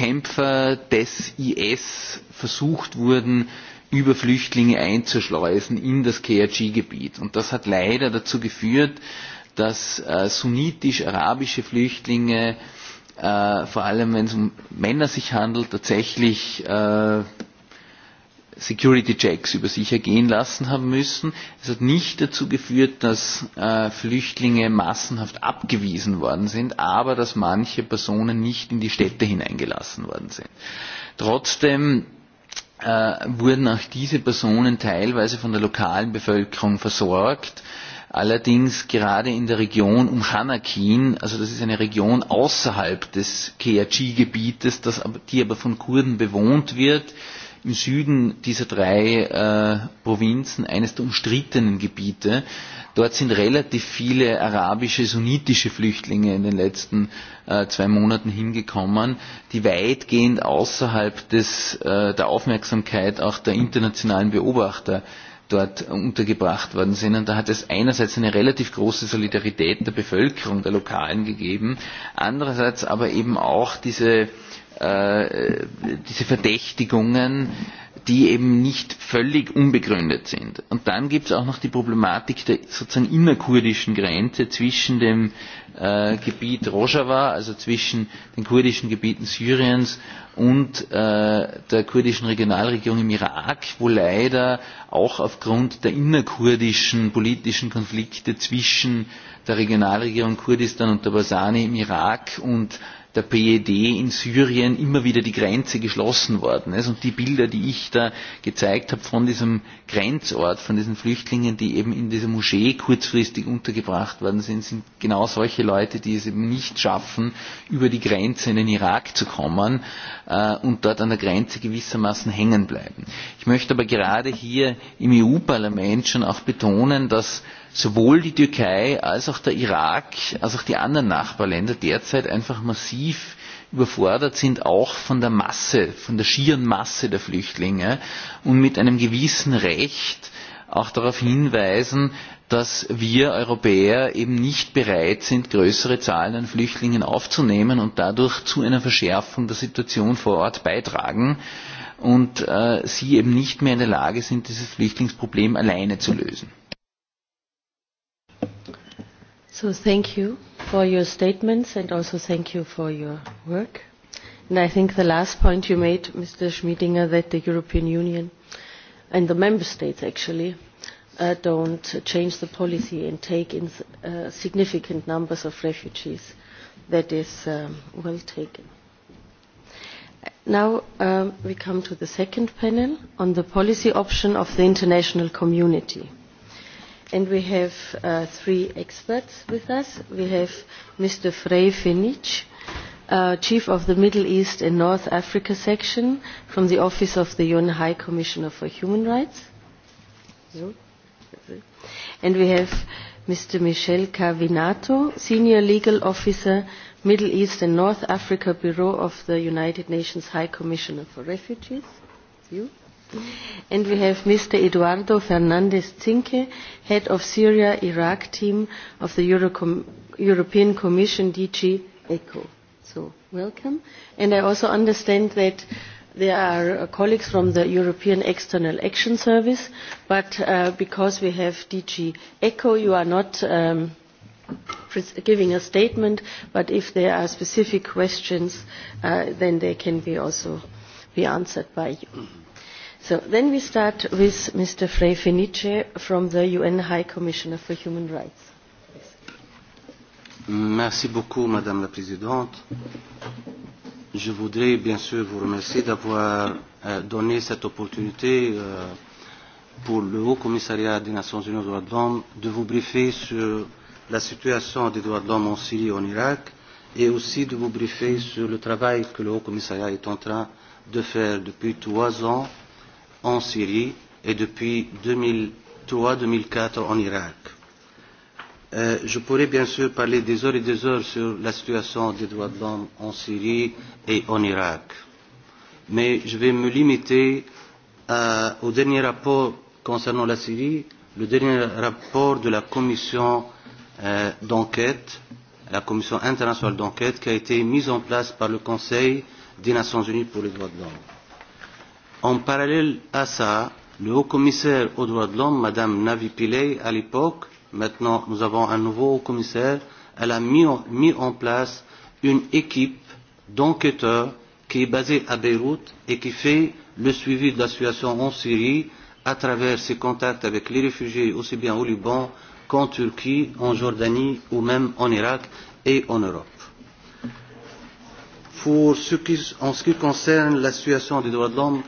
kämpfer des is versucht wurden über flüchtlinge einzuschleusen in das krg gebiet und das hat leider dazu geführt dass äh, sunnitisch arabische flüchtlinge äh, vor allem wenn es um männer sich handelt tatsächlich äh, Security Checks über sich ergehen lassen haben müssen. Es hat nicht dazu geführt, dass äh, Flüchtlinge massenhaft abgewiesen worden sind, aber dass manche Personen nicht in die Städte hineingelassen worden sind. Trotzdem äh, wurden auch diese Personen teilweise von der lokalen Bevölkerung versorgt. Allerdings gerade in der Region um Hanakin, also das ist eine Region außerhalb des KRG-Gebietes, die aber von Kurden bewohnt wird, im Süden dieser drei äh, Provinzen eines der umstrittenen Gebiete. Dort sind relativ viele arabische, sunnitische Flüchtlinge in den letzten äh, zwei Monaten hingekommen, die weitgehend außerhalb des, äh, der Aufmerksamkeit auch der internationalen Beobachter dort untergebracht worden sind. Und da hat es einerseits eine relativ große Solidarität der Bevölkerung, der Lokalen gegeben, andererseits aber eben auch diese Äh, diese verdächtigungen die eben nicht völlig unbegründet sind. Und dann gibt es auch noch die Problematik der sozusagen innerkurdischen Grenze zwischen dem äh, Gebiet Rojava, also zwischen den kurdischen Gebieten Syriens und äh, der kurdischen Regionalregierung im Irak, wo leider auch aufgrund der innerkurdischen politischen Konflikte zwischen der Regionalregierung Kurdistan und der Basani im Irak und der PED in Syrien immer wieder die Grenze geschlossen worden ist. Und die Bilder, die ich da gezeigt habe von diesem Grenzort, von diesen Flüchtlingen, die eben in dieser Moschee kurzfristig untergebracht worden sind, sind genau solche Leute, die es eben nicht schaffen, über die Grenze in den Irak zu kommen äh, und dort an der Grenze gewissermaßen hängen bleiben. Ich möchte aber gerade hier im EU-Parlament schon auch betonen, dass sowohl die Türkei als auch der Irak, als auch die anderen Nachbarländer derzeit einfach massiv überfordert sind, auch von der Masse, von der schieren Masse der Flüchtlinge und mit einem gewissen Recht auch darauf hinweisen, dass wir Europäer eben nicht bereit sind, größere Zahlen an Flüchtlingen aufzunehmen und dadurch zu einer Verschärfung der Situation vor Ort beitragen und äh, sie eben nicht mehr in der Lage sind, dieses Flüchtlingsproblem alleine zu lösen. So thank you for your statements and also thank you for your work. And I think the last point you made, Mr. Schmidinger, that the European Union and the member states actually uh, don't change the policy and take in uh, significant numbers of refugees. That is um, well taken. Now um, we come to the second panel on the policy option of the international community and we have uh, three experts with us. We have Mr. Frey Finich, uh, Chief of the Middle East and North Africa Section from the Office of the UN High Commissioner for Human Rights. And we have Mr. Michel Cavinato, Senior Legal Officer, Middle East and North Africa Bureau of the United Nations High Commissioner for Refugees. You and we have Mr. Eduardo Fernandez Zinke, head of Syria Iraq team of the European Commission DG ECHO. So, welcome. And I also understand that there are uh, colleagues from the European External Action Service, but uh, because we have DG ECHO, you are not um, giving a statement, but if there are specific questions, uh, then they can be also be answered by you. So then we start with Mr. Frey Fenice from the UN High Commissioner for Human Rights. Merci beaucoup, Madame la Présidente. Je voudrais bien sûr vous remercier d'avoir euh, donné cette opportunité euh, pour le Haut Commissariat des Nations Unies aux droits de l'homme de vous briefer sur la situation des droits de l'homme en Syrie et en Irak et aussi de vous briefer sur le travail que le Haut Commissariat est en train de faire depuis trois ans en Syrie et depuis 2003-2004 en Irak. Euh, je pourrais bien sûr parler des heures et des heures sur la situation des droits de l'homme en Syrie et en Irak. Mais je vais me limiter à, au dernier rapport concernant la Syrie, le dernier rapport de la commission euh, d'enquête, la commission internationale d'enquête qui a été mise en place par le Conseil des Nations Unies pour les droits de l'homme En parallèle à ça, le haut commissaire aux droits de l'homme, Madame Navi Pillay, à l'époque, maintenant nous avons un nouveau haut commissaire, elle a mis en, mis en place une équipe d'enquêteurs qui est basée à Beyrouth et qui fait le suivi de la situation en Syrie à travers ses contacts avec les réfugiés, aussi bien au Liban qu'en Turquie, en Jordanie ou même en Irak et en Europe. Pour ce qui, en ce qui concerne la situation des droits de l'homme,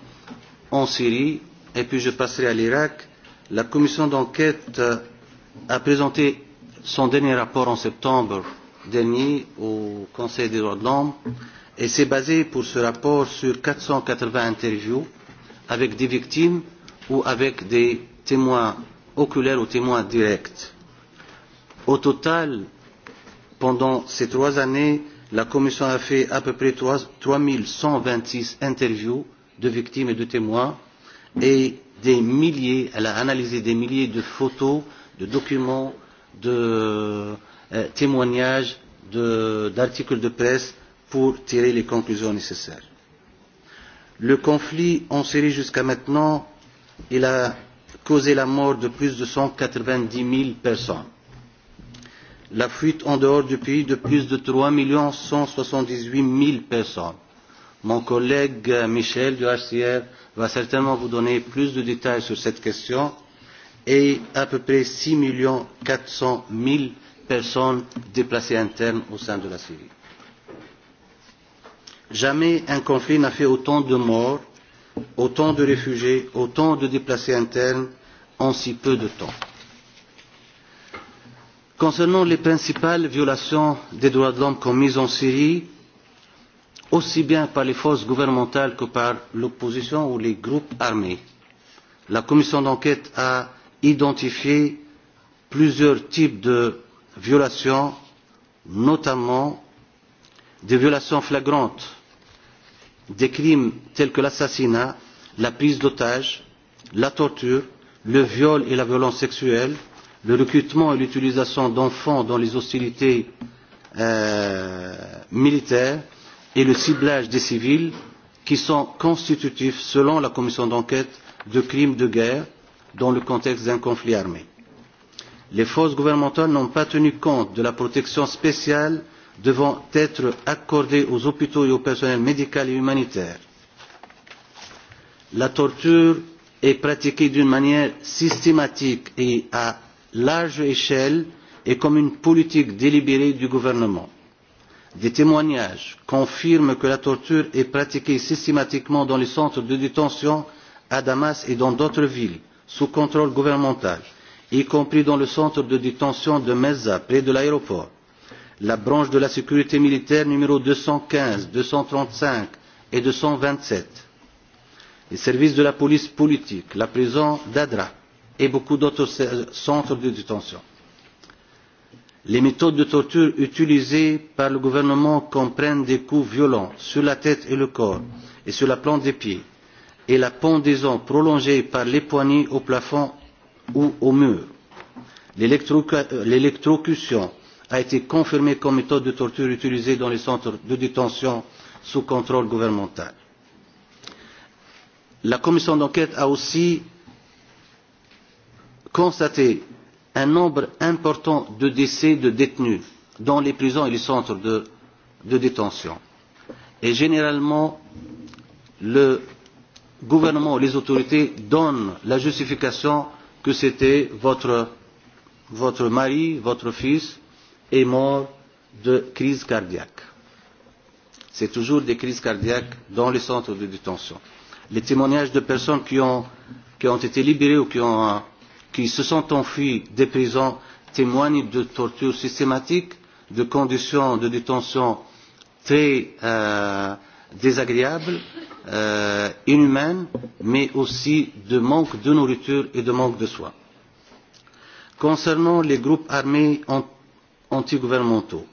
en Syrie et puis je passerai à l'Irak. La commission d'enquête euh, a présenté son dernier rapport en septembre dernier au Conseil des droits de l'homme et s'est basé pour ce rapport sur 480 interviews avec des victimes ou avec des témoins oculaires ou témoins directs. Au total, pendant ces trois années, la Commission a fait à peu près vingt six interviews de victimes et de témoins et des milliers, elle a analysé des milliers de photos, de documents, de euh, témoignages, d'articles de, de presse pour tirer les conclusions nécessaires. Le conflit en Syrie jusqu'à maintenant, il a causé la mort de plus de 190 000 personnes. La fuite en dehors du pays de plus de 3 178 000 personnes Mon collègue euh, Michel du HCR va certainement vous donner plus de détails sur cette question et à peu près 6 millions 400 personnes déplacées internes au sein de la Syrie. Jamais un conflit n'a fait autant de morts, autant de réfugiés, autant de déplacés internes en si peu de temps. Concernant les principales violations des droits de l'homme commises en Syrie, aussi bien par les forces gouvernementales que par l'opposition ou les groupes armés. La commission d'enquête a identifié plusieurs types de violations, notamment des violations flagrantes, des crimes tels que l'assassinat, la prise d'otages, la torture, le viol et la violence sexuelle, le recrutement et l'utilisation d'enfants dans les hostilités euh, militaires, et le ciblage des civils qui sont constitutifs selon la commission d'enquête de crimes de guerre dans le contexte d'un conflit armé. les forces gouvernementales n'ont pas tenu compte de la protection spéciale devant être accordée aux hôpitaux et au personnel médical et humanitaire. la torture est pratiquée d'une manière systématique et à large échelle et comme une politique délibérée du gouvernement des témoignages confirment que la torture est pratiquée systématiquement dans les centres de détention à damas et dans d'autres villes sous contrôle gouvernemental y compris dans le centre de détention de meza près de l'aéroport. la branche de la sécurité militaire numéro deux cent quinze deux cent trente cinq et deux cent vingt sept les services de la police politique la prison d'adra et beaucoup d'autres centres de détention les méthodes de torture utilisées par le gouvernement comprennent des coups violents sur la tête et le corps et sur la plante des pieds et la pendaison prolongée par les poignets au plafond ou au mur. l'électrocution a été confirmée comme méthode de torture utilisée dans les centres de détention sous contrôle gouvernemental. la commission d'enquête a aussi constaté un nombre important de décès de détenus dans les prisons et les centres de, de détention. Et généralement, le gouvernement, les autorités donnent la justification que c'était votre, votre mari, votre fils est mort de crise cardiaque. C'est toujours des crises cardiaques dans les centres de détention. Les témoignages de personnes qui ont, qui ont été libérées ou qui ont qui se sont enfuis des prisons témoignent de tortures systématiques, de conditions de détention très euh, désagréables, euh, inhumaines, mais aussi de manque de nourriture et de manque de soins. Concernant les groupes armés antigouvernementaux,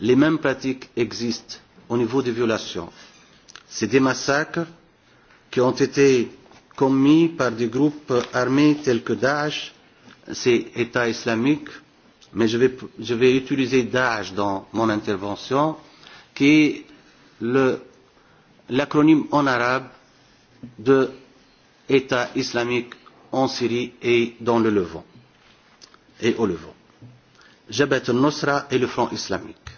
les mêmes pratiques existent au niveau des violations. C'est des massacres qui ont été commis par des groupes armés tels que Daesh, c'est État islamique, mais je vais, je vais utiliser Daesh dans mon intervention, qui est l'acronyme en arabe de État islamique en Syrie et dans le Levant et au Levant. Jabhat al-Nusra et le Front islamique.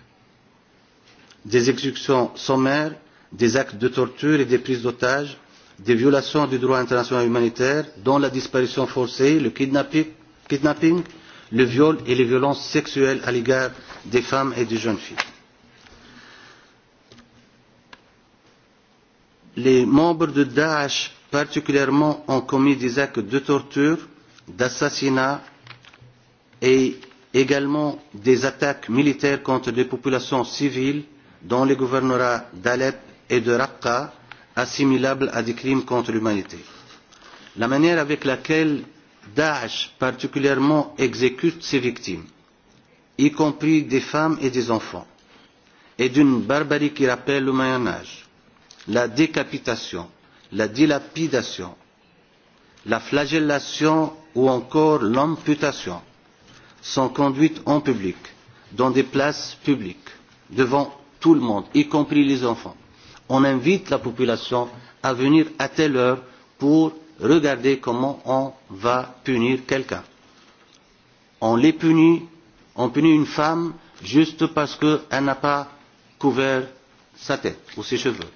Des exécutions sommaires, des actes de torture et des prises d'otages, des violations du droit international humanitaire dont la disparition forcée le kidnapping le viol et les violences sexuelles à l'égard des femmes et des jeunes filles. les membres de daech particulièrement ont commis des actes de torture d'assassinat et également des attaques militaires contre des populations civiles dans les gouvernorats d'alep et de raqqa assimilables à des crimes contre l'humanité. La manière avec laquelle Daesh particulièrement exécute ses victimes, y compris des femmes et des enfants, est d'une barbarie qui rappelle le Moyen Âge, la décapitation, la dilapidation, la flagellation ou encore l'amputation sont conduites en public, dans des places publiques, devant tout le monde, y compris les enfants on invite la population à venir à telle heure pour regarder comment on va punir quelqu'un. On les punit, on punit une femme juste parce qu'elle n'a pas couvert sa tête ou ses cheveux.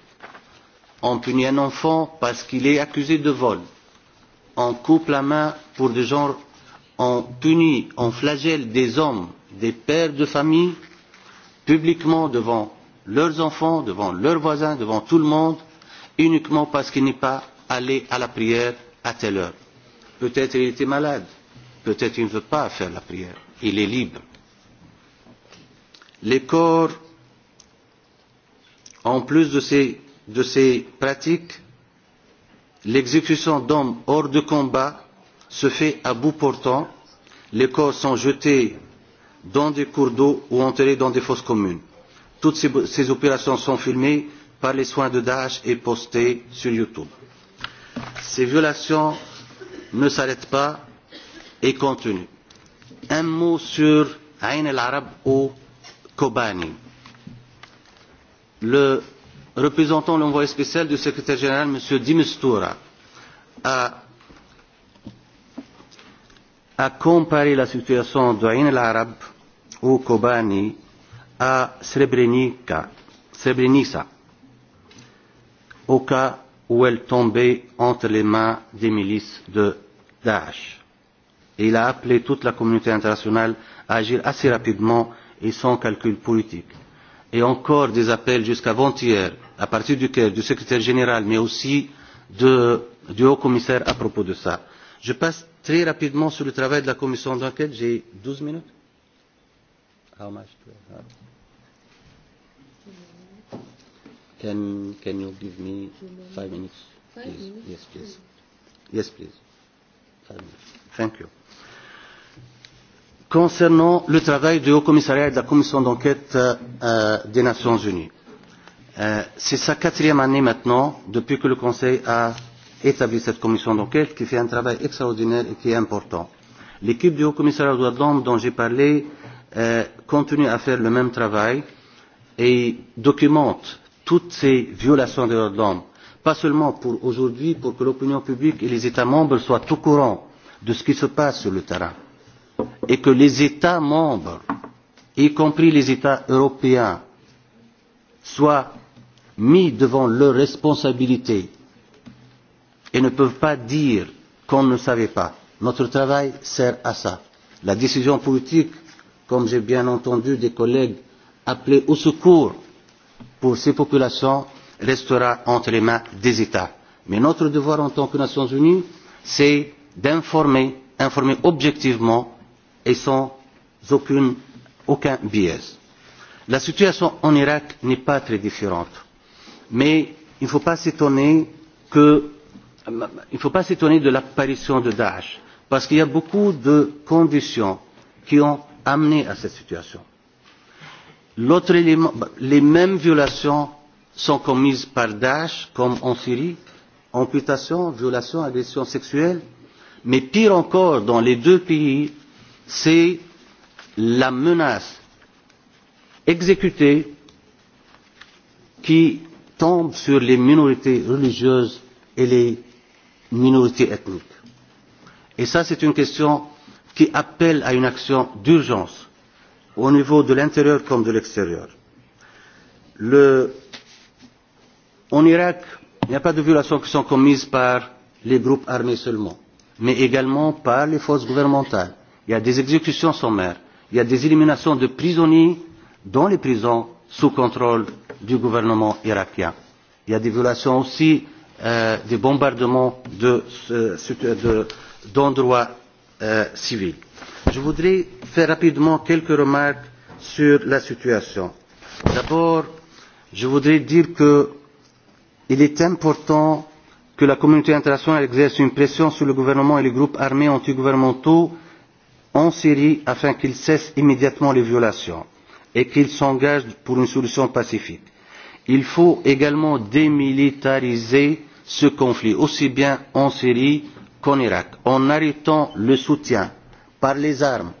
On punit un enfant parce qu'il est accusé de vol. On coupe la main pour des gens, on punit, on flagelle des hommes, des pères de famille, publiquement devant leurs enfants, devant leurs voisins, devant tout le monde, uniquement parce qu'il n'est pas allé à la prière à telle heure. Peut-être il était malade, peut-être il ne veut pas faire la prière, il est libre. Les corps, en plus de ces, de ces pratiques, l'exécution d'hommes hors de combat se fait à bout portant, les corps sont jetés dans des cours d'eau ou enterrés dans des fosses communes. Toutes ces, opérations sont filmées par les soins de Daesh et postées sur YouTube. Ces violations ne s'arrêtent pas et continuent. Un mot sur Ain el-Arab ou Kobani. Le représentant l'envoyé spécial du secrétaire général, M. Dimistura, a, a comparé la situation de Ain el-Arab ou Kobani a Srebrenica, Srebrenica au cas où elle tombait entre les mains des milices de Daesh. Et il a appelé toute la communauté internationale à agir assez rapidement et sans calcul politique. Et encore des appels jusqu'à avant-hier, à partir du cœur du secrétaire général, mais aussi de, du haut commissaire à propos de ça. Je passe très rapidement sur le travail de la commission d'enquête. J'ai 12 minutes. How much do I have? Can, can you give me five minutes? Five minutes? Yes, please. Yes, please. Thank you. Concernant le travail du Haut Commissariat et de la Commission d'enquête euh, euh, des Nations Unies, euh, c'est sa quatrième année maintenant depuis que le Conseil a établi cette commission d'enquête qui fait un travail extraordinaire et qui est important. L'équipe du Haut Commissariat aux droits de l'homme dont j'ai parlé euh, continue à faire le même travail et documente toutes ces violations des droits de l'homme pas seulement pour aujourd'hui pour que l'opinion publique et les états membres soient au courant de ce qui se passe sur le terrain et que les états membres y compris les états européens soient mis devant leurs responsabilités et ne peuvent pas dire qu'on ne savait pas. notre travail sert à ça. la décision politique comme j'ai bien entendu des collègues appeler au secours pour ces populations restera entre les mains des États. Mais notre devoir en tant que Nations Unies, c'est d'informer, informer objectivement et sans aucune, aucun biais. La situation en Irak n'est pas très différente. Mais il ne faut pas s'étonner que il ne faut pas s'étonner de l'apparition de Daesh, parce qu'il y a beaucoup de conditions qui ont amené à cette situation l'autre élément les mêmes violations sont commises par Daesh comme en Syrie amputation violation agression sexuelle mais pire encore dans les deux pays c'est la menace exécutée qui tombe sur les minorités religieuses et les minorités ethniques et ça c'est une question qui appelle à une action d'urgence au niveau de l'intérieur comme de l'extérieur. Le... En Irak, il n'y a pas de violations qui sont commises par les groupes armés seulement, mais également par les forces gouvernementales. Il y a des exécutions sommaires, il y a des éliminations de prisonniers dans les prisons sous contrôle du gouvernement irakien. Il y a des violations aussi euh, des bombardements d'endroits de, de, euh, civils. Je voudrais faire rapidement quelques remarques sur la situation. D'abord, je voudrais dire qu'il est important que la communauté internationale exerce une pression sur le gouvernement et les groupes armés antigouvernementaux en Syrie afin qu'ils cessent immédiatement les violations et qu'ils s'engagent pour une solution pacifique. Il faut également démilitariser ce conflit, aussi bien en Syrie qu'en Irak, en arrêtant le soutien par les armes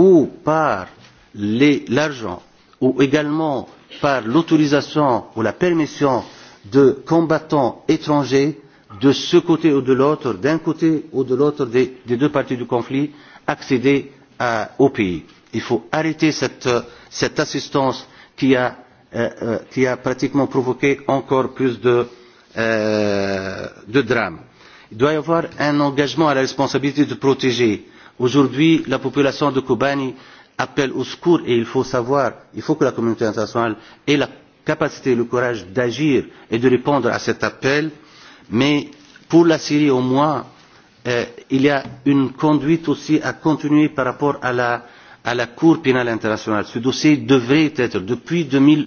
ou par l'argent ou également par l'autorisation ou la permission de combattants étrangers de ce côté ou de l'autre d'un côté ou de l'autre des, deux parties du conflit accéder à, au pays. il faut arrêter cette, cette assistance qui a, euh, euh, qui a pratiquement provoqué encore plus de, euh, de drames. il doit y avoir un engagement à la responsabilité de protéger aujourd'hui la population de kobané appelle au secours et il faut savoir il faut que la communauté internationale ait la capacité et le courage d'agir et de répondre à cet appel mais pour la syrie au moins eh, il y a une conduite aussi à continuer par rapport à la, à la cour pénale internationale. ce dossier devrait être depuis deux mille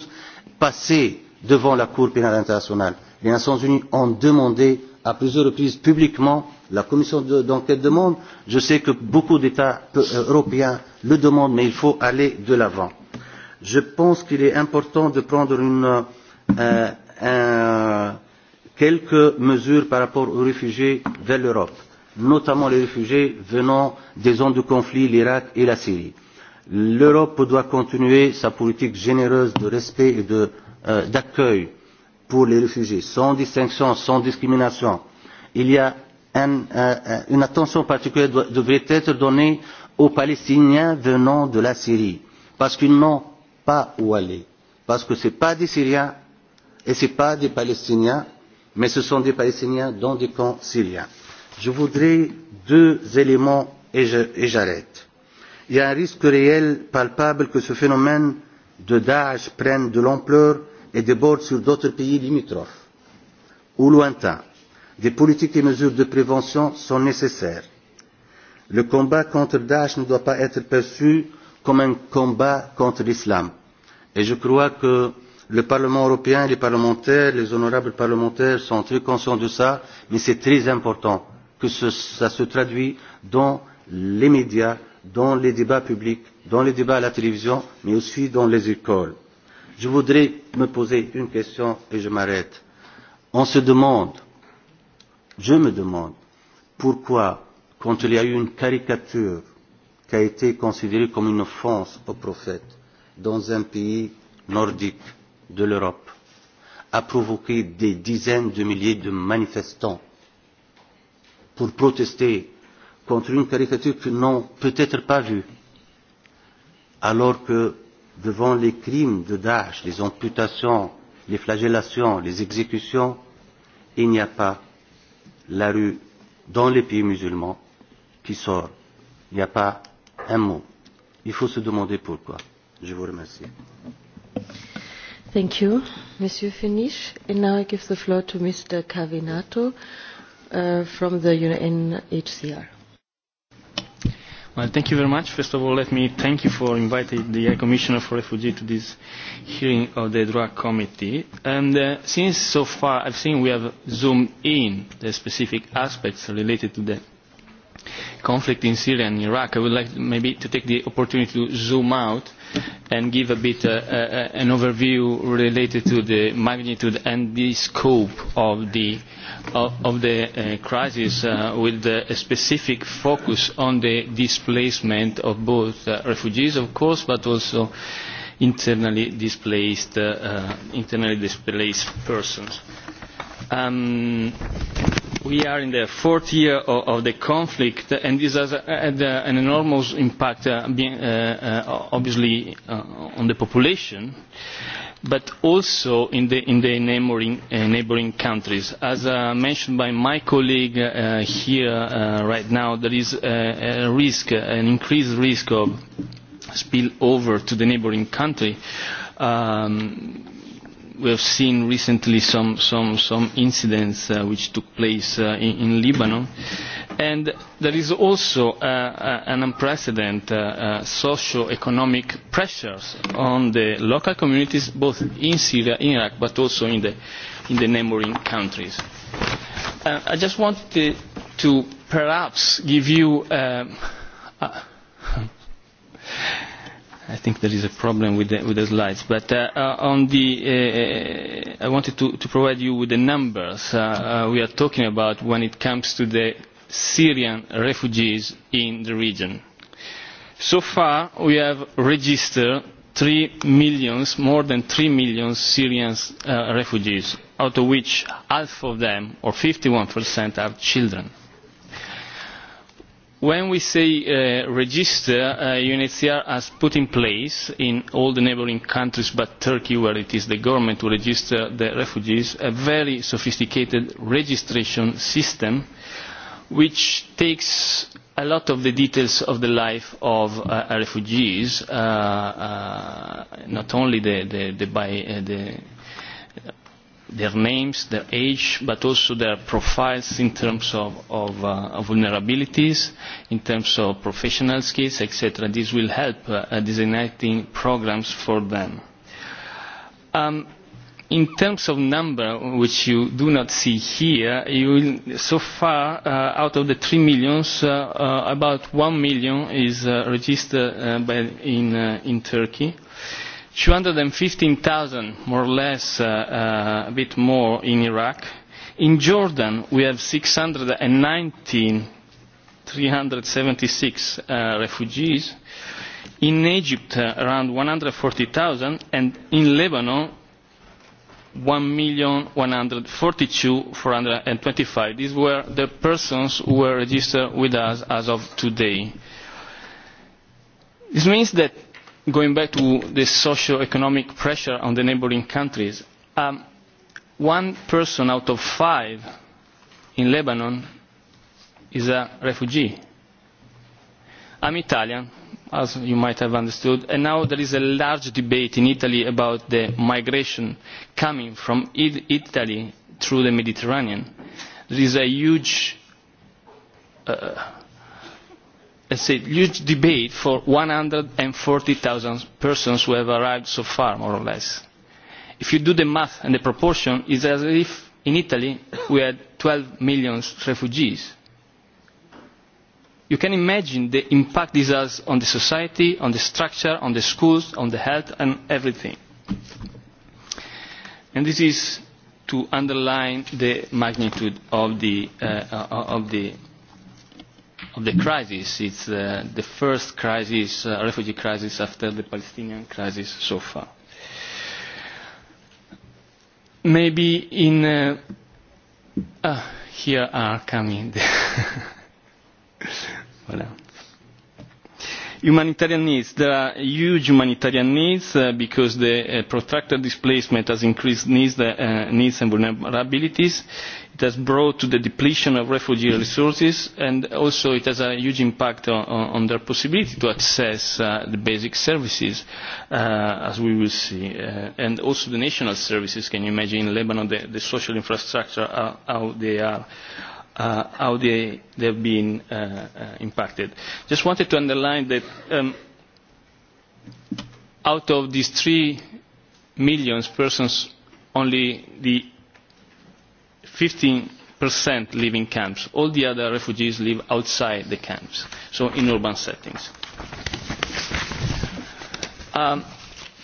passé devant la cour pénale internationale. les nations unies ont demandé à plusieurs reprises publiquement la commission d'enquête de, demande je sais que beaucoup d'états euh, européens le demandent mais il faut aller de l'avant. je pense qu'il est important de prendre une, euh, un, euh, quelques mesures par rapport aux réfugiés vers l'europe notamment les réfugiés venant des zones de conflit l'Irak et la syrie. l'europe doit continuer sa politique généreuse de respect et euh, d'accueil pour les réfugiés, sans distinction, sans discrimination. Il y a un, euh, une attention particulière qui devrait être donnée aux Palestiniens venant de la Syrie, parce qu'ils n'ont pas où aller, parce que ce ne pas des Syriens et ce ne pas des Palestiniens, mais ce sont des Palestiniens dans des camps syriens. Je voudrais deux éléments et j'arrête. Il y a un risque réel, palpable, que ce phénomène de Daesh prenne de l'ampleur et déborde sur d'autres pays limitrophes ou lointains. Des politiques et mesures de prévention sont nécessaires. Le combat contre Daesh ne doit pas être perçu comme un combat contre l'islam. Et je crois que le Parlement européen, les parlementaires, les honorables parlementaires sont très conscients de ça, mais c'est très important que cela ça se traduise dans les médias, dans les débats publics, dans les débats à la télévision, mais aussi dans les écoles je voudrais me poser une question et je m'arrête. On se demande, je me demande, pourquoi, quand il y a eu une caricature qui a été considérée comme une offense au prophète dans un pays nordique de l'Europe, a provoqué des dizaines de milliers de manifestants pour protester contre une caricature qu'ils n'ont peut-être pas vue, alors que devant les crimes de Daesh, les amputations, les flagellations, les exécutions, il n'y a pas la rue dans les pays musulmans qui sort. Il n'y a pas un mot. Il faut se demander pourquoi. Je vous remercie. Thank you, Monsieur Finish. And now I give the floor to Mr. Cavinato uh, from the UNHCR. Well, thank you very much. First of all, let me thank you for inviting the High Commissioner for Refugees to this hearing of the Drug Committee. And uh, since so far, I've seen we have zoomed in the specific aspects related to the conflict in Syria and Iraq, I would like maybe to take the opportunity to zoom out and give a bit uh, uh, an overview related to the magnitude and the scope of the of, the uh, crisis with a specific focus on the displacement of both refugees of course but also internally displaced internally displaced persons um, we are in the fourth year of the conflict and this has had uh, an enormous impact uh, uh, obviously on the population but also in the, neighbouring, countries. As mentioned by my colleague here right now, there is a risk, an increased risk of spill over to the neighbouring country. Um, we have seen recently some some some incidents uh, which took place uh, in, in Lebanon and there is also uh, uh an unprecedented uh, uh, socio-economic pressures on the local communities both in Syria in Iraq but also in the in the neighboring countries i just wanted to perhaps give you um, I think there is a problem with the, with the slides, but uh, uh on the, uh, uh, I wanted to, to provide you with the numbers uh, uh, we are talking about when it comes to the Syrian refugees in the region. So far, we have registered 3 million, more than 3 million Syrian uh, refugees, out of which half of them, or 51%, are children when we say uh, register uh, UNHCR has put in place in all the neighbouring countries but Turkey where it is the government to register the refugees a very sophisticated registration system which takes a lot of the details of the life of uh, refugees, uh, uh, not only the, the, the, by, uh, the their names, their age, but also their profiles in terms of, of, uh, vulnerabilities, in terms of professional skills, etc. This will help uh, uh, designating programs for them. Um, in terms of number, which you do not see here, you will, so far, uh, out of the 3 million, uh, uh, about 1 million is uh, registered uh, by, in, uh, in Turkey two hundred and fifteen thousand more or less uh, uh, a bit more in iraq in jordan we have six hundred and nineteen three hundred and seventy six uh, refugees in egypt around one hundred and forty thousand and in lebanon one million one hundred and forty two four hundred and twenty five these were the persons who were registered with us as of today. this means that going back to the socio economic pressure on the neighbouring countries um, one person out of five in lebanon is a refugee. i am italian as you might have understood and now there is a large debate in italy about the migration coming from italy through the mediterranean. there is a huge uh, it's a huge debate for 140,000 persons who have arrived so far, more or less. If you do the math and the proportion, is as if in Italy we had 12 million refugees. You can imagine the impact this has on the society, on the structure, on the schools, on the health and everything. And this is to underline the magnitude of the, uh, of the of the crisis. It's uh, the first crisis, uh, refugee crisis after the Palestinian crisis so far. Maybe in... Uh, ah, here are coming... The voilà humanitarian needs there are huge humanitarian needs uh, because the uh, protracted displacement has increased needs, uh, needs and vulnerabilities it has brought to the depletion of refugee resources and also it has a huge impact on, their possibility to access the basic services as we will see and also the national services can you imagine in lebanon the social infrastructure how they are uh, how they, have been uh, uh, impacted. Just wanted to underline that um, out of these three million persons, only the 15% live in camps. All the other refugees live outside the camps, so in urban settings. Um,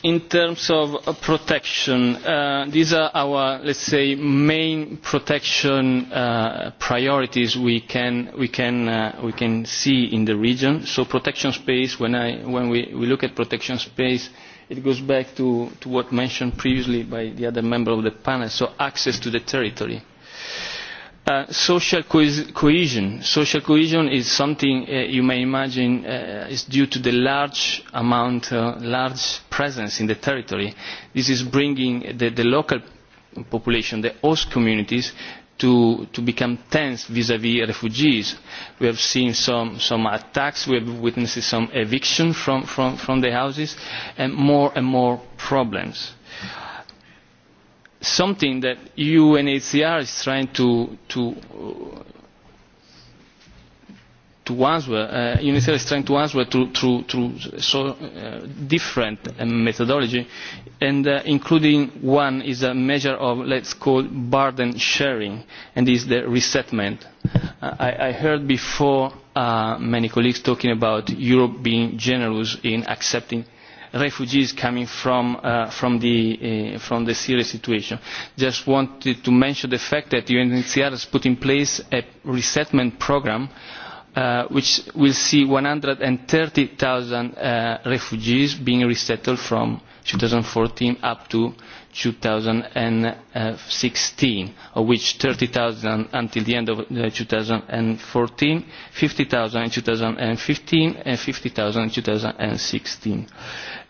in terms of protection uh, these are our let's say main protection uh, priorities we can we can uh, we can see in the region so protection space when i when we, we look at protection space it goes back to to what mentioned previously by the other member of the panel so access to the territory Uh, social cohesion. Social cohesion is something uh, you may imagine uh, is due to the large amount, large presence in the territory. This is bringing the, local population, the host communities, to, become tense vis vis refugees. We have seen some, attacks, we have witnessed some eviction from, from the houses, and more and more problems something that UNHCR is trying to to uh, to answer. Uh, UNHCR is trying to answer through through, through so uh, different uh, methodology, and uh, including one is a measure of let's call burden sharing, and is the resettlement. I, I heard before uh, many colleagues talking about Europe being generous in accepting refugees coming from, uh, from, the, uh, from the Syria situation. Just wanted to mention the fact that UNHCR has put in place a resettlement program uh, which will see 130,000 uh, refugees being resettled from 2014 up to 2016, of which 30,000 until the end of 2014, uh, 50,000 in 2015, and 50,000 in 2016.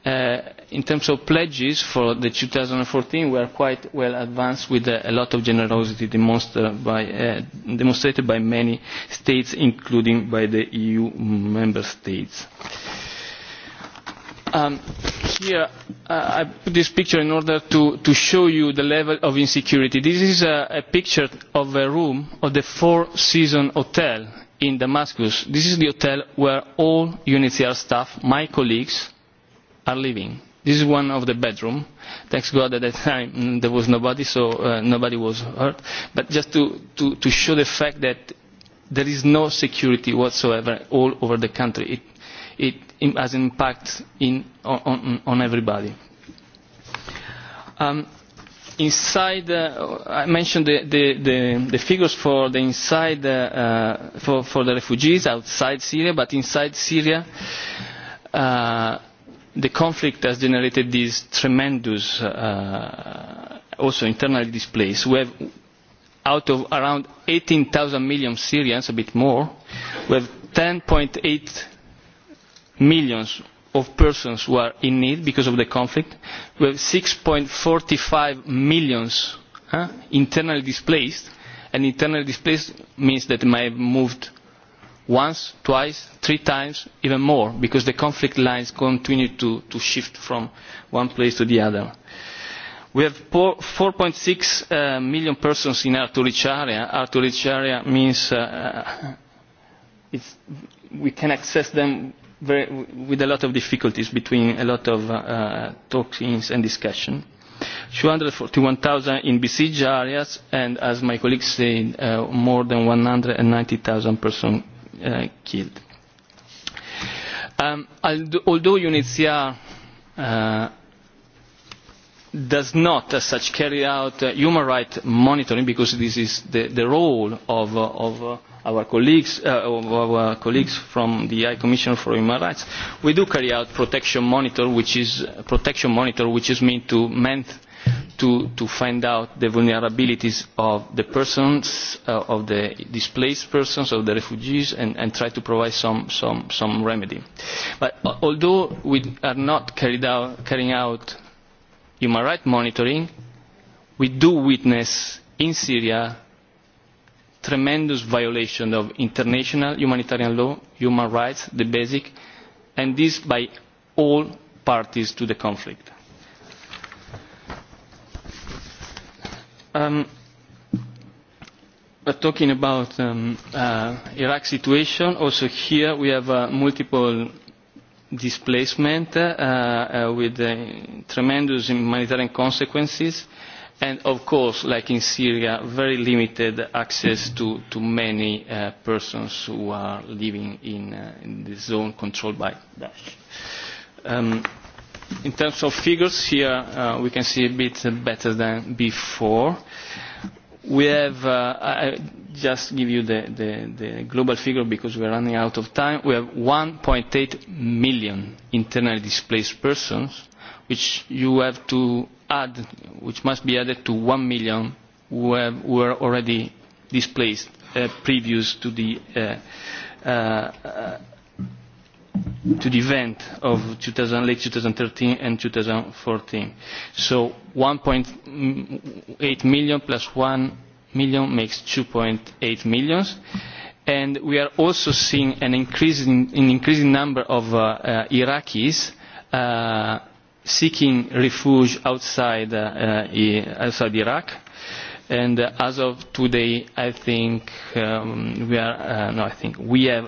Uh, in terms of pledges for the 2014, we are quite well advanced with uh, a lot of generosity demonstrated by, uh, demonstrated by many states, including by the EU member states. Um, here I put this picture in order to, to show you the level of insecurity. This is a, a picture of a room of the Four season Hotel in Damascus. This is the hotel where all UNHCR staff, my colleagues, are living. This is one of the bedrooms. Thanks God at that time mm, there was nobody, so uh, nobody was hurt. But just to, to, to show the fact that there is no security whatsoever all over the country. It, it has an impact in, on, on everybody. Um, inside, uh, I mentioned the, the, the, the figures for the inside, uh, for, for the refugees outside Syria, but inside Syria, uh, the conflict has generated this tremendous uh, also internal displaced. We have out of around 18,000 million Syrians, a bit more, we have 10.8 million of persons who are in need because of the conflict. We have 6.45 million huh, internally displaced, and internally displaced means that they may have moved once, twice, three times, even more, because the conflict lines continue to, shift from one place to the other. We have 4.6 six uh, million persons in our tourist area. Our area means uh, uh, we can access them with a lot of difficulties between a lot of uh, talkings and discussion. 241,000 in besieged areas and, as my colleague said, more than 190,000 persons Eh, killed. Um, although UNHCR uh, does not as such carry out uh, human rights monitoring because this is the, the role of, uh, of uh, our colleagues, uh, of our colleagues from the High Commission for Human Rights, we do carry out protection monitor, which is protection monitor, which is meant to meant to, to find out the vulnerabilities of the persons, uh, of the displaced persons, of the refugees, and, and try to provide some, some, some remedy. But uh, although we are not carried out, carrying out human rights monitoring, we do witness in Syria tremendous violation of international humanitarian law, human rights, the basic, and this by all parties to the conflict Um, but talking about um, uh, Iraq situation, also here we have uh, multiple displacement uh, uh, with uh, tremendous humanitarian consequences and of course like in syria very limited access to, to many uh, persons who are living in, uh, in the zone controlled by daesh. Um, in terms of figures here uh, we can see a bit better than before we have uh, I just give you the, the, the global figure because we are running out of time we have 1.8 million internally displaced persons which you have to add which must be added to 1 million who, have, who already displaced uh, previous to the uh, uh, uh to the event of late late 2013 and 2014. So 1.8 million plus 1 million makes 2.8 million. And we are also seeing an increasing, an increasing number of uh, uh, Iraqis uh, seeking refuge outside, uh, outside Iraq. And as of today, I think um, we are, no, I think we have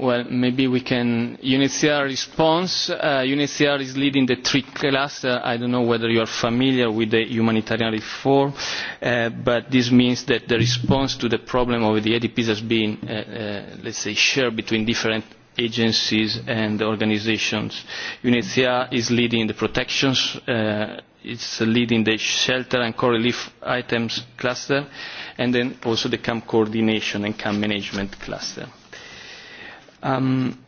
Well, maybe we can. UNHCR response. Uh, UNHCR is leading the three cluster. Uh, I don't know whether you are familiar with the humanitarian reform, uh, but this means that the response to the problem of the ADPs has been, uh, let's say, shared between different agencies and organizations. UNHCR is leading the protections. It's leading the shelter and core relief items cluster, and then also the camp coordination and camp management cluster Um,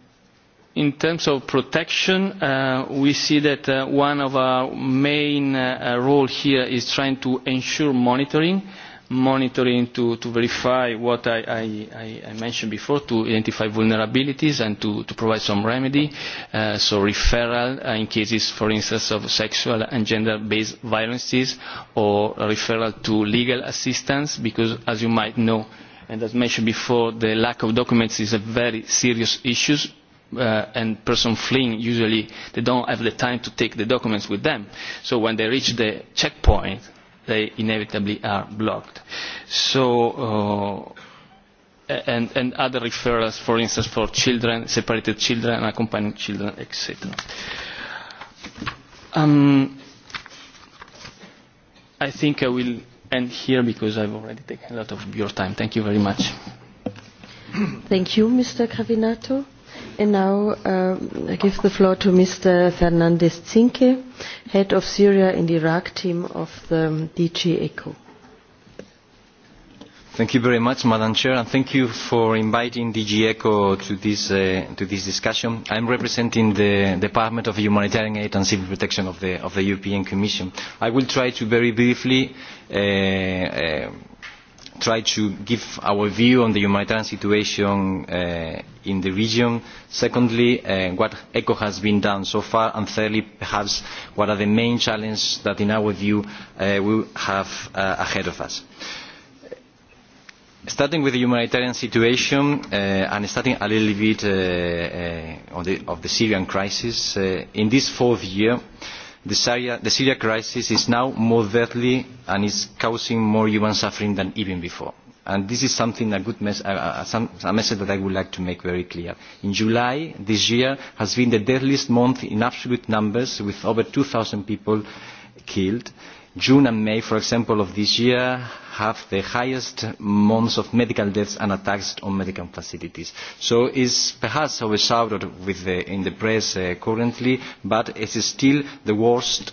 in terms of protection, uh, we see that uh, one of our main uh, uh role here is trying to ensure monitoring, monitoring to, to verify what I, I, I mentioned before, to identify vulnerabilities and to, to provide some remedy, uh, so referral uh, in cases, for instance, of sexual and gender-based violences or referral to legal assistance, because as you might know, and as mentioned before the lack of documents is a very serious issue uh, and persons fleeing usually they don't have the time to take the documents with them so when they reach the checkpoint they inevitably are blocked so uh, and, and other referrals for instance for children separated children and accompanying children etc um, I think I will end here because I've already taken a lot of your time. Thank you very much. Thank you, Mr. Cravinato. And now um, I give the floor to Mr. Fernandez Zinke, head of Syria and Iraq team of the um, DG ECO. Thank you very much, Madam Chair, and thank you for inviting DG ECHO to this, uh, to this discussion. I'm representing the Department of Humanitarian Aid and Civil Protection of the, of the European Commission. I will try to very briefly uh, uh, try to give our view on the humanitarian situation uh, in the region. Secondly, uh, what ECHO has been done so far, and thirdly, perhaps, what are the main challenges that, in our view, uh, we have ahead of us starting with the humanitarian situation uh, and starting a little bit uh, uh, on the, of the syrian crisis uh, in this fourth year the syria, the syria crisis is now more deadly and is causing more human suffering than even before and this is something a good mes some, a message that i would like to make very clear in july this year has been the deadliest month in absolute numbers with over 2000 people killed june and may for example of this year have the highest months of medical deaths and attacks on medical facilities. So it is perhaps overshadowed with the, in the press uh, currently, but it is still the worst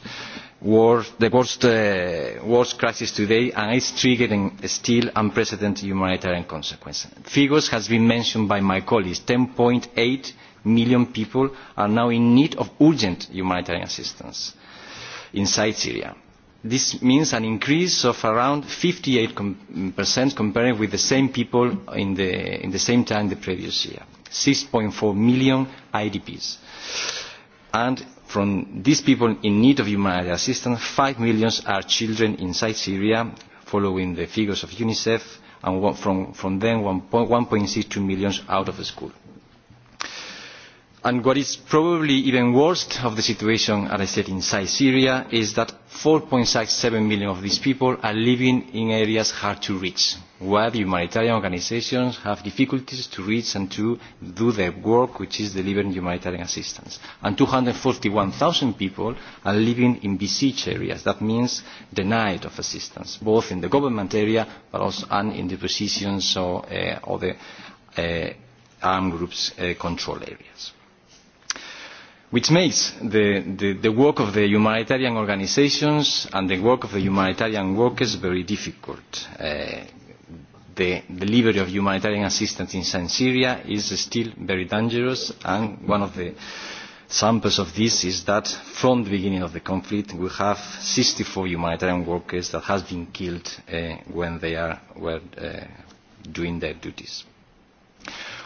war, the worst, uh, worst crisis today and is triggering still unprecedented humanitarian consequences. Figures have been mentioned by my colleagues. 10.8 million people are now in need of urgent humanitarian assistance inside Syria This means an increase of around fifty eight compared with the same people in the, in the same time the previous year. six four million IDPs. And from these people in need of humanitarian assistance, five million are children inside Syria, following the figures of UNICEF, and from, from them two million out of school and what is probably even worse of the situation as i said inside syria is that. four seven million of these people are living in areas hard to reach where humanitarian organisations have difficulties to reach and to do their work which is delivering humanitarian assistance and two hundred and forty one zero people are living in besieged areas that means denied of assistance both in the government area but also and in the positions of uh, the uh, armed groups uh, control areas which makes the, the, the work of the humanitarian organisations and the work of the humanitarian workers very difficult. Uh, the delivery of humanitarian assistance in Syria is still very dangerous and one of the samples of this is that from the beginning of the conflict we have 64 humanitarian workers that have been killed uh, when they are, were uh, doing their duties.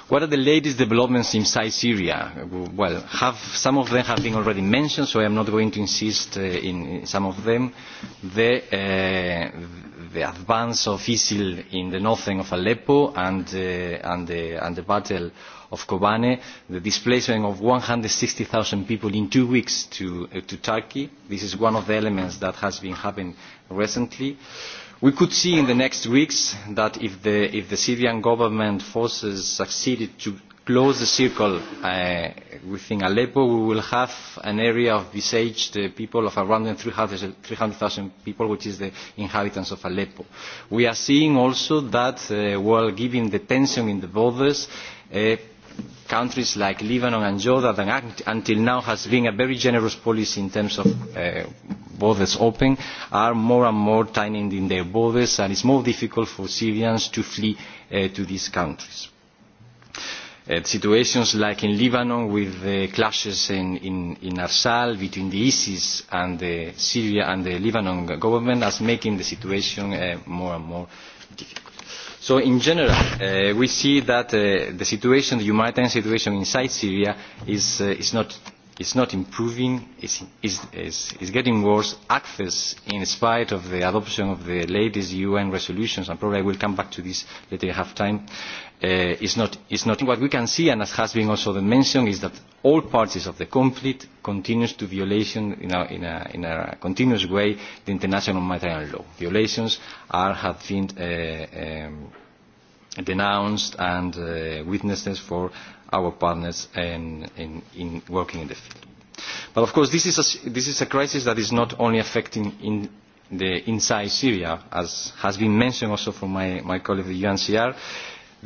What are the latest developments inside Syria? Well, some of them have been already mentioned, so I am not going to insist on uh, in some of them. Uh, the, advance of ISIL in the northern of Aleppo and, uh, the, and the battle of Kobane, the displacement of 160,000 people in two weeks to, Turkey. This is one of the elements that has been happening recently we could see in the next weeks that if the, if the syrian government forces succeeded to close the circle uh, within aleppo we will have an area of besieged uh, people of around three hundred people which is the inhabitants of aleppo. we are seeing also that uh, while given the tension in the borders countries like Lebanon and Jordan that until now has been a very generous policy in terms of uh, borders open are more and more tightening their borders and it is more difficult for Syrians to flee uh, to these countries. Uh, situations like in Lebanon with the clashes in, in, Arsal between the ISIS and the Syria and the Lebanon government are making the situation uh, more and more difficult so in general uh, we see that uh, the situation the humanitarian situation inside syria is, uh, is, not, is not improving is, is, is getting worse access in spite of the adoption of the latest un resolutions and probably i will come back to this later half i have time Uh, is not is not what we can see and as has been also mentioned is that all parties of the conflict continue to violation in a, in in a continuous way the international humanitarian law. Violations are have been uh, um, denounced and uh, witnesses for our partners in, in, working in the field. But of course this is, a, this is a crisis that is not only affecting in the inside Syria, as has been mentioned also from my, my colleague the UNCR,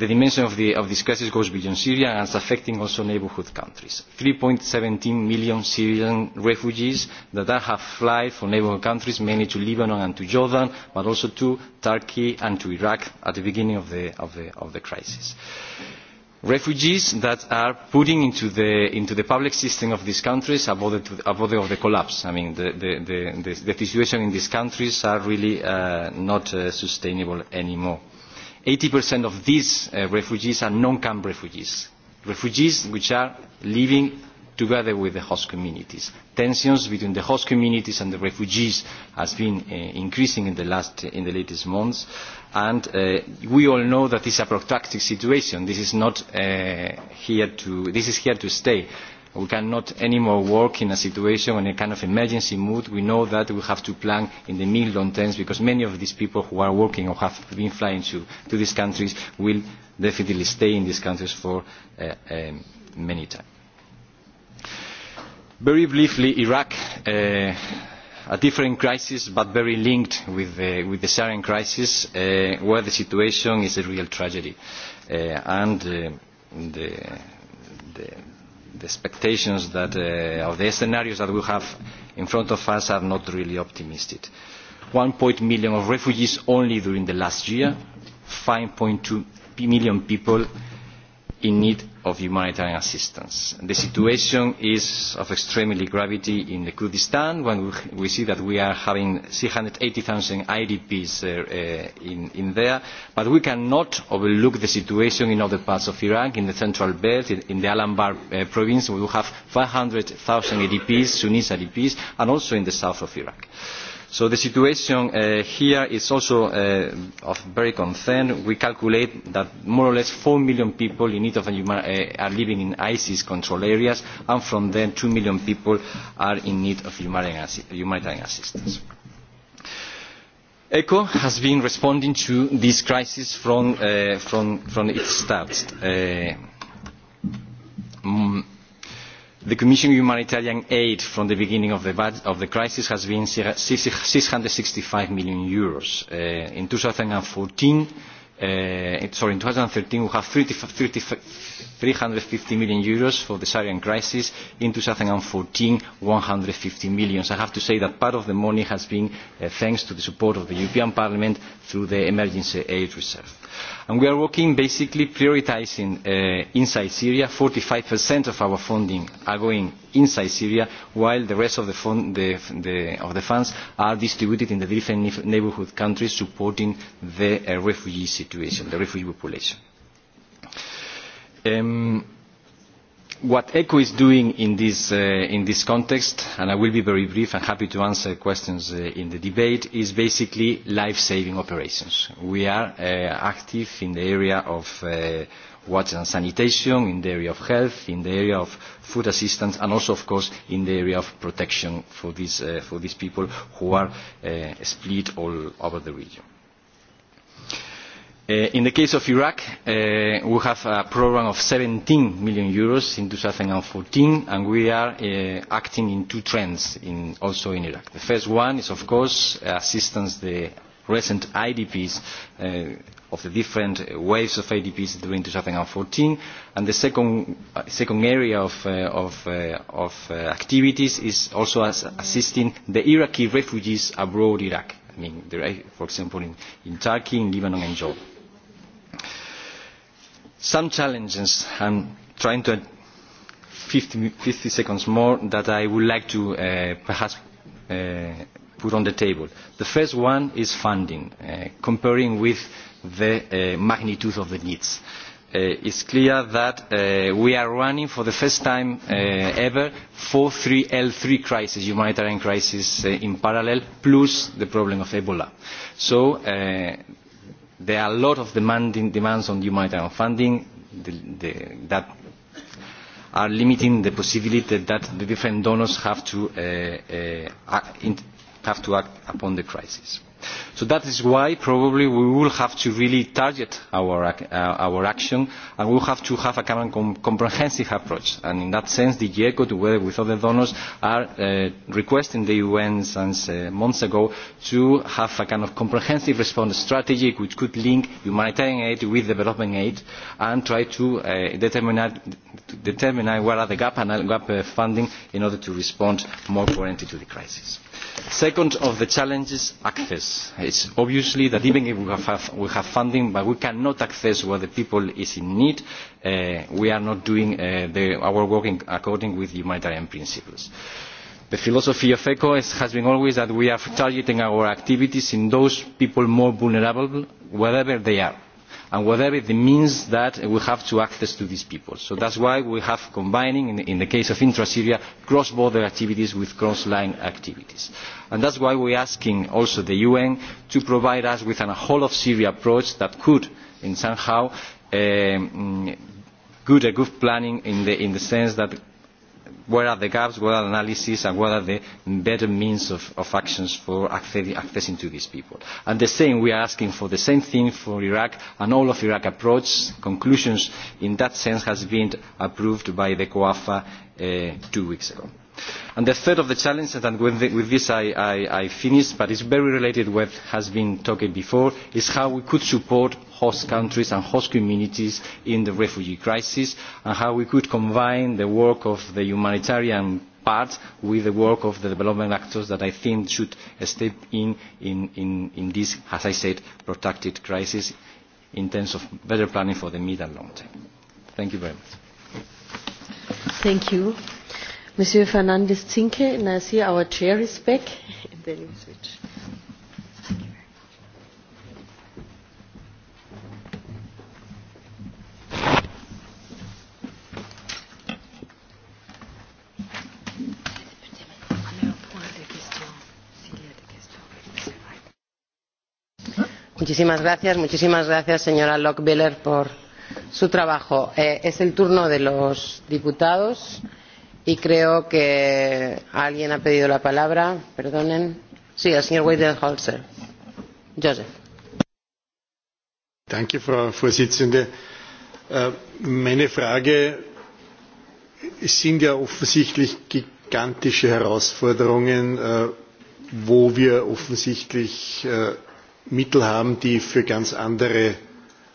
the dimension of, the, of this crisis goes beyond syria and is affecting also neighbourhood countries. three seventeen million syrian refugees that have fled from neighbouring countries mainly to lebanon and to jordan but also to turkey and to iraq at the beginning of the, of the, crisis refugees that are putting into the, into the public system of these countries a border, to, of the collapse. I mean, the, the, the, the, the situation in these countries are really uh, not uh, sustainable anymore percent of these uh, refugees are non-camp refugees, refugees which are living together with the host communities. Tensions between the host communities and the refugees has been uh, increasing in the, last, uh, in the latest months and we all know that this is a protracted situation. This is not here to, this is here to stay We cannot anymore work in a situation in a kind of emergency mood. We know that we have to plan in the mid long term because many of these people who are working or have been flying to, these countries will definitely stay in these countries for uh, um, many time. Very briefly, Iraq. Uh, a different crisis but very linked with the, with the Syrian crisis uh, where the situation is a real tragedy. and the, the expectations that uh, the scenarios that we have in front of us are not really optimistic. 1.1 million of refugees only during the last year, 5.2 million people in need of humanitarian assistance. The situation is of extremely gravity in the Kurdistan when we see that we are having 680,000 IDPs uh, uh, in, in there, but we cannot overlook the situation in other parts of Iraq, in the central belt, in, the Alambar province, uh, where province, we have 500,000 IDPs, Sunnis IDPs, and also in the south of Iraq. So the situation uh, here is also uh, of very concern. We calculate that more or less four million people in need of humanitarian uh, are living in ISIS controlled areas and from them two million people are in need of humanitarian assistance. ECHO has been responding to this crisis from, from, from its start. Mm, the commission humanitarian aid from the beginning of the, of the crisis has been eur six hundred and sixty five million. Uh, in two thousand and uh, in thirteen we have eur three hundred and fifty million for the syrian crisis in two thousand and fourteen one hundred and fifty million. i have to say that part of the money has been uh, thanks to the support of the european parliament through the emergency aid reserve and we are working basically prioritising uh, inside syria forty five of our funding are going inside syria while the rest of the, of the funds are distributed in the different neighbourhood countries supporting the uh, refugee situation the refugee population. Um, what echo is doing in this, uh, in this context and i will be very brief and happy to answer questions uh, in the debate is basically life saving operations. we are uh, active in the area of water and sanitation in the area of health in the area of food assistance and also of course in the area of protection for these, for these people who are split all over the region Eh, in the case of iraq eh, we have a programme of eur seventeen million Euros in 2014 and fourteen and we are eh, acting in two trends also in iraq. the first one is of course assistance the recent idps of the different waves of idps during 2014 and fourteen and the second, area of, activities is also assisting the iraqi refugees abroad iraq i mean for example in, in turkey in lebanon and jordan some challenges I am trying to 50, 50 seconds more that i would like to uh, perhaps uh, put on the table the first one is funding uh, comparing with the magnitude of the needs it is clear that we are running for the first time ever four three l three crises humanitarian crises in parallel plus the problem of ebola so there are a lot of demanding demands on humanitarian funding the, the, that are limiting the possibility that the different donors have to, uh, uh, act, have to act upon the crisis so that is why probably we will have to really target our, uh, our action and we will have to have a common comprehensive approach and in that sense the GECO together with other donors are uh, requesting the UN since uh, months ago to have a kind of comprehensive response strategy which could link humanitarian aid with development aid and try to determine, determine where are the gap and gap funding in order to respond more coherently to the crisis second of the challenges access it is obviously that even if we have, funding but we cannot access where the people are in need uh, we are not doing uh, our work in, according with humanitarian principles. the philosophy of echo has been always that we are targeting our activities in those people more vulnerable wherever they are and whatever it means that we have to access to these people. So that's why we have combining, in, the case of intra Syria, cross border activities with cross line activities. And that's why we are asking also the UN to provide us with a whole of Syria approach that could in somehow um, good good planning in the in the sense that where are the gaps, what are the analyses, and what are the better means of, of actions for accessing, to these people. And the same, we are asking for the same thing for Iraq, and all of Iraq approach conclusions in that sense has been approved by the COAFA uh, two weeks ago. And the third of the challenges and with, this I, finish but it is very related to what has been talked before is how we could support host countries and host communities in the refugee crisis and how we could combine the work of the humanitarian part with the work of the development actors that I think should step in in, this, as I said, protracted crisis in terms of better planning for the medium and long term. Thank you very much. Monsieur fernandes Zinke, and I see our chair is back. And then you switch. Muchísimas gracias, muchísimas gracias, señora Lockbiller, por su trabajo. Eh, es el turno de los diputados y creo que alguien ha pedido la palabra. Perdonen. Sí, el señor Weidenholzer. Joseph. Frau Vorsitzende. Äh, meine Frage es sind ja offensichtlich gigantische Herausforderungen, äh, wo wir offensichtlich äh, Mittel haben, die für ganz andere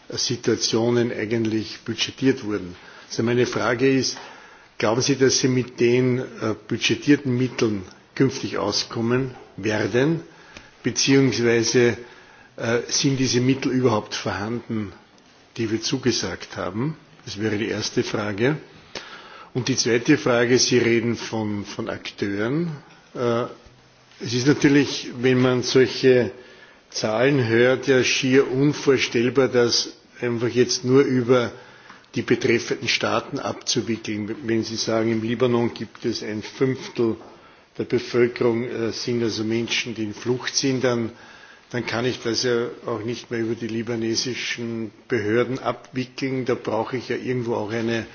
Situationen eigentlich budgetiert wurden. Also meine Frage ist glauben sie dass sie mit den äh, budgetierten mitteln künftig auskommen werden beziehungsweise äh, sind diese mittel überhaupt vorhanden die wir zugesagt haben? das wäre die erste frage. und die zweite frage sie reden von, von akteuren. Äh, es ist natürlich wenn man solche zahlen hört ja schier unvorstellbar dass einfach jetzt nur über die betreffenden staaten abzuwickeln. wenn sie sagen im libanon gibt es ein fünftel der bevölkerung äh, sind also menschen die in flucht sind dann, dann kann ich das ja auch nicht mehr über die libanesischen behörden abwickeln da brauche ich ja irgendwo auch eine,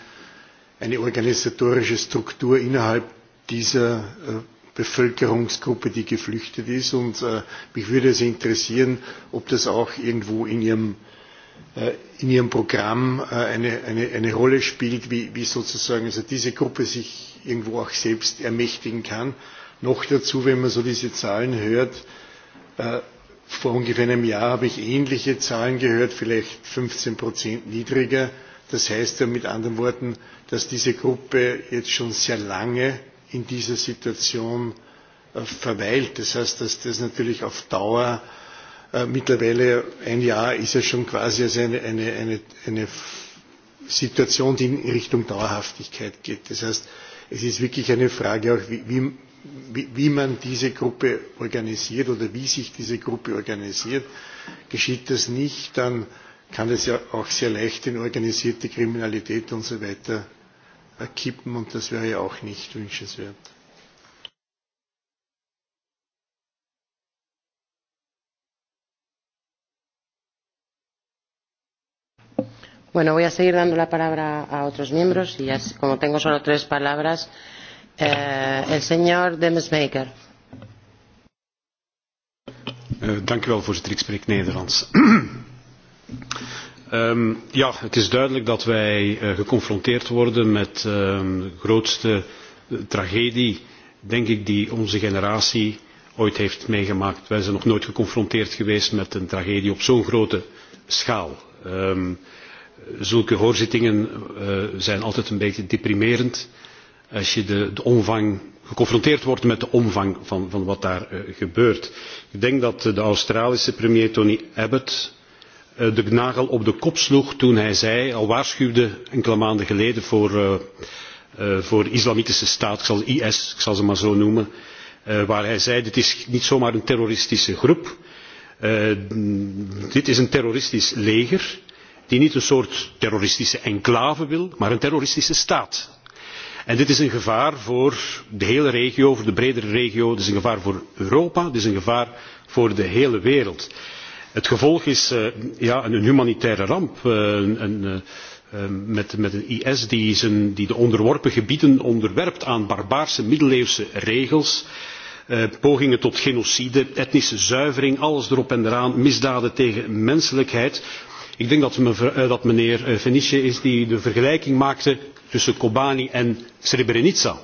eine organisatorische struktur innerhalb dieser äh, bevölkerungsgruppe die geflüchtet ist und äh, mich würde es interessieren ob das auch irgendwo in ihrem Äh, in ihrem Programm äh, eine, Rolle spielt, wie, sozusagen diese Gruppe sich irgendwo auch selbst ermächtigen kann. Noch dazu, wenn man so diese Zahlen hört, äh, vor ungefähr einem Jahr habe ich ähnliche Zahlen gehört, vielleicht 15 Prozent niedriger. Das heißt ja mit anderen Worten, dass diese Gruppe jetzt schon sehr lange in dieser Situation verweilt. Das heißt, dass das natürlich auf Dauer Äh, mittlerweile ein jahr ist es schon quasi eine, situation die in richtung dauerhaftigkeit geht. das heißt es ist wirklich eine frage wie, man diese gruppe organisiert oder wie sich diese gruppe organisiert. geschieht das nicht dann kann es ja auch sehr leicht in organisierte kriminalität und so weiter äh, kippen und das wäre ja auch nicht wünschenswert. Bueno, voy a seguir dando la palabra a otros miembros y así, como tengo solo tres palabras, eh, el señor Demesmaker. Eh, dank u wel, voorzitter. Ik spreek Nederlands. Um, ja, het is duidelijk dat wij uh, geconfronteerd worden met uh, de grootste eh, tragedie, denk ik, die onze generatie ooit heeft meegemaakt. Wij zijn nog nooit geconfronteerd geweest met een tragedie op zo'n grote schaal. Um, zulke hoorzittingen eh, zijn altijd een beetje deprimerend als je de, omvang geconfronteerd wordt met de omvang van, van wat daar eh, gebeurt. ik denk dat eh, de australische premier tony abbott de nagel op de kop sloeg toen hij zei al waarschuwde enkele maanden geleden voor, voor de islamitische staat ik zal is ik zal ze maar zo noemen waar hij zei dit is niet zomaar een terroristische groep dit is een terroristisch leger die niet een soort terroristische enclave wil maar een terroristische staat. En dit is een gevaar voor de hele regio voor de bredere regio het is een gevaar voor europa het is een gevaar voor de hele wereld. het gevolg is eh, een humanitaire ramp eh, eh, met, een is die, die de onderworpen gebieden onderwerpt aan barbaarse middeleeuwse regels pogingen tot genocide etnische zuivering alles erop en eraan misdaden tegen menselijkheid Ik denk dat, het eh, meneer eh, Fenice is die de vergelijking maakte tussen Kobani en Srebrenica.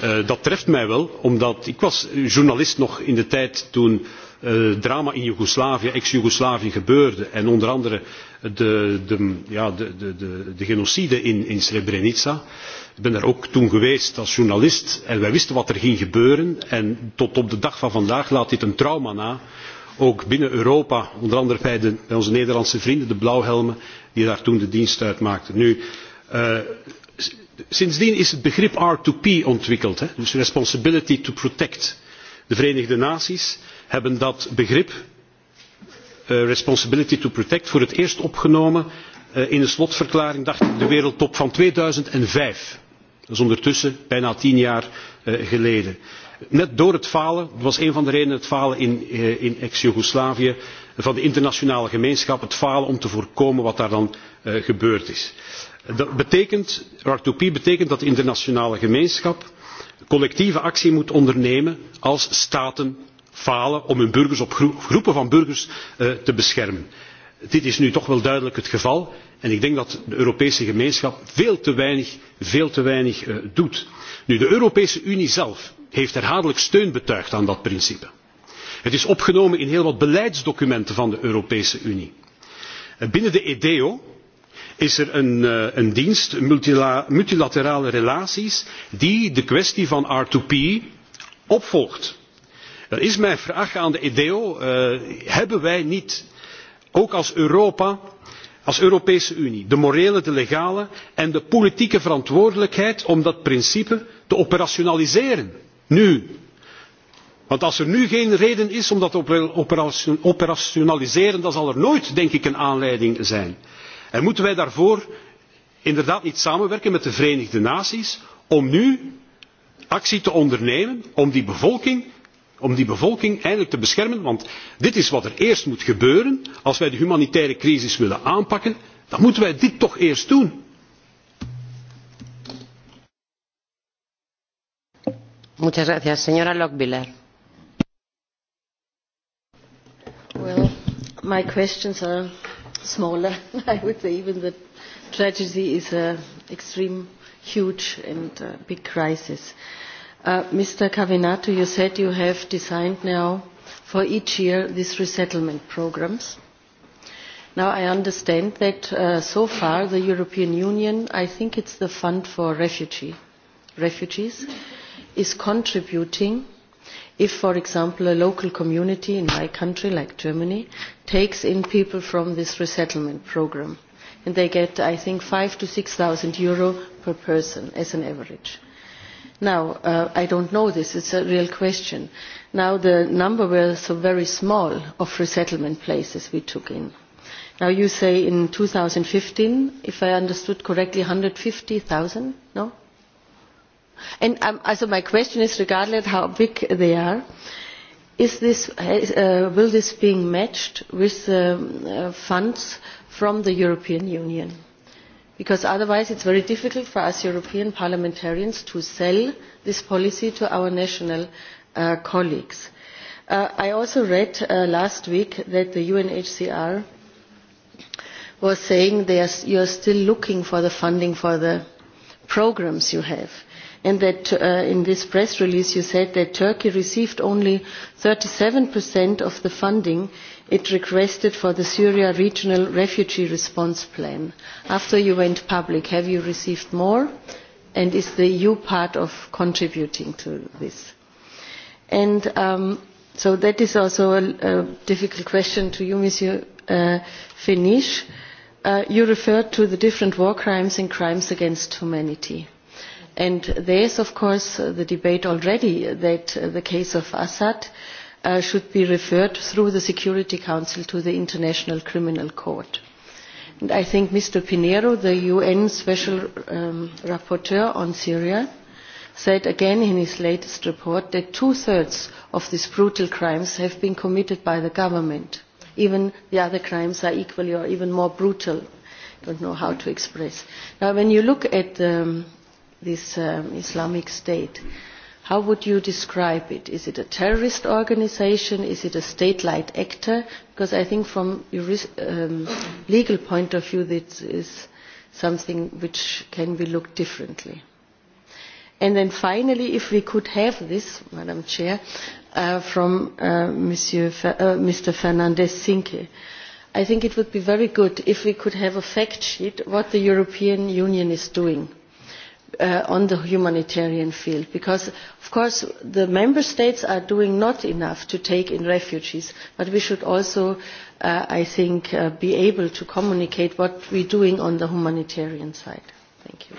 Eh, dat treft mij wel, omdat ik was journalist nog in de tijd toen het drama in Joegoslavië, ex-Joegoslavië gebeurde. En onder andere de, genocide in, in Srebrenica. Ik ben daar ook toen geweest als journalist en wij wisten wat er ging gebeuren. En tot op de dag van vandaag laat dit een trauma na ook binnen europa onder andere bij, onze nederlandse vrienden de blauwhelmen die daar toen de dienst uitmaakten. Eh, sindsdien is het begrip r 2 p ontwikkeld dus responsibility to protect. de verenigde naties hebben dat begrip eh, responsibility to protect voor het eerst opgenomen eh, in een slotverklaring dacht ik de wereldtop van tweeduizendvijf dat is ondertussen bijna tien jaar geleden net door het falen dat was een van de redenen het falen in, eh, ex joegoslavië van de internationale gemeenschap het falen om te voorkomen wat daar dan eh, gebeurd is. dat betekent R2P betekent dat de internationale gemeenschap collectieve actie moet ondernemen als staten falen om hun burgers op groepen van burgers eh, te beschermen. dit is nu toch wel duidelijk het geval en ik denk dat de europese gemeenschap veel te weinig, veel te weinig eh, doet. Nu, de europese unie zelf heeft herhaaldelijk steun betuigd aan dat principe. het is opgenomen in heel wat beleidsdocumenten van de europese unie. Eh, binnen de edeo is er een, eh, een dienst multilaterale relaties die de kwestie van r 2 p opvolgt. dan er is mijn vraag aan de edeo hebben wij niet ook als europa als europese unie de morele de legale en de politieke verantwoordelijkheid om dat principe te operationaliseren nu. want als er nu geen reden is om dat te operationaliseren dan zal er nooit denk ik een aanleiding zijn. en moeten wij daarvoor inderdaad niet samenwerken met de verenigde naties om nu actie te ondernemen om die bevolking om die bevolking eindelijk te beschermen want dit is wat er eerst moet gebeuren als wij de humanitaire crisis willen aanpakken dan moeten wij dit toch eerst doen. Muchas gracias, señora Lockbiller. Well, my questions are smaller, I would say, even the tragedy is an uh, extreme, huge and uh, big crisis. Uh, Mr. Cavinato, you said you have designed now for each year these resettlement programs. Now I understand that uh, so far the European Union, I think it's the Fund for refugee, Refugees, is contributing if, for example, a local community in my country, like Germany, takes in people from this resettlement program. And they get, I think, five to six euro per person as an average Now, uh, I don't know this, it's a real question. Now the number was so very small of resettlement places we took in. Now you say in 2015, if I understood correctly, 150,000, no? And um, also my question is, regardless how big they are, is this, uh, will this being matched with um, uh, funds from the European Union? because otherwise it is very difficult for us european parliamentarians to sell this policy to our national uh, colleagues. Uh, i also read uh, last week that the unhcr was saying that you are still looking for the funding for the programmes you have and that in this press release you said that turkey received only thirty seven of the funding it requested for the Syria regional refugee response plan. After you went public, have you received more? And is the EU part of contributing to this? And um, so that is also a, difficult question to you, Mr uh, finnish. Uh, you referred to the different war crimes and crimes against humanity. And there is, of course, the debate already that the case of Assad Uh, should be referred through the security council to the international criminal court. i think mr pinheiro the un special um, rapporteur on syria said again in his latest report that two thirds of these brutal crimes have been committed by the government. even the other crimes are equally or even more brutal. i do not know how to express. now when you look at um, this um, islamic state how would you describe it? Is it a terrorist organisation? Is it a state-like actor? Because I think from a um, legal point of view, this is something which can be looked differently. And then finally, if we could have this, Madam Chair, uh, from uh, Mr. Uh, Fernandez-Sinke, I think it would be very good if we could have a fact sheet what the European Union is doing Uh, on the humanitarian field because of course the member states are doing not enough to take in refugees but we should also uh, i think uh, be able to communicate what we doing on the humanitarian side thank you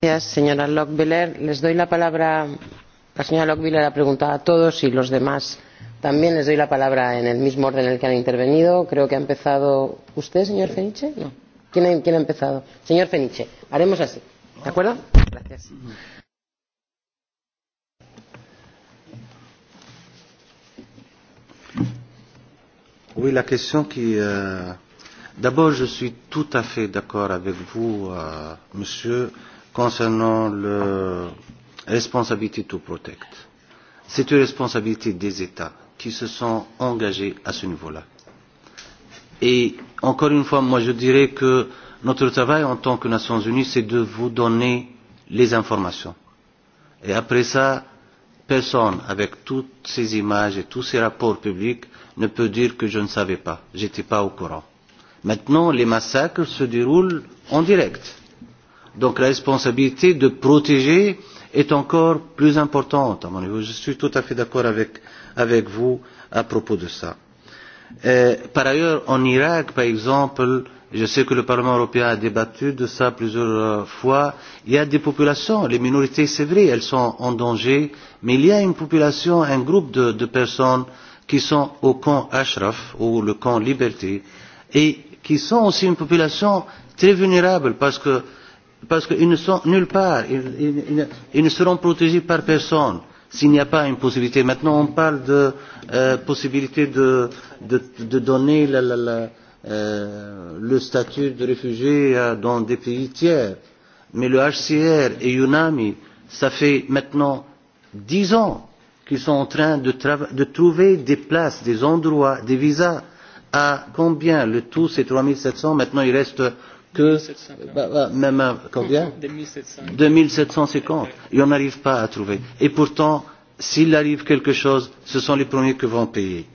Gracias, señora Lockbiller. Les doy la palabra, la señora Lockbiller ha preguntado a todos y los demás también les doy la palabra en el mismo orden en el que han intervenido. Creo que ha empezado usted, señor Feniche. No. ¿Quién ha, quién ha empezado? Señor Feniche, haremos así. ¿De acuerdo? Gracias. Oui, la question qui... Euh... D'abord, je suis tout à fait d'accord avec vous, euh, monsieur, concernant la responsabilité to protect. C'est une responsabilité des États qui se sont engagés à ce niveau-là. Et encore une fois, moi je dirais que notre travail en tant que Nations Unies, c'est de vous donner les informations. Et après ça, personne, avec toutes ces images et tous ces rapports publics, ne peut dire que je ne savais pas, je n'étais pas au courant. Maintenant, les massacres se déroulent en direct. Donc la responsabilité de protéger est encore plus importante à mon niveau. Je suis tout à fait d'accord avec, avec vous à propos de ça. Euh, par ailleurs en Irak par exemple je sais que le Parlement européen a débattu de cela plusieurs euh, fois il y a des populations les minorités c'est vrai elles sont en danger mais il y a une population un groupe de, de personnes qui sont au camp Ashraf ou le camp Liberté et qui sont aussi une population très vulnérable parce que parce qu'ils ne sont nulle part ils, ils ne seront protégés par personne s'il n'y a pas une possibilité maintenant on parle de euh, possibilité de, de, de donner la, la, la, euh, le statut de réfugié dans des pays tiers mais le HCR et UNAMI ça fait maintenant dix ans qu'ils sont en train de, de trouver des places, des endroits, des visas à combien le tout c'est 3700 maintenant il reste que bah, bah, même un, 2750. Et on n'arrive pas à trouver. Et pourtant, s'il arrive quelque chose, ce sont les premiers qui vont payer.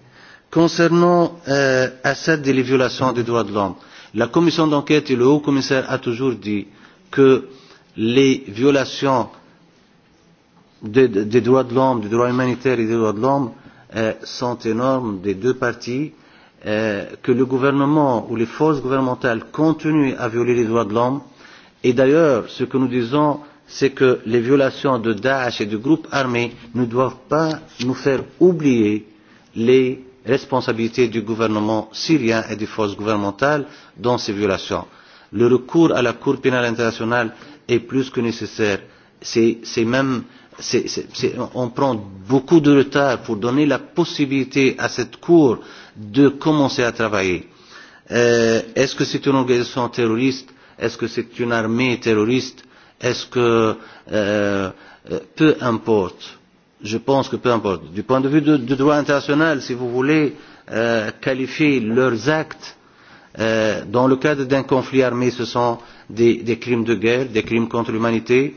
Concernant euh, Assad et les violations des droits de l'homme, la commission d'enquête et le haut commissaire a toujours dit que les violations des, des droits de l'homme, des droits humanitaires et des droits de l'homme euh, sont énormes des deux parties Euh, que le gouvernement ou les forces gouvernementales continuent à violer les droits de l'homme et d'ailleurs ce que nous disons c'est que les violations de Daesh et de groupes armés ne doivent pas nous faire oublier les responsabilités du gouvernement syrien et des forces gouvernementales dans ces violations. Le recours à la Cour pénale internationale est plus que nécessaire. C'est même c est, c est, on prend beaucoup de retard pour donner la possibilité à cette Cour de commencer à travailler. Euh, Est-ce que c'est une organisation terroriste Est-ce que c'est une armée terroriste Est-ce que... Euh, euh peu importe. Je pense que peu importe. Du point de vue du droit international, si vous voulez euh, qualifier leurs actes euh, dans le cadre d'un conflit armé, ce sont des, des crimes de guerre, des crimes contre l'humanité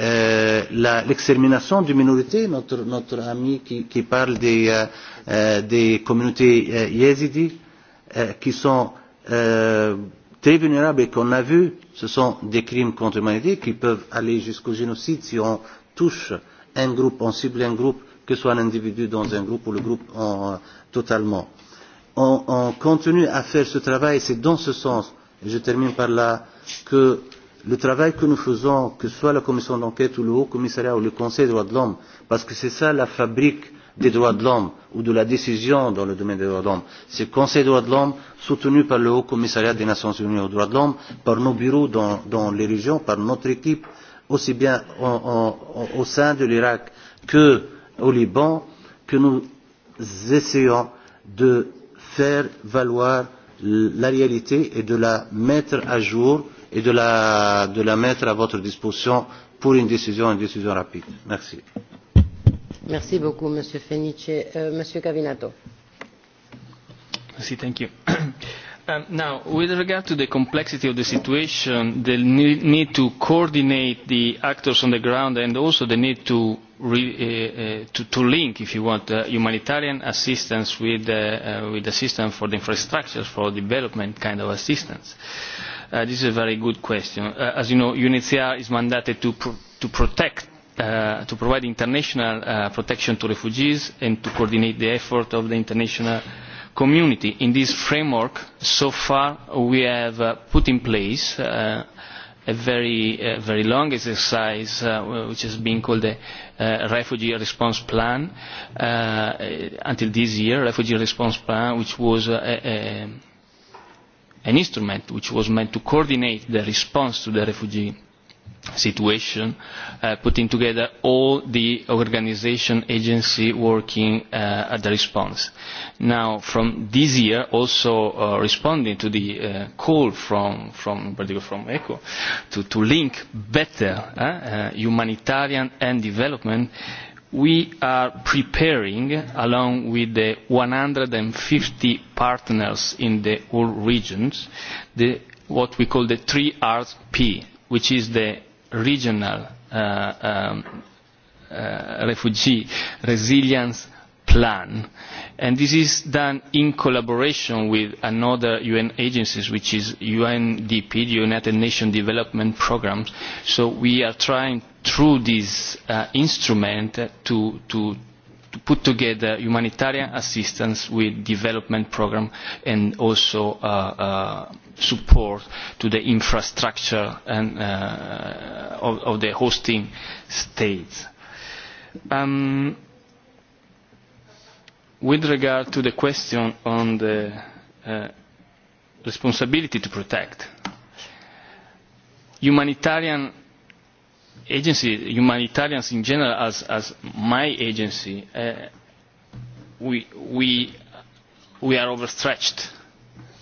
Euh, l'extermination des minorités, notre, notre ami qui, qui parle des, euh, euh des communautés euh, yézidis euh, qui sont très vulnérables et qu'on a vu, ce sont des crimes contre l'humanité qui peuvent aller jusqu'au génocide si on touche un groupe, on cible un groupe, que ce soit un individu dans un groupe ou le groupe en, totalement. On, on continue à faire ce travail, c'est dans ce sens, et je termine par là, que le travail que nous faisons, que ce soit la commission d'enquête ou le haut commissariat ou le conseil des droits de l'homme, parce que c'est ça la fabrique des droits de l'homme ou de la décision dans le domaine des droits de l'homme. C'est le Conseil des droits de l'homme soutenu par le Haut Commissariat des Nations Unies aux droits de l'homme, par nos bureaux dans, dans les régions, par notre équipe, aussi bien en, en, au sein de l'Irak qu'au Liban, que nous essayons de faire valoir la réalité et de la mettre à jour et de la, de la mettre à votre disposition pour une décision, une décision rapide. Merci. Merci beaucoup, Monsieur Fenice. Euh, Monsieur Cavinato. Merci, thank you. Um, now, with regard to the complexity of the situation, the need to coordinate the actors on the ground and also the need to Uh, uh, to, to link, if you want, uh, humanitarian assistance with, uh, uh with assistance for the infrastructure, for development kind of assistance? this is a very good question. as you know, UNHCR is mandated to, to protect Uh, to provide international uh, protection to refugees and to coordinate the effort of the international community. in this framework so far we have put in place a very uh, very long exercise uh, which has been called the uh, refugee response plan uh, until this year refugee response plan which was uh, an instrument which was meant to coordinate the response to the refugee situation, uh, putting together all the organisation agency working uh, at the response. Now, from this year, also uh, responding to the uh, call from, from, particular from ECHO, to, to link better uh, humanitarian and development, we are preparing, along with the 150 partners in the whole regions, the, what we call the three R's P which is the regional uh, um, uh, refugee resilience plan and this is done in collaboration with another un agencies which is undp the united nations development Programme. so we are trying through this uh, instrument to, to, to put together humanitarian assistance with development Programme and also uh, uh, support to the infrastructure and, uh, of, of the hosting states. Um, with regard to the question on the uh, responsibility to protect, humanitarian agency, humanitarians in general, as, as my agency, uh, we, we, we are overstretched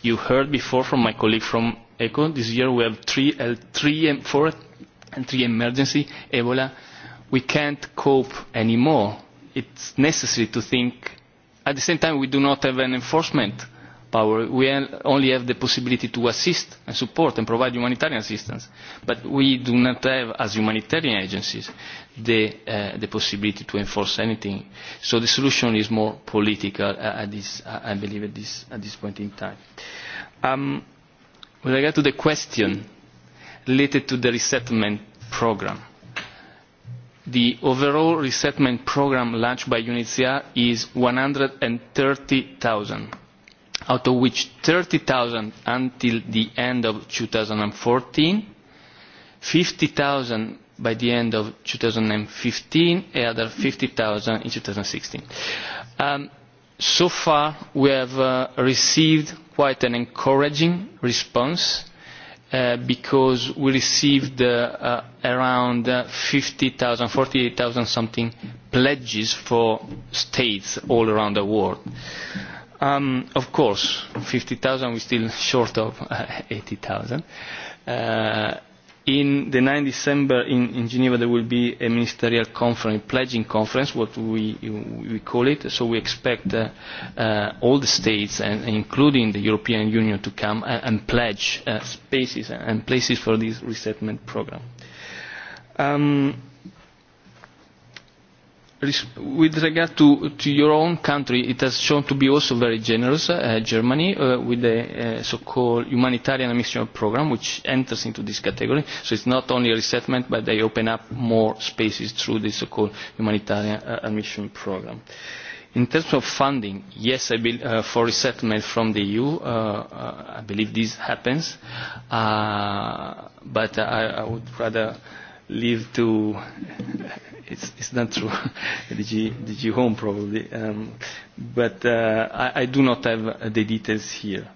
you heard before from my colleague from ECHO, this year we have three, L3 uh, three 4 um, and three emergency Ebola. We can't cope anymore. It's necessary to think. At the same time, we do not have an enforcement power. We only have the possibility to assist and support and provide humanitarian assistance. But we do not have, as humanitarian agencies, the, uh, the possibility to enforce anything. So the solution is more political, uh, at this, uh, I believe, at this, at this point in time. Um, with regard to the question related to the resettlement program, the overall resettlement program launched by UNHCR is 130,000 out of which 30,000 until the end of 2014, 50,000 by the end of 2015, and other 50,000 in 2016. Um, so far, we have uh, received quite an encouraging response uh, because we received uh, uh around 50,000, uh, 48,000 something pledges for states all around the world. Um, of course, we are still short of uh, 80,000. on uh, in the 9 December in, Geneva there will be a ministerial conference, pledging conference, what we, we call it. So we expect uh, uh, all the states, and, including the European Union, to come and, pledge spaces and places for this resettlement programme. Um, with regard to, to your own country, it has shown to be also very generous, uh, Germany, uh, with the uh, so-called humanitarian admission program, which enters into this category. So it's not only a resettlement, but they open up more spaces through the so-called humanitarian uh, admission program. In terms of funding, yes, I be, uh, for resettlement from the EU, uh, uh, I believe this happens, uh, but I, I would rather leave to it's it's not true DG DG home probably um, but uh, I, I do not have uh, the details here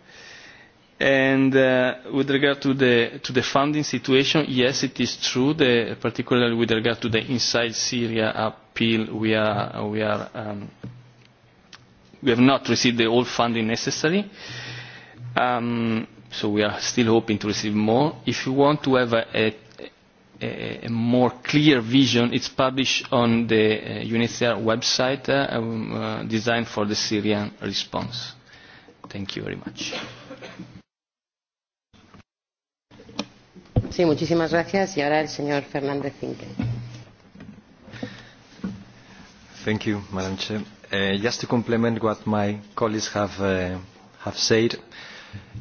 and uh, with regard to the to the funding situation yes it is true the particularly with regard to the inside Syria appeal we are we are um, we have not received the all funding necessary um, so we are still hoping to receive more if you want to have a a more clear vision. It's published on the uh, UNHCR website uh, um, uh, designed for the Syrian response. Thank you very much. Sí, muchísimas gracias. Y ahora el señor Fernández Finke. Thank you, Madam Chair. Uh, just to complement what my colleagues have, uh, have said,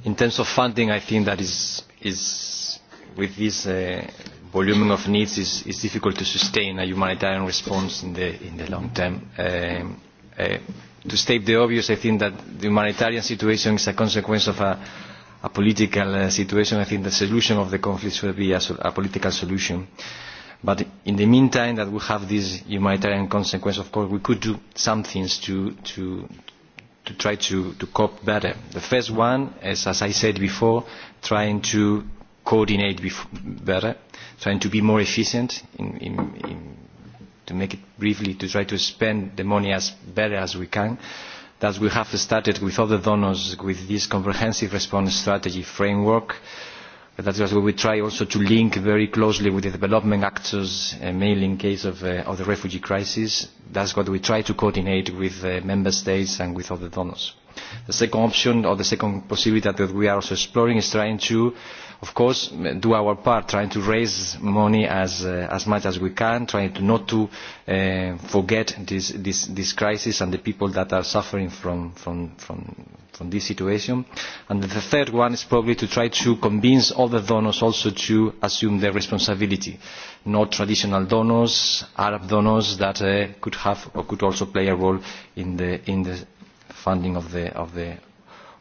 in terms of funding, I think that is, is with this uh, volume of needs is, is difficult to sustain a humanitarian response in the, in the long term. Um, uh, to state the obvious, I think that the humanitarian situation is a consequence of a, a political uh, situation. I think the solution of the conflict will be a, a political solution. But in the meantime that we have this humanitarian consequence, of course, we could do some things to, to, to try to, to cope better. The first one is, as I said before, trying to coordinate bef better trying to be more efficient in, in, in to make it briefly to try to spend the money as better as we can that we have started with other donors with this comprehensive response strategy framework that is what we try also to link very closely with the development actors uh, mainly in case of, uh, of the refugee crisis that is what we try to coordinate with uh, member states and with other donors. the second option or the second possibility that we are also exploring is trying to of course do our part trying to raise money as, uh, as much as we can trying to not to uh, forget this, this, this crisis and the people that are suffering from, from this situation and the third one is probably to try to convince other donors also to assume their responsibility not traditional donors arab donors that uh, could have or could also play a role in the, in the funding of the, of the,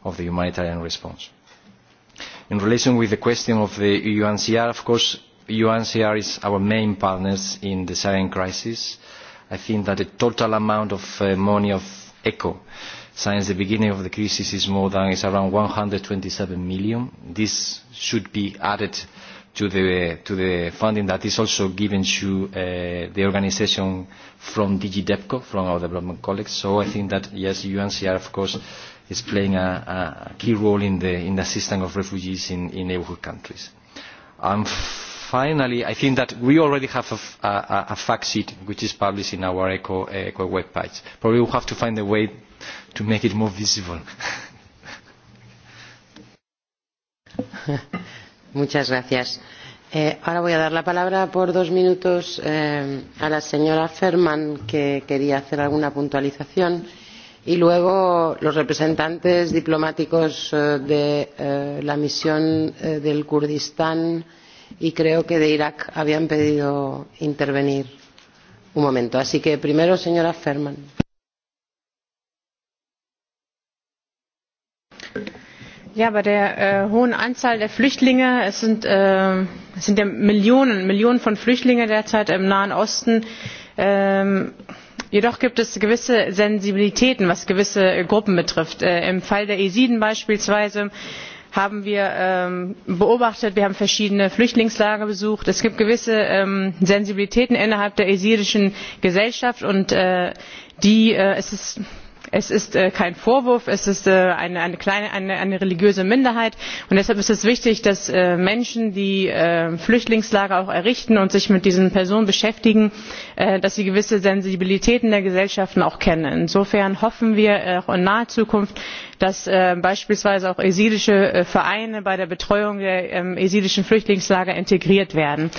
of the humanitarian response in relation with the question of the UNCR, of course, UNCR is our main partners in the Syrian crisis. I think that the total amount of uh, money of ECHO since the beginning of the crisis is more than is around 127 million. This should be added to the, to the funding that is also given to uh, the organisation from DG from our development colleagues. So I think that, yes, UNCR, of course, is playing a, a key role in the in the assistance of refugees in, in neighbourhood countries. And finally, I think that we already have a, a, a fact sheet which is published in our ECO, ECO web page. Probably we we'll have to find a way to make it more visible. Muchas gracias. Eh, ahora voy a dar la palabra por dos minutos eh, a la señora Ferman, que quería hacer alguna puntualización y luego los representantes diplomáticos eh, de eh, la misión eh, del Kurdistán y creo que de Irak habían pedido intervenir un momento. Así que primero, señora Ferman. Ja, bei der äh, hohen Anzahl der Flüchtlinge, es sind, äh, sind ja Millionen, Millionen von Flüchtlingen derzeit im Nahen Osten, ähm, jedoch gibt es gewisse sensibilitäten was gewisse äh, gruppen betrifft. Äh, im fall der jesiden beispielsweise haben wir ähm, beobachtet wir haben verschiedene flüchtlingslager besucht es gibt gewisse ähm, sensibilitäten innerhalb der esidischen gesellschaft und äh, die es ist es ist äh, kein vorwurf es ist äh, eine, religiöse minderheit und deshalb ist es wichtig dass äh, menschen die flüchtlingslager auch errichten und sich mit diesen personen beschäftigen dass sie gewisse sensibilitäten der gesellschaften auch kennen. insofern hoffen wir auch in naher zukunft dass beispielsweise auch jesidische vereine bei der betreuung der ähm, jesidischen flüchtlingslager integriert werden.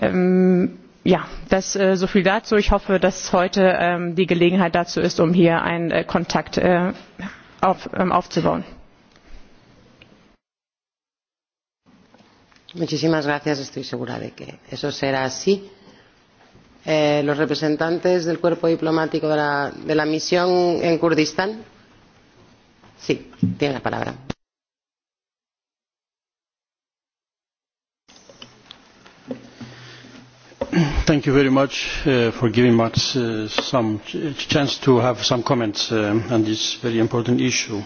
Ähm, ja das äh, so viel dazu. ich hoffe dass heute ähm, die gelegenheit dazu ist um hier einen äh, kontakt äh, auf, ähm, aufzubauen. Muchísimas gracias. Estoy segura de que eso será así. Eh, ¿Los representantes del cuerpo diplomático de la, de la misión en Kurdistán? Sí, tiene la palabra. thank you very much uh, for giving us uh, some chance to have some comments uh, on this very important issue.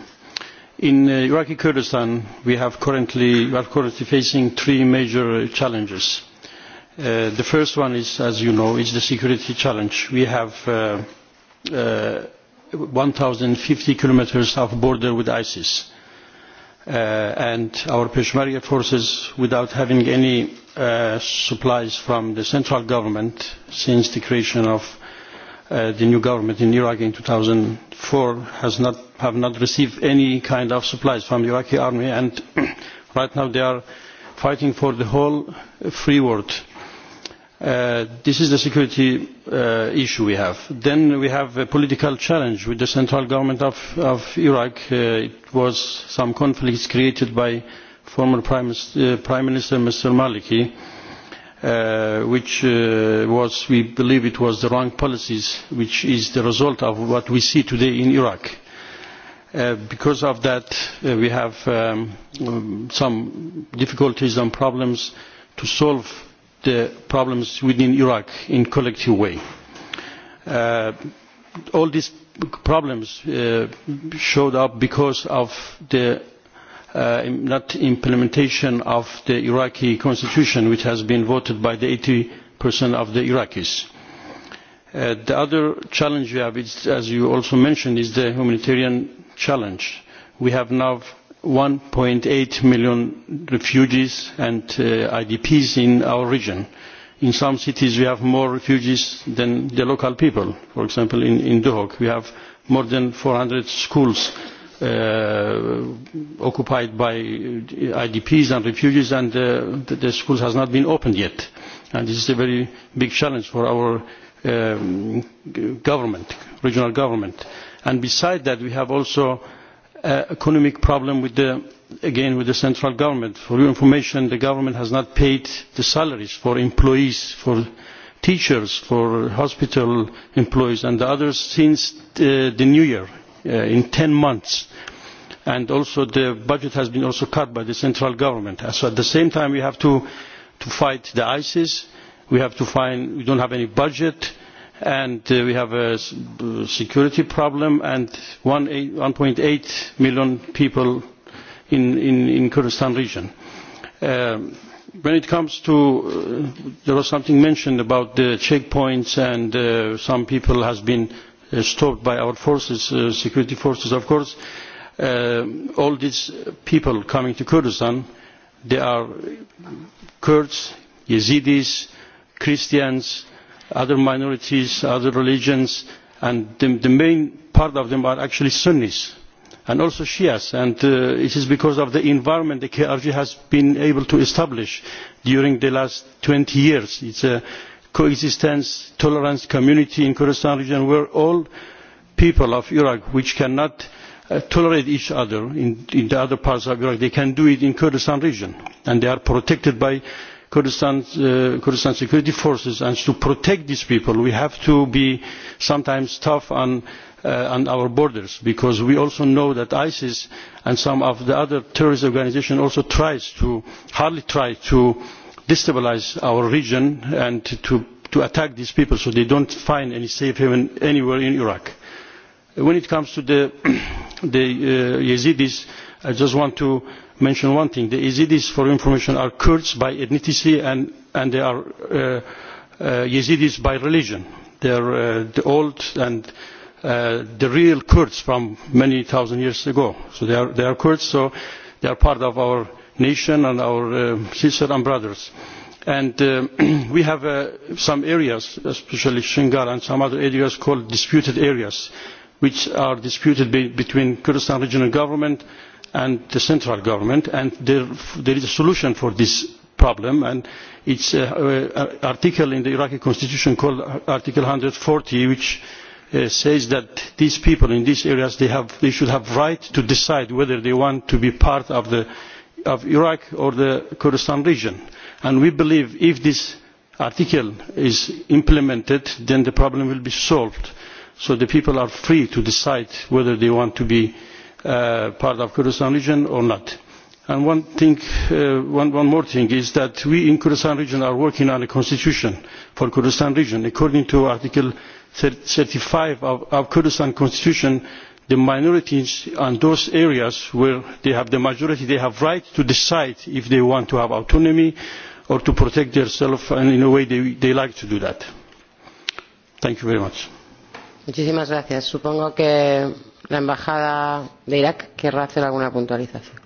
In Iraqi Kurdistan, we currently, are currently facing three major challenges. the first one is, as you know, is the security challenge. We have one thousand fifty kilometers of border with ISIS. and our Peshmerga forces, without having any Uh, supplies from the central government since the creation of uh, the new government in Iraq in 2004 has not, have not received any kind of supplies from the Iraqi army and right now they are fighting for the whole free world. Uh, this is the security issue we have. Then we have a political challenge with the central government of, Iraq. it was some conflicts created by former Prime, uh, Minister Mr. Maliki, uh, which uh, was, we believe it was the wrong policies, which is the result of what we see today in Iraq. because of that, we have um, some difficulties and problems to solve the problems within Iraq in a collective way. all these problems showed up because of the Uh, not implementation of the iraqi constitution which has been voted by the 80% of the iraqis uh, the other challenge we have is, as you also mentioned is the humanitarian challenge we have now 1.8 million refugees and uh, idps in our region in some cities we have more refugees than the local people for example in in Duhok we have more than 400 schools Uh, occupied by idps and refugees and uh, the school has not been opened yet. And this is a very big challenge for our um, government regional government. and besides that we have also an uh, economic problem with the, again with the central government. for your information the government has not paid the salaries for employees for teachers for hospital employees and others since the new year. Uh, in ten months and also the budget has been also cut by the central government so at the same time we have to fight the isis we have to find we don't have any budget and uh, we have a uh, security problem and 1.8 million people in in kurdistan region um, when it comes to there was something mentioned about the checkpoints and some people have been Uh, stalked by our forces, uh, security forces. Of course, uh, all these people coming to Kurdistan, they are Kurds, Yazidis, Christians, other minorities, other religions, and the, main part of them are actually Sunnis and also Shias, and it is because of the environment the KRG has been able to establish during the last 20 years. is a coexistence tolerance community in kurdistan region where all people of iraq which cannot uh, tolerate each other in, the other parts of iraq they can do it in kurdistan region and they are protected by Kurdistan, uh, security forces and to protect these people we have to be sometimes tough uh, on, our borders because we also know that ISIS and some of the other terrorist organisations also tries to hardly try to destabilise our region and to, to attack these people so they do not find any safe haven anywhere in iraq. when it comes to the, uh, yazidis i just want to mention one thing the yazidis for information are kurds by ethnicity and, they are uh, uh, yazidis by religion. they are the old and the real kurds from many thousand years ago. so they are, they are kurds so they are part of our nation and our uh, sisters and brothers. Uh, we have uh, some areas, especially shingal and some other areas called disputed areas, which are disputed between between Kurdistan Regional Government and the central government, and there, is a solution for this problem and it is an article in the Iraqi constitution called Article one hundred and forty which says that these people in these areas they should have the right to decide whether they want to be part of the of iraq or the kurdistan region and we believe if this article is implemented then the problem will be solved so the people are free to decide whether they want to be uh, part of the kurdistan region or not. Uh, one, more thing is that we in kurdistan region are working on a constitution for kurdistan region. according to article thirty five of the kurdistan constitution the minorities and those areas where they have the majority they have the right to decide if they want to have autonomy or to protect themselves and in a way they, like to do that. Thank you very much. Muchísimas gracias. Supongo que la embajada de alguna puntualización.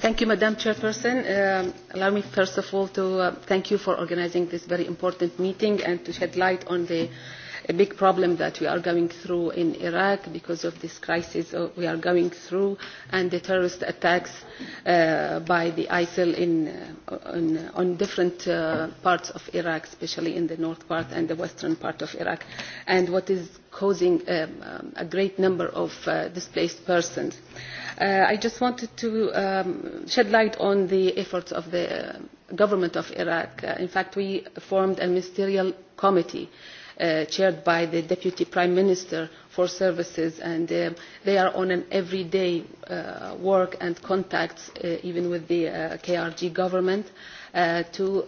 Thank you, Madam Chairperson. Uh, allow me first of all to uh, thank you for organising this very important meeting and to shed light on the a big problem that we are going through in iraq because of this crisis uh, we are going through and the terrorist attacks uh, by the isil in, on, uh, uh, on different uh, parts of iraq especially in the north part and the western part of iraq and what is causing um, um a great number of uh, displaced persons. i just wanted to um, shed light on the efforts of the government of iraq. in fact we formed a ministerial committee Uh, chaired by the deputy prime minister for services and um, they are on an everyday uh, work and contacts uh, even with the krg government to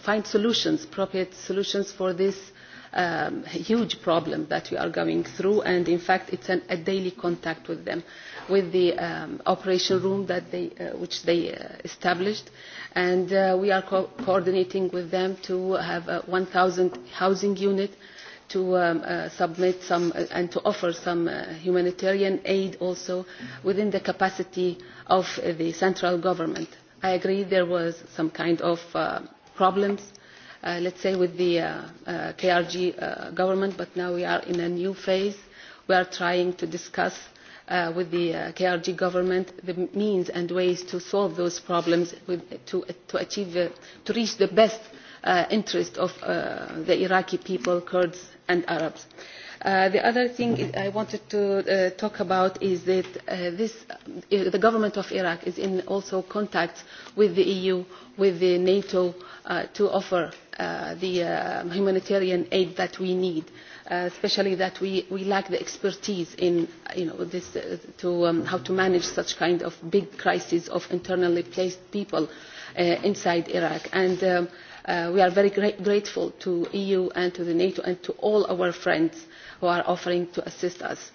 find solutions appropriate solutions for this um, huge problem that we are going through and in fact it's an, a daily contact with them with the um, operation room that they, uh, which they uh, established and uh, we are co coordinating with them to have a 1000 housing unit to um, uh, submit some uh, and to offer some uh, humanitarian aid also within the capacity of the central government. I agree there was some kind of uh, problems Uh, let us say with the uh, uh, KRG government, but now we are in a new phase. We are trying to discuss with the KRG government the means and ways to solve those problems to, to reach the best interest of the Iraqi people, Kurds and Arabs. Uh, the other thing I wanted to uh, talk about is that uh, this, the government of Iraq is in also contact with the EU, with the NATO to offer the humanitarian aid that we need, especially that we, lack the expertise in you know, this, to, um, how to manage such kind of big crises of internally placed people inside Iraq. And um, we are very grateful to the EU and to the NATO and to all our friends who are offering to assist us.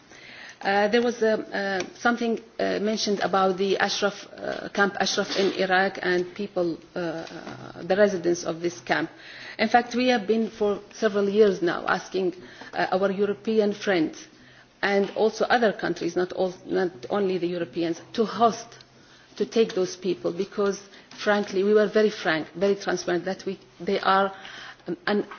Uh, there was uh, uh, something uh, mentioned about the Ashraf, Camp Ashraf in Iraq and people, the residents of this camp. In fact, we have been for several years now asking our European friends and also other countries, not, all, not only the Europeans, to host, to take those people because, frankly, we were very frank, very transparent that we, they are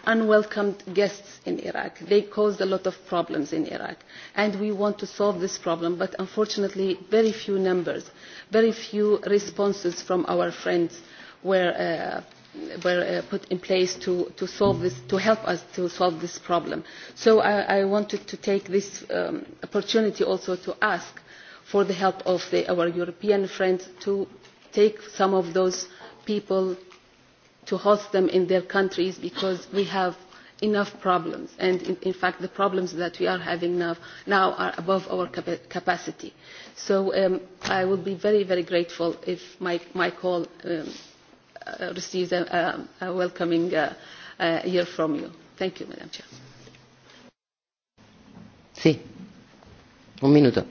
unwelcome guests in iraq they caused a lot of problems in iraq and we want to solve this problem but unfortunately very few numbers very few responses from our friends were uh, uh, put in place to, help us to solve this problem so i, I wanted to take this um, opportunity also to ask for the help of our european friends to take some of those people to host them in their countries because we have enough problems and in, fact the problems that we are having now, now are above our capacity. So um, I would be very, very grateful if my, my call um, uh, receives a, welcoming uh, uh from you. Thank you, Madam Chair. Un minuto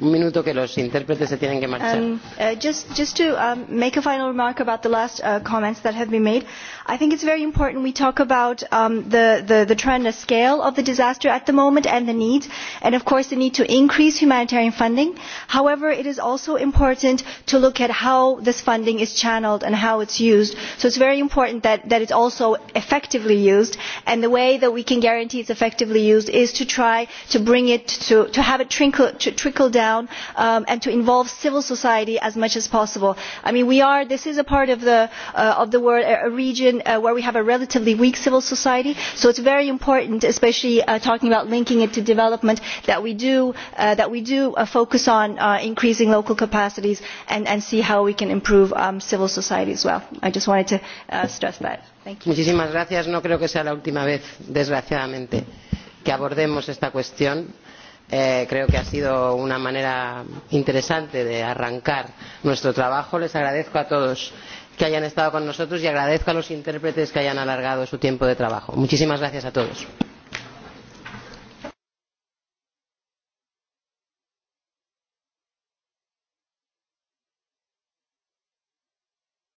un minuto que los intérpretes se tienen que marchar. Um, uh, just, just to um, make a final remark about the last uh, comments that have been made, I think it's very important we talk about um, the, the, the trend, the scale of the disaster at the moment and the need, and of course the need to increase humanitarian funding. However, it is also important to look at how this funding is channeled and how it's used. So it's very important that, that it's also effectively used, and the way that we can guarantee it's effectively used is to try to bring it to, to have it trickle, to trickle down down um, and to involve civil society as much as possible. I mean, we are, this is a part of the, uh, world, a region uh, where we have a relatively weak civil society, so it is very important, especially uh, talking about linking it to development, that we do, focus on increasing local capacities and, see how we can improve um, civil society as well. I just wanted to stress that. sea desgraciadamente, que abordemos esta cuestión Eh, creo que ha sido una manera interesante de arrancar nuestro trabajo. Les agradezco a todos que hayan estado con nosotros y agradezco a los intérpretes que hayan alargado su tiempo de trabajo. Muchísimas gracias a todos.